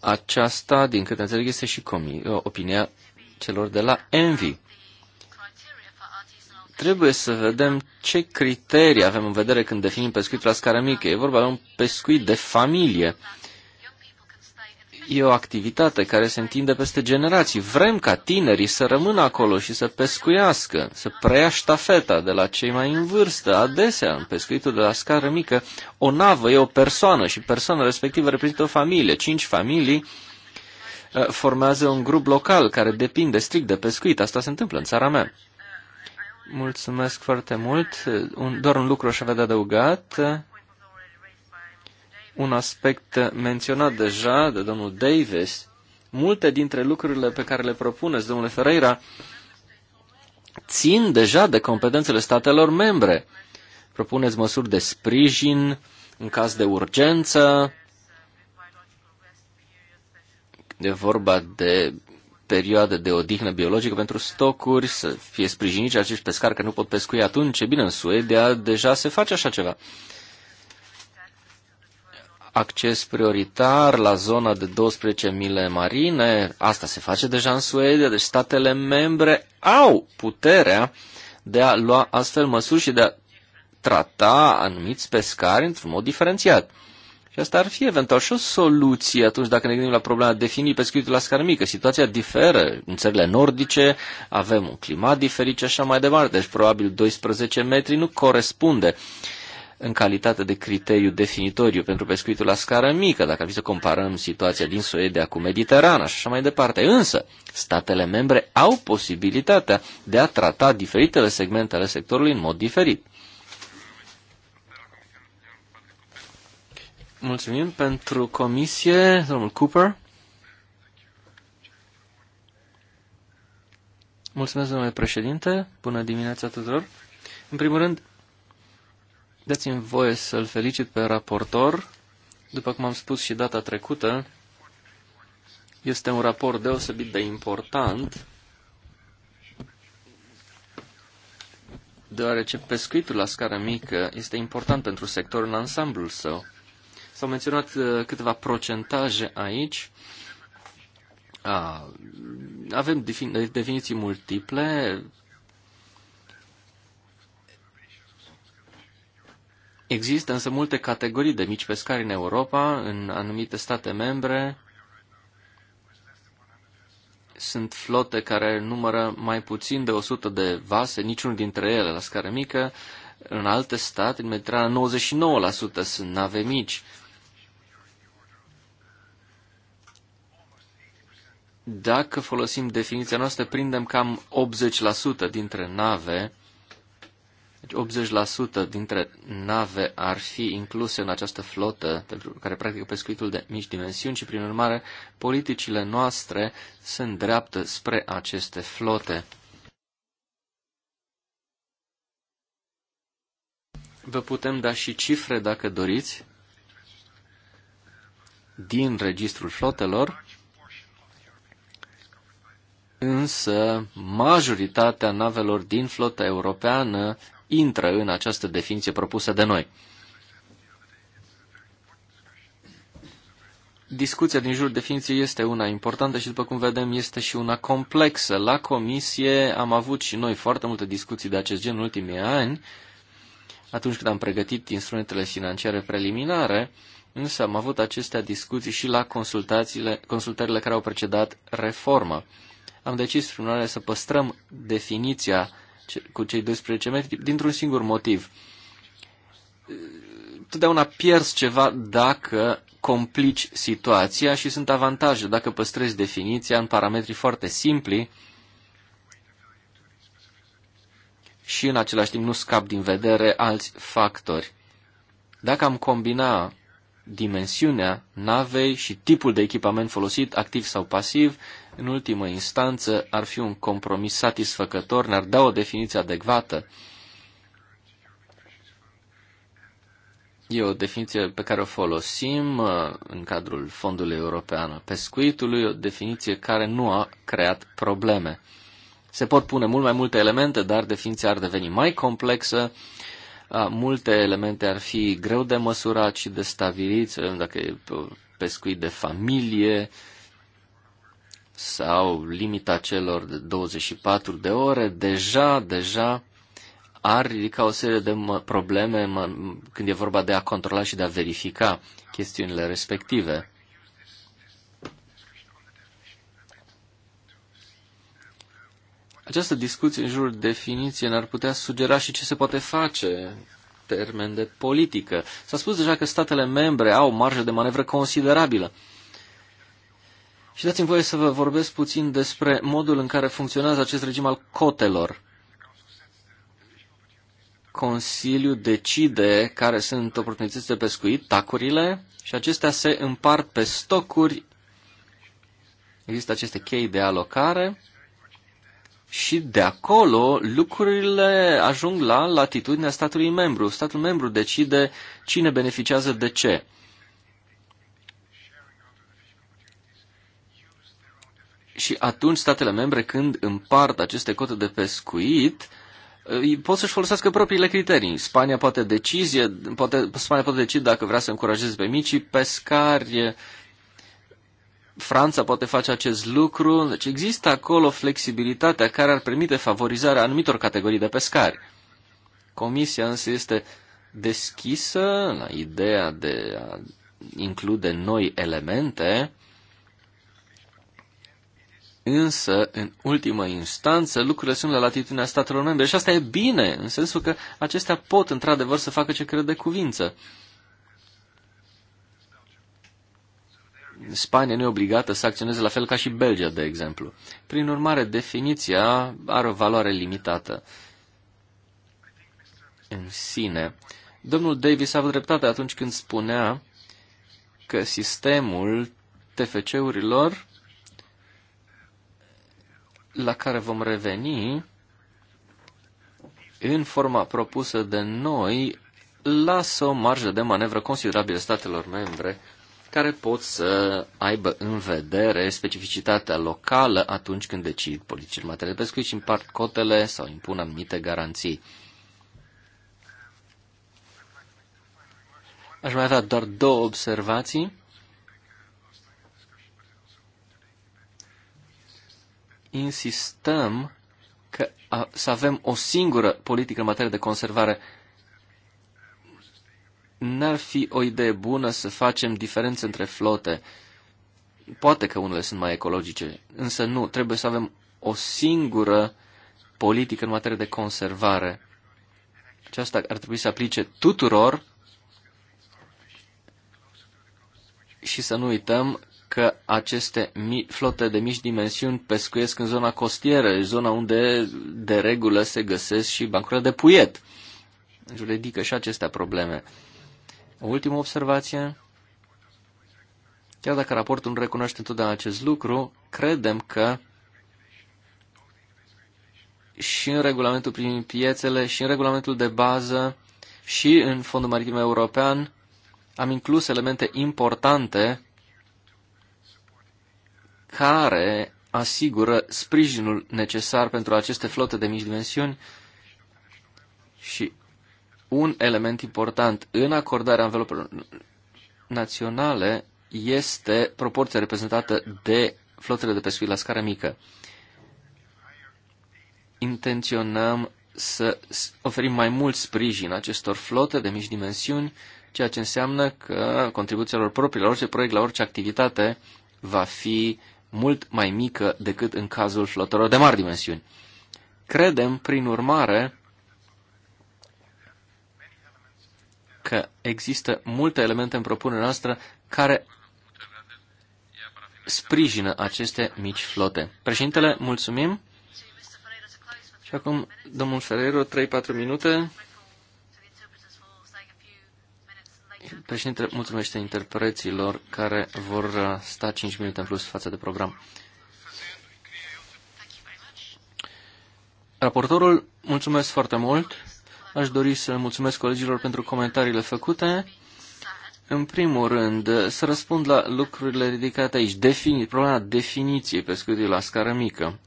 Aceasta, din câte înțeleg, este și opinia celor de la Envy. Trebuie să vedem ce criterii avem în vedere când definim pescuitul la scară mică. E vorba de un pescuit de familie. Uh, E o activitate care se întinde peste generații. Vrem ca tinerii să rămână acolo și să pescuiască, să preia ștafeta de la cei mai în vârstă. Adesea, în pescuitul de la scară mică, o navă e o persoană și persoana respectivă reprezintă o familie. Cinci familii uh, formează un grup local care depinde strict de pescuit. Asta se întâmplă în țara mea. Mulțumesc foarte mult. Un, doar un lucru aș avea de adăugat un aspect menționat deja de domnul Davis. Multe dintre lucrurile pe care le propuneți, domnule Ferreira, țin deja de competențele statelor membre. Propuneți măsuri de sprijin în caz de urgență, de vorba de perioade de odihnă biologică pentru stocuri, să fie sprijiniți acești pescari că nu pot pescui atunci. E bine, în Suedia deja se face așa ceva. Uh, acces prioritar la zona de 12 mile marine, asta se face deja în Suedia, deci statele membre au puterea de a lua astfel măsuri și de a trata anumiți pescari într-un mod diferențiat. Și asta ar fi eventual și o soluție atunci dacă ne gândim la problema definirii pescuitului la scară mică. Situația diferă în țările nordice, avem un climat diferit și așa mai departe, deci probabil 12 metri nu corespunde uh, în calitate de criteriu definitoriu pentru pescuitul la scară mică, dacă ar fi să comparăm situația din Suedia cu Mediterana și așa mai departe. Însă, statele membre au posibilitatea de a trata diferitele segmente ale sectorului în mod diferit. Mulțumim pentru comisie, domnul Cooper. Mulțumesc, domnule președinte. Bună dimineața tuturor. În primul rând, Dați-mi voie să-l felicit pe raportor. După cum am spus și data trecută, este un raport deosebit de important, deoarece pescuitul la scară mică este important pentru sectorul în ansamblul său. S-au menționat uh, câteva procentaje aici. A, avem definiții multiple, Există însă multe categorii de mici pescari în Europa, în anumite state membre. Sunt flote care numără mai puțin de 100 de vase, niciunul dintre ele la scară mică. În alte state, în Mediterana, 99% sunt nave mici. Dacă folosim definiția noastră, prindem cam 80% dintre nave deci 80% dintre nave ar fi incluse în această flotă pentru care practică pescuitul de mici dimensiuni și, prin urmare, politicile noastre se îndreaptă spre aceste flote. Vă putem da și cifre, dacă doriți, din registrul flotelor, însă majoritatea navelor din flota europeană intră în această definiție propusă de noi. Discuția din jurul definiției este una importantă și, după cum vedem, este și una complexă. La comisie am avut și noi foarte multe discuții de acest gen în ultimii ani, atunci când am pregătit instrumentele financiare preliminare, însă am avut acestea discuții și la consultațiile, consultările care au precedat reforma. Am decis, prin urmare, să păstrăm definiția cu cei 12 metri dintr-un singur motiv. Totdeauna pierzi ceva dacă complici situația și sunt avantaje dacă păstrezi definiția în parametri foarte simpli și în același timp nu scap din vedere alți factori. Dacă am combina dimensiunea navei și tipul de echipament folosit, activ sau pasiv, în ultimă instanță ar fi un compromis satisfăcător, ne-ar da o definiție adecvată. E o definiție pe care o folosim uh, în cadrul Fondului European Pescuitului, o definiție care nu a creat probleme. Se pot pune mult mai multe elemente, dar definiția ar deveni mai complexă Ah, multe elemente ar fi greu de măsurat și de stabilit, să vedem dacă e pescuit de familie sau limita celor de 24 de ore. Deja, deja ar ridica o serie de probleme când e vorba de a controla și de a verifica chestiunile respective. Această discuție în jurul definiției ne-ar putea sugera și ce se poate face termen de politică. S-a spus deja că statele membre au marjă de manevră considerabilă. Și dați-mi voie să vă vorbesc puțin despre modul în care funcționează acest regim al cotelor. Consiliul decide care sunt oportunități de pescuit, tacurile, și acestea se împart pe stocuri. Există aceste chei de alocare și de acolo lucrurile ajung la latitudinea statului membru. Statul membru decide cine beneficiază de ce. Și atunci statele membre, când împart aceste cote de pescuit, pot să-și folosească propriile criterii. Spania poate, decizie, poate, Spania poate decide dacă vrea să încurajeze pe micii pescari, Franța poate face acest lucru, deci există acolo flexibilitatea care ar permite favorizarea anumitor categorii de pescari. Comisia însă este deschisă la ideea de a include noi elemente, însă, în ultimă instanță, lucrurile sunt la latitudinea statelor membre și asta e bine, în sensul că acestea pot, într-adevăr, să facă ce cred de cuvință. Spania nu e obligată să acționeze la fel ca și Belgia, de exemplu. Prin urmare, definiția are o valoare limitată în sine. Domnul Davis a avut dreptate atunci când spunea că sistemul TFC-urilor la care vom reveni în forma propusă de noi lasă o marjă de manevră considerabilă statelor membre care pot să aibă în vedere specificitatea locală atunci când decid politicile materiale de pescuit și împart cotele sau impun anumite garanții. Aș mai avea doar două observații. Insistăm că a, să avem o singură politică în materie de conservare n-ar fi o idee bună să facem diferențe între flote. Poate că unele sunt mai ecologice, însă nu, trebuie să avem o singură politică în materie de conservare. Aceasta ar trebui să aplice tuturor și să nu uităm că aceste flote de mici dimensiuni pescuiesc în zona costieră, zona unde de regulă se găsesc și bancurile de puiet. Deci ridică și acestea probleme. O ultimă observație. Chiar dacă raportul nu recunoaște întotdeauna acest lucru, credem că și în regulamentul prin piețele, și în regulamentul de bază, și în Fondul Maritim European am inclus elemente importante care asigură sprijinul necesar pentru aceste flote de mici dimensiuni și un element important în acordarea învelopelor naționale este proporția reprezentată de flotele de pescuit la scară mică. Intenționăm să oferim mai mult sprijin acestor flote de mici dimensiuni, ceea ce înseamnă că contribuția lor proprie la orice proiect, la orice activitate, va fi mult mai mică decât în cazul flotelor de mari dimensiuni. Credem, prin urmare, că există multe elemente în propunerea noastră care sprijină aceste mici flote. Președintele, mulțumim. Și acum, domnul Ferreiro, 3-4 minute. Președintele mulțumește interpreților care vor uh, sta 5 minute în plus față de program. Raportorul, mulțumesc foarte mult. Aș dori să mulțumesc colegilor pentru comentariile făcute. În primul rând, să răspund la lucrurile ridicate aici. Defini, problema definiției pescuitului la scară mică.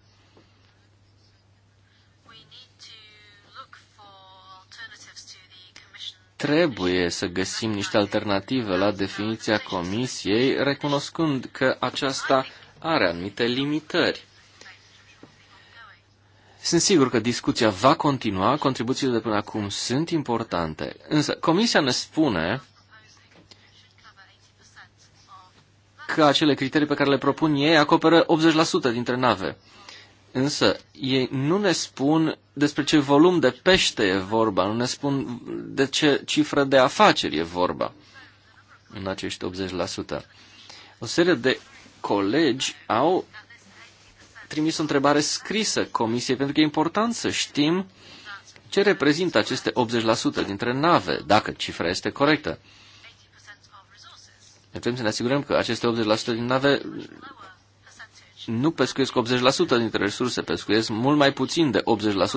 Trebuie să găsim niște alternative la definiția comisiei, recunoscând că aceasta are anumite limitări. Sunt sigur că discuția va continua, contribuțiile de până acum sunt importante, însă Comisia ne spune că acele criterii pe care le propun ei acoperă 80% dintre nave. Însă, ei nu ne spun despre ce volum de pește e vorba, nu ne spun de ce cifră de afaceri e vorba în acești 80%. O serie de colegi au trimis o întrebare scrisă Comisiei, pentru că e important să știm ce reprezintă aceste 80% dintre nave, dacă cifra este corectă. Ne trebuie să ne asigurăm că aceste 80% din nave nu pescuiesc 80% dintre resurse, pescuiesc mult mai puțin de 80%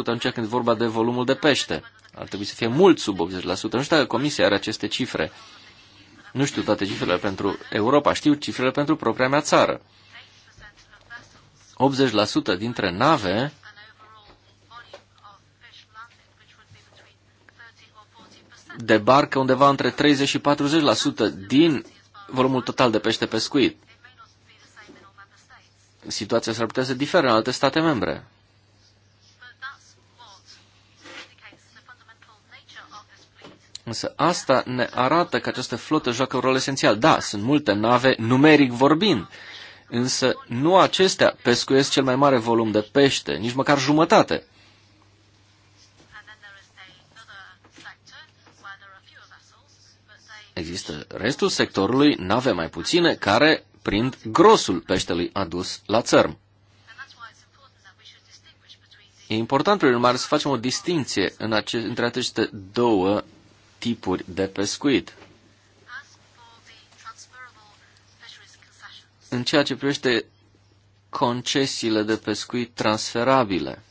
În ceea când vorba de volumul de pește. Ar trebui să fie mult sub 80%. Nu știu dacă Comisia are aceste cifre. Nu știu toate cifrele pentru Europa, știu cifrele pentru propria mea țară. 80% dintre nave debarcă undeva între 30 și 40% din volumul total de pește pescuit. Situația s-ar putea să diferă în alte state membre. Însă asta ne arată că această flotă joacă un rol esențial. Da, sunt multe nave, numeric vorbind, însă nu acestea pescuiesc cel mai mare volum de pește, nici măcar jumătate. Există restul sectorului, nave mai puține, care prind grosul peștelui adus la țărm. E important, prin urmare, să facem o distinție în ace- între aceste două tipuri de pescuit. în ceea ce privește concesiile de pescuit transferabile.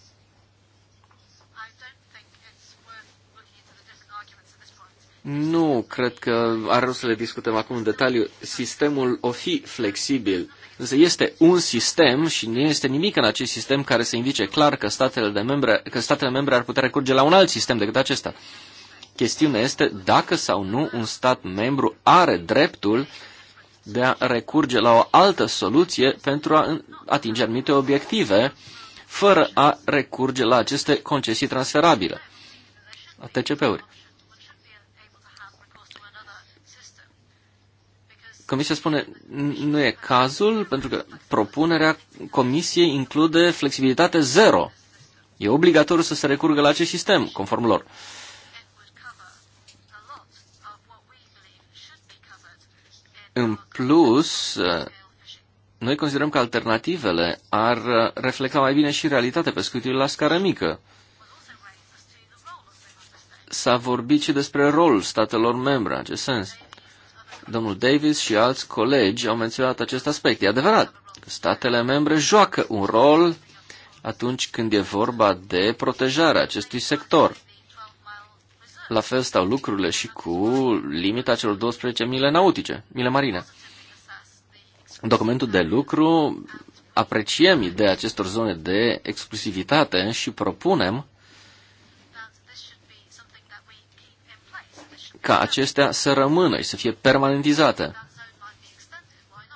Nu, cred că ar rost să le discutăm acum în detaliu. Sistemul o fi flexibil. Însă este un sistem și nu este nimic în acest sistem care să indice clar că statele, de membre, că statele membre ar putea recurge la un alt sistem decât acesta. Chestiunea este dacă sau nu un stat membru are dreptul de a recurge la o altă soluție pentru a atinge anumite obiective, fără a recurge la aceste concesii transferabile, la TCP-uri. Comisia spune, nu e cazul, pentru că propunerea Comisiei include flexibilitate zero. E obligatoriu să se recurgă la acest sistem, conform lor. Uh, În plus, noi considerăm că alternativele ar reflecta mai bine și realitatea pescuitului la scară mică. S-a vorbit și despre rolul statelor membre în acest sens. Domnul Davis și alți colegi au menționat acest aspect. E adevărat, statele membre joacă un rol atunci când e vorba de protejarea acestui sector. La fel stau lucrurile și cu limita celor 12 mile nautice, mile marine. În documentul de lucru apreciem ideea acestor zone de exclusivitate și propunem ca acestea să rămână și să fie permanentizate.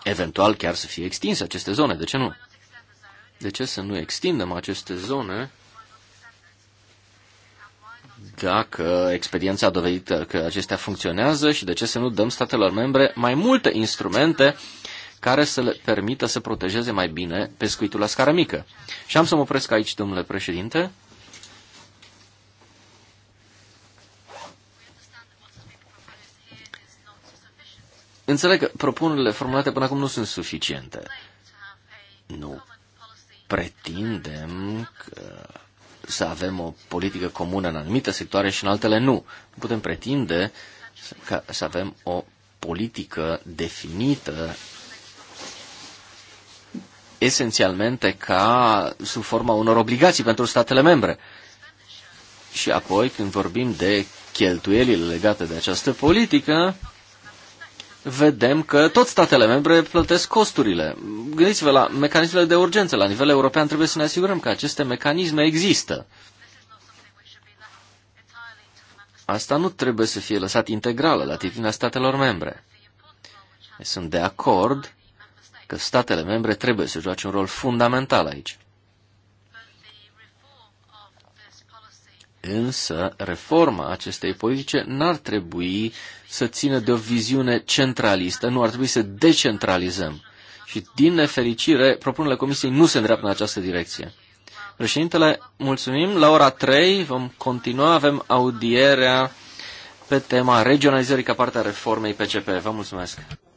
Eventual chiar să fie extinse aceste zone, de ce nu? De ce să nu extindem aceste zone dacă experiența a dovedit că acestea funcționează și de ce să nu dăm statelor membre mai multe instrumente care să le permită să protejeze mai bine pescuitul la scară mică. Și am să mă opresc aici, domnule președinte. Înțeleg că propunerile formulate până acum nu sunt suficiente. Nu pretindem că să avem o politică comună în anumite sectoare și în altele nu. Nu putem pretinde ca să avem o politică definită esențialmente ca sub forma unor obligații pentru statele membre. Și apoi, când vorbim de cheltuielile legate de această politică, vedem că tot statele membre plătesc costurile. Gândiți-vă la mecanismele de urgență. La nivel european trebuie să ne asigurăm că aceste mecanisme există. Asta nu trebuie să fie lăsat integrală la atitudinea statelor membre. Sunt de acord că statele membre trebuie să joace un rol fundamental aici. Însă, reforma acestei politice n-ar trebui să țină de o viziune centralistă, nu ar trebui să decentralizăm. Și, din nefericire, propunerile Comisiei nu se îndreaptă în această direcție. Președintele, mulțumim. La ora 3 vom continua, avem audierea pe tema regionalizării ca parte a reformei PCP. Vă mulțumesc!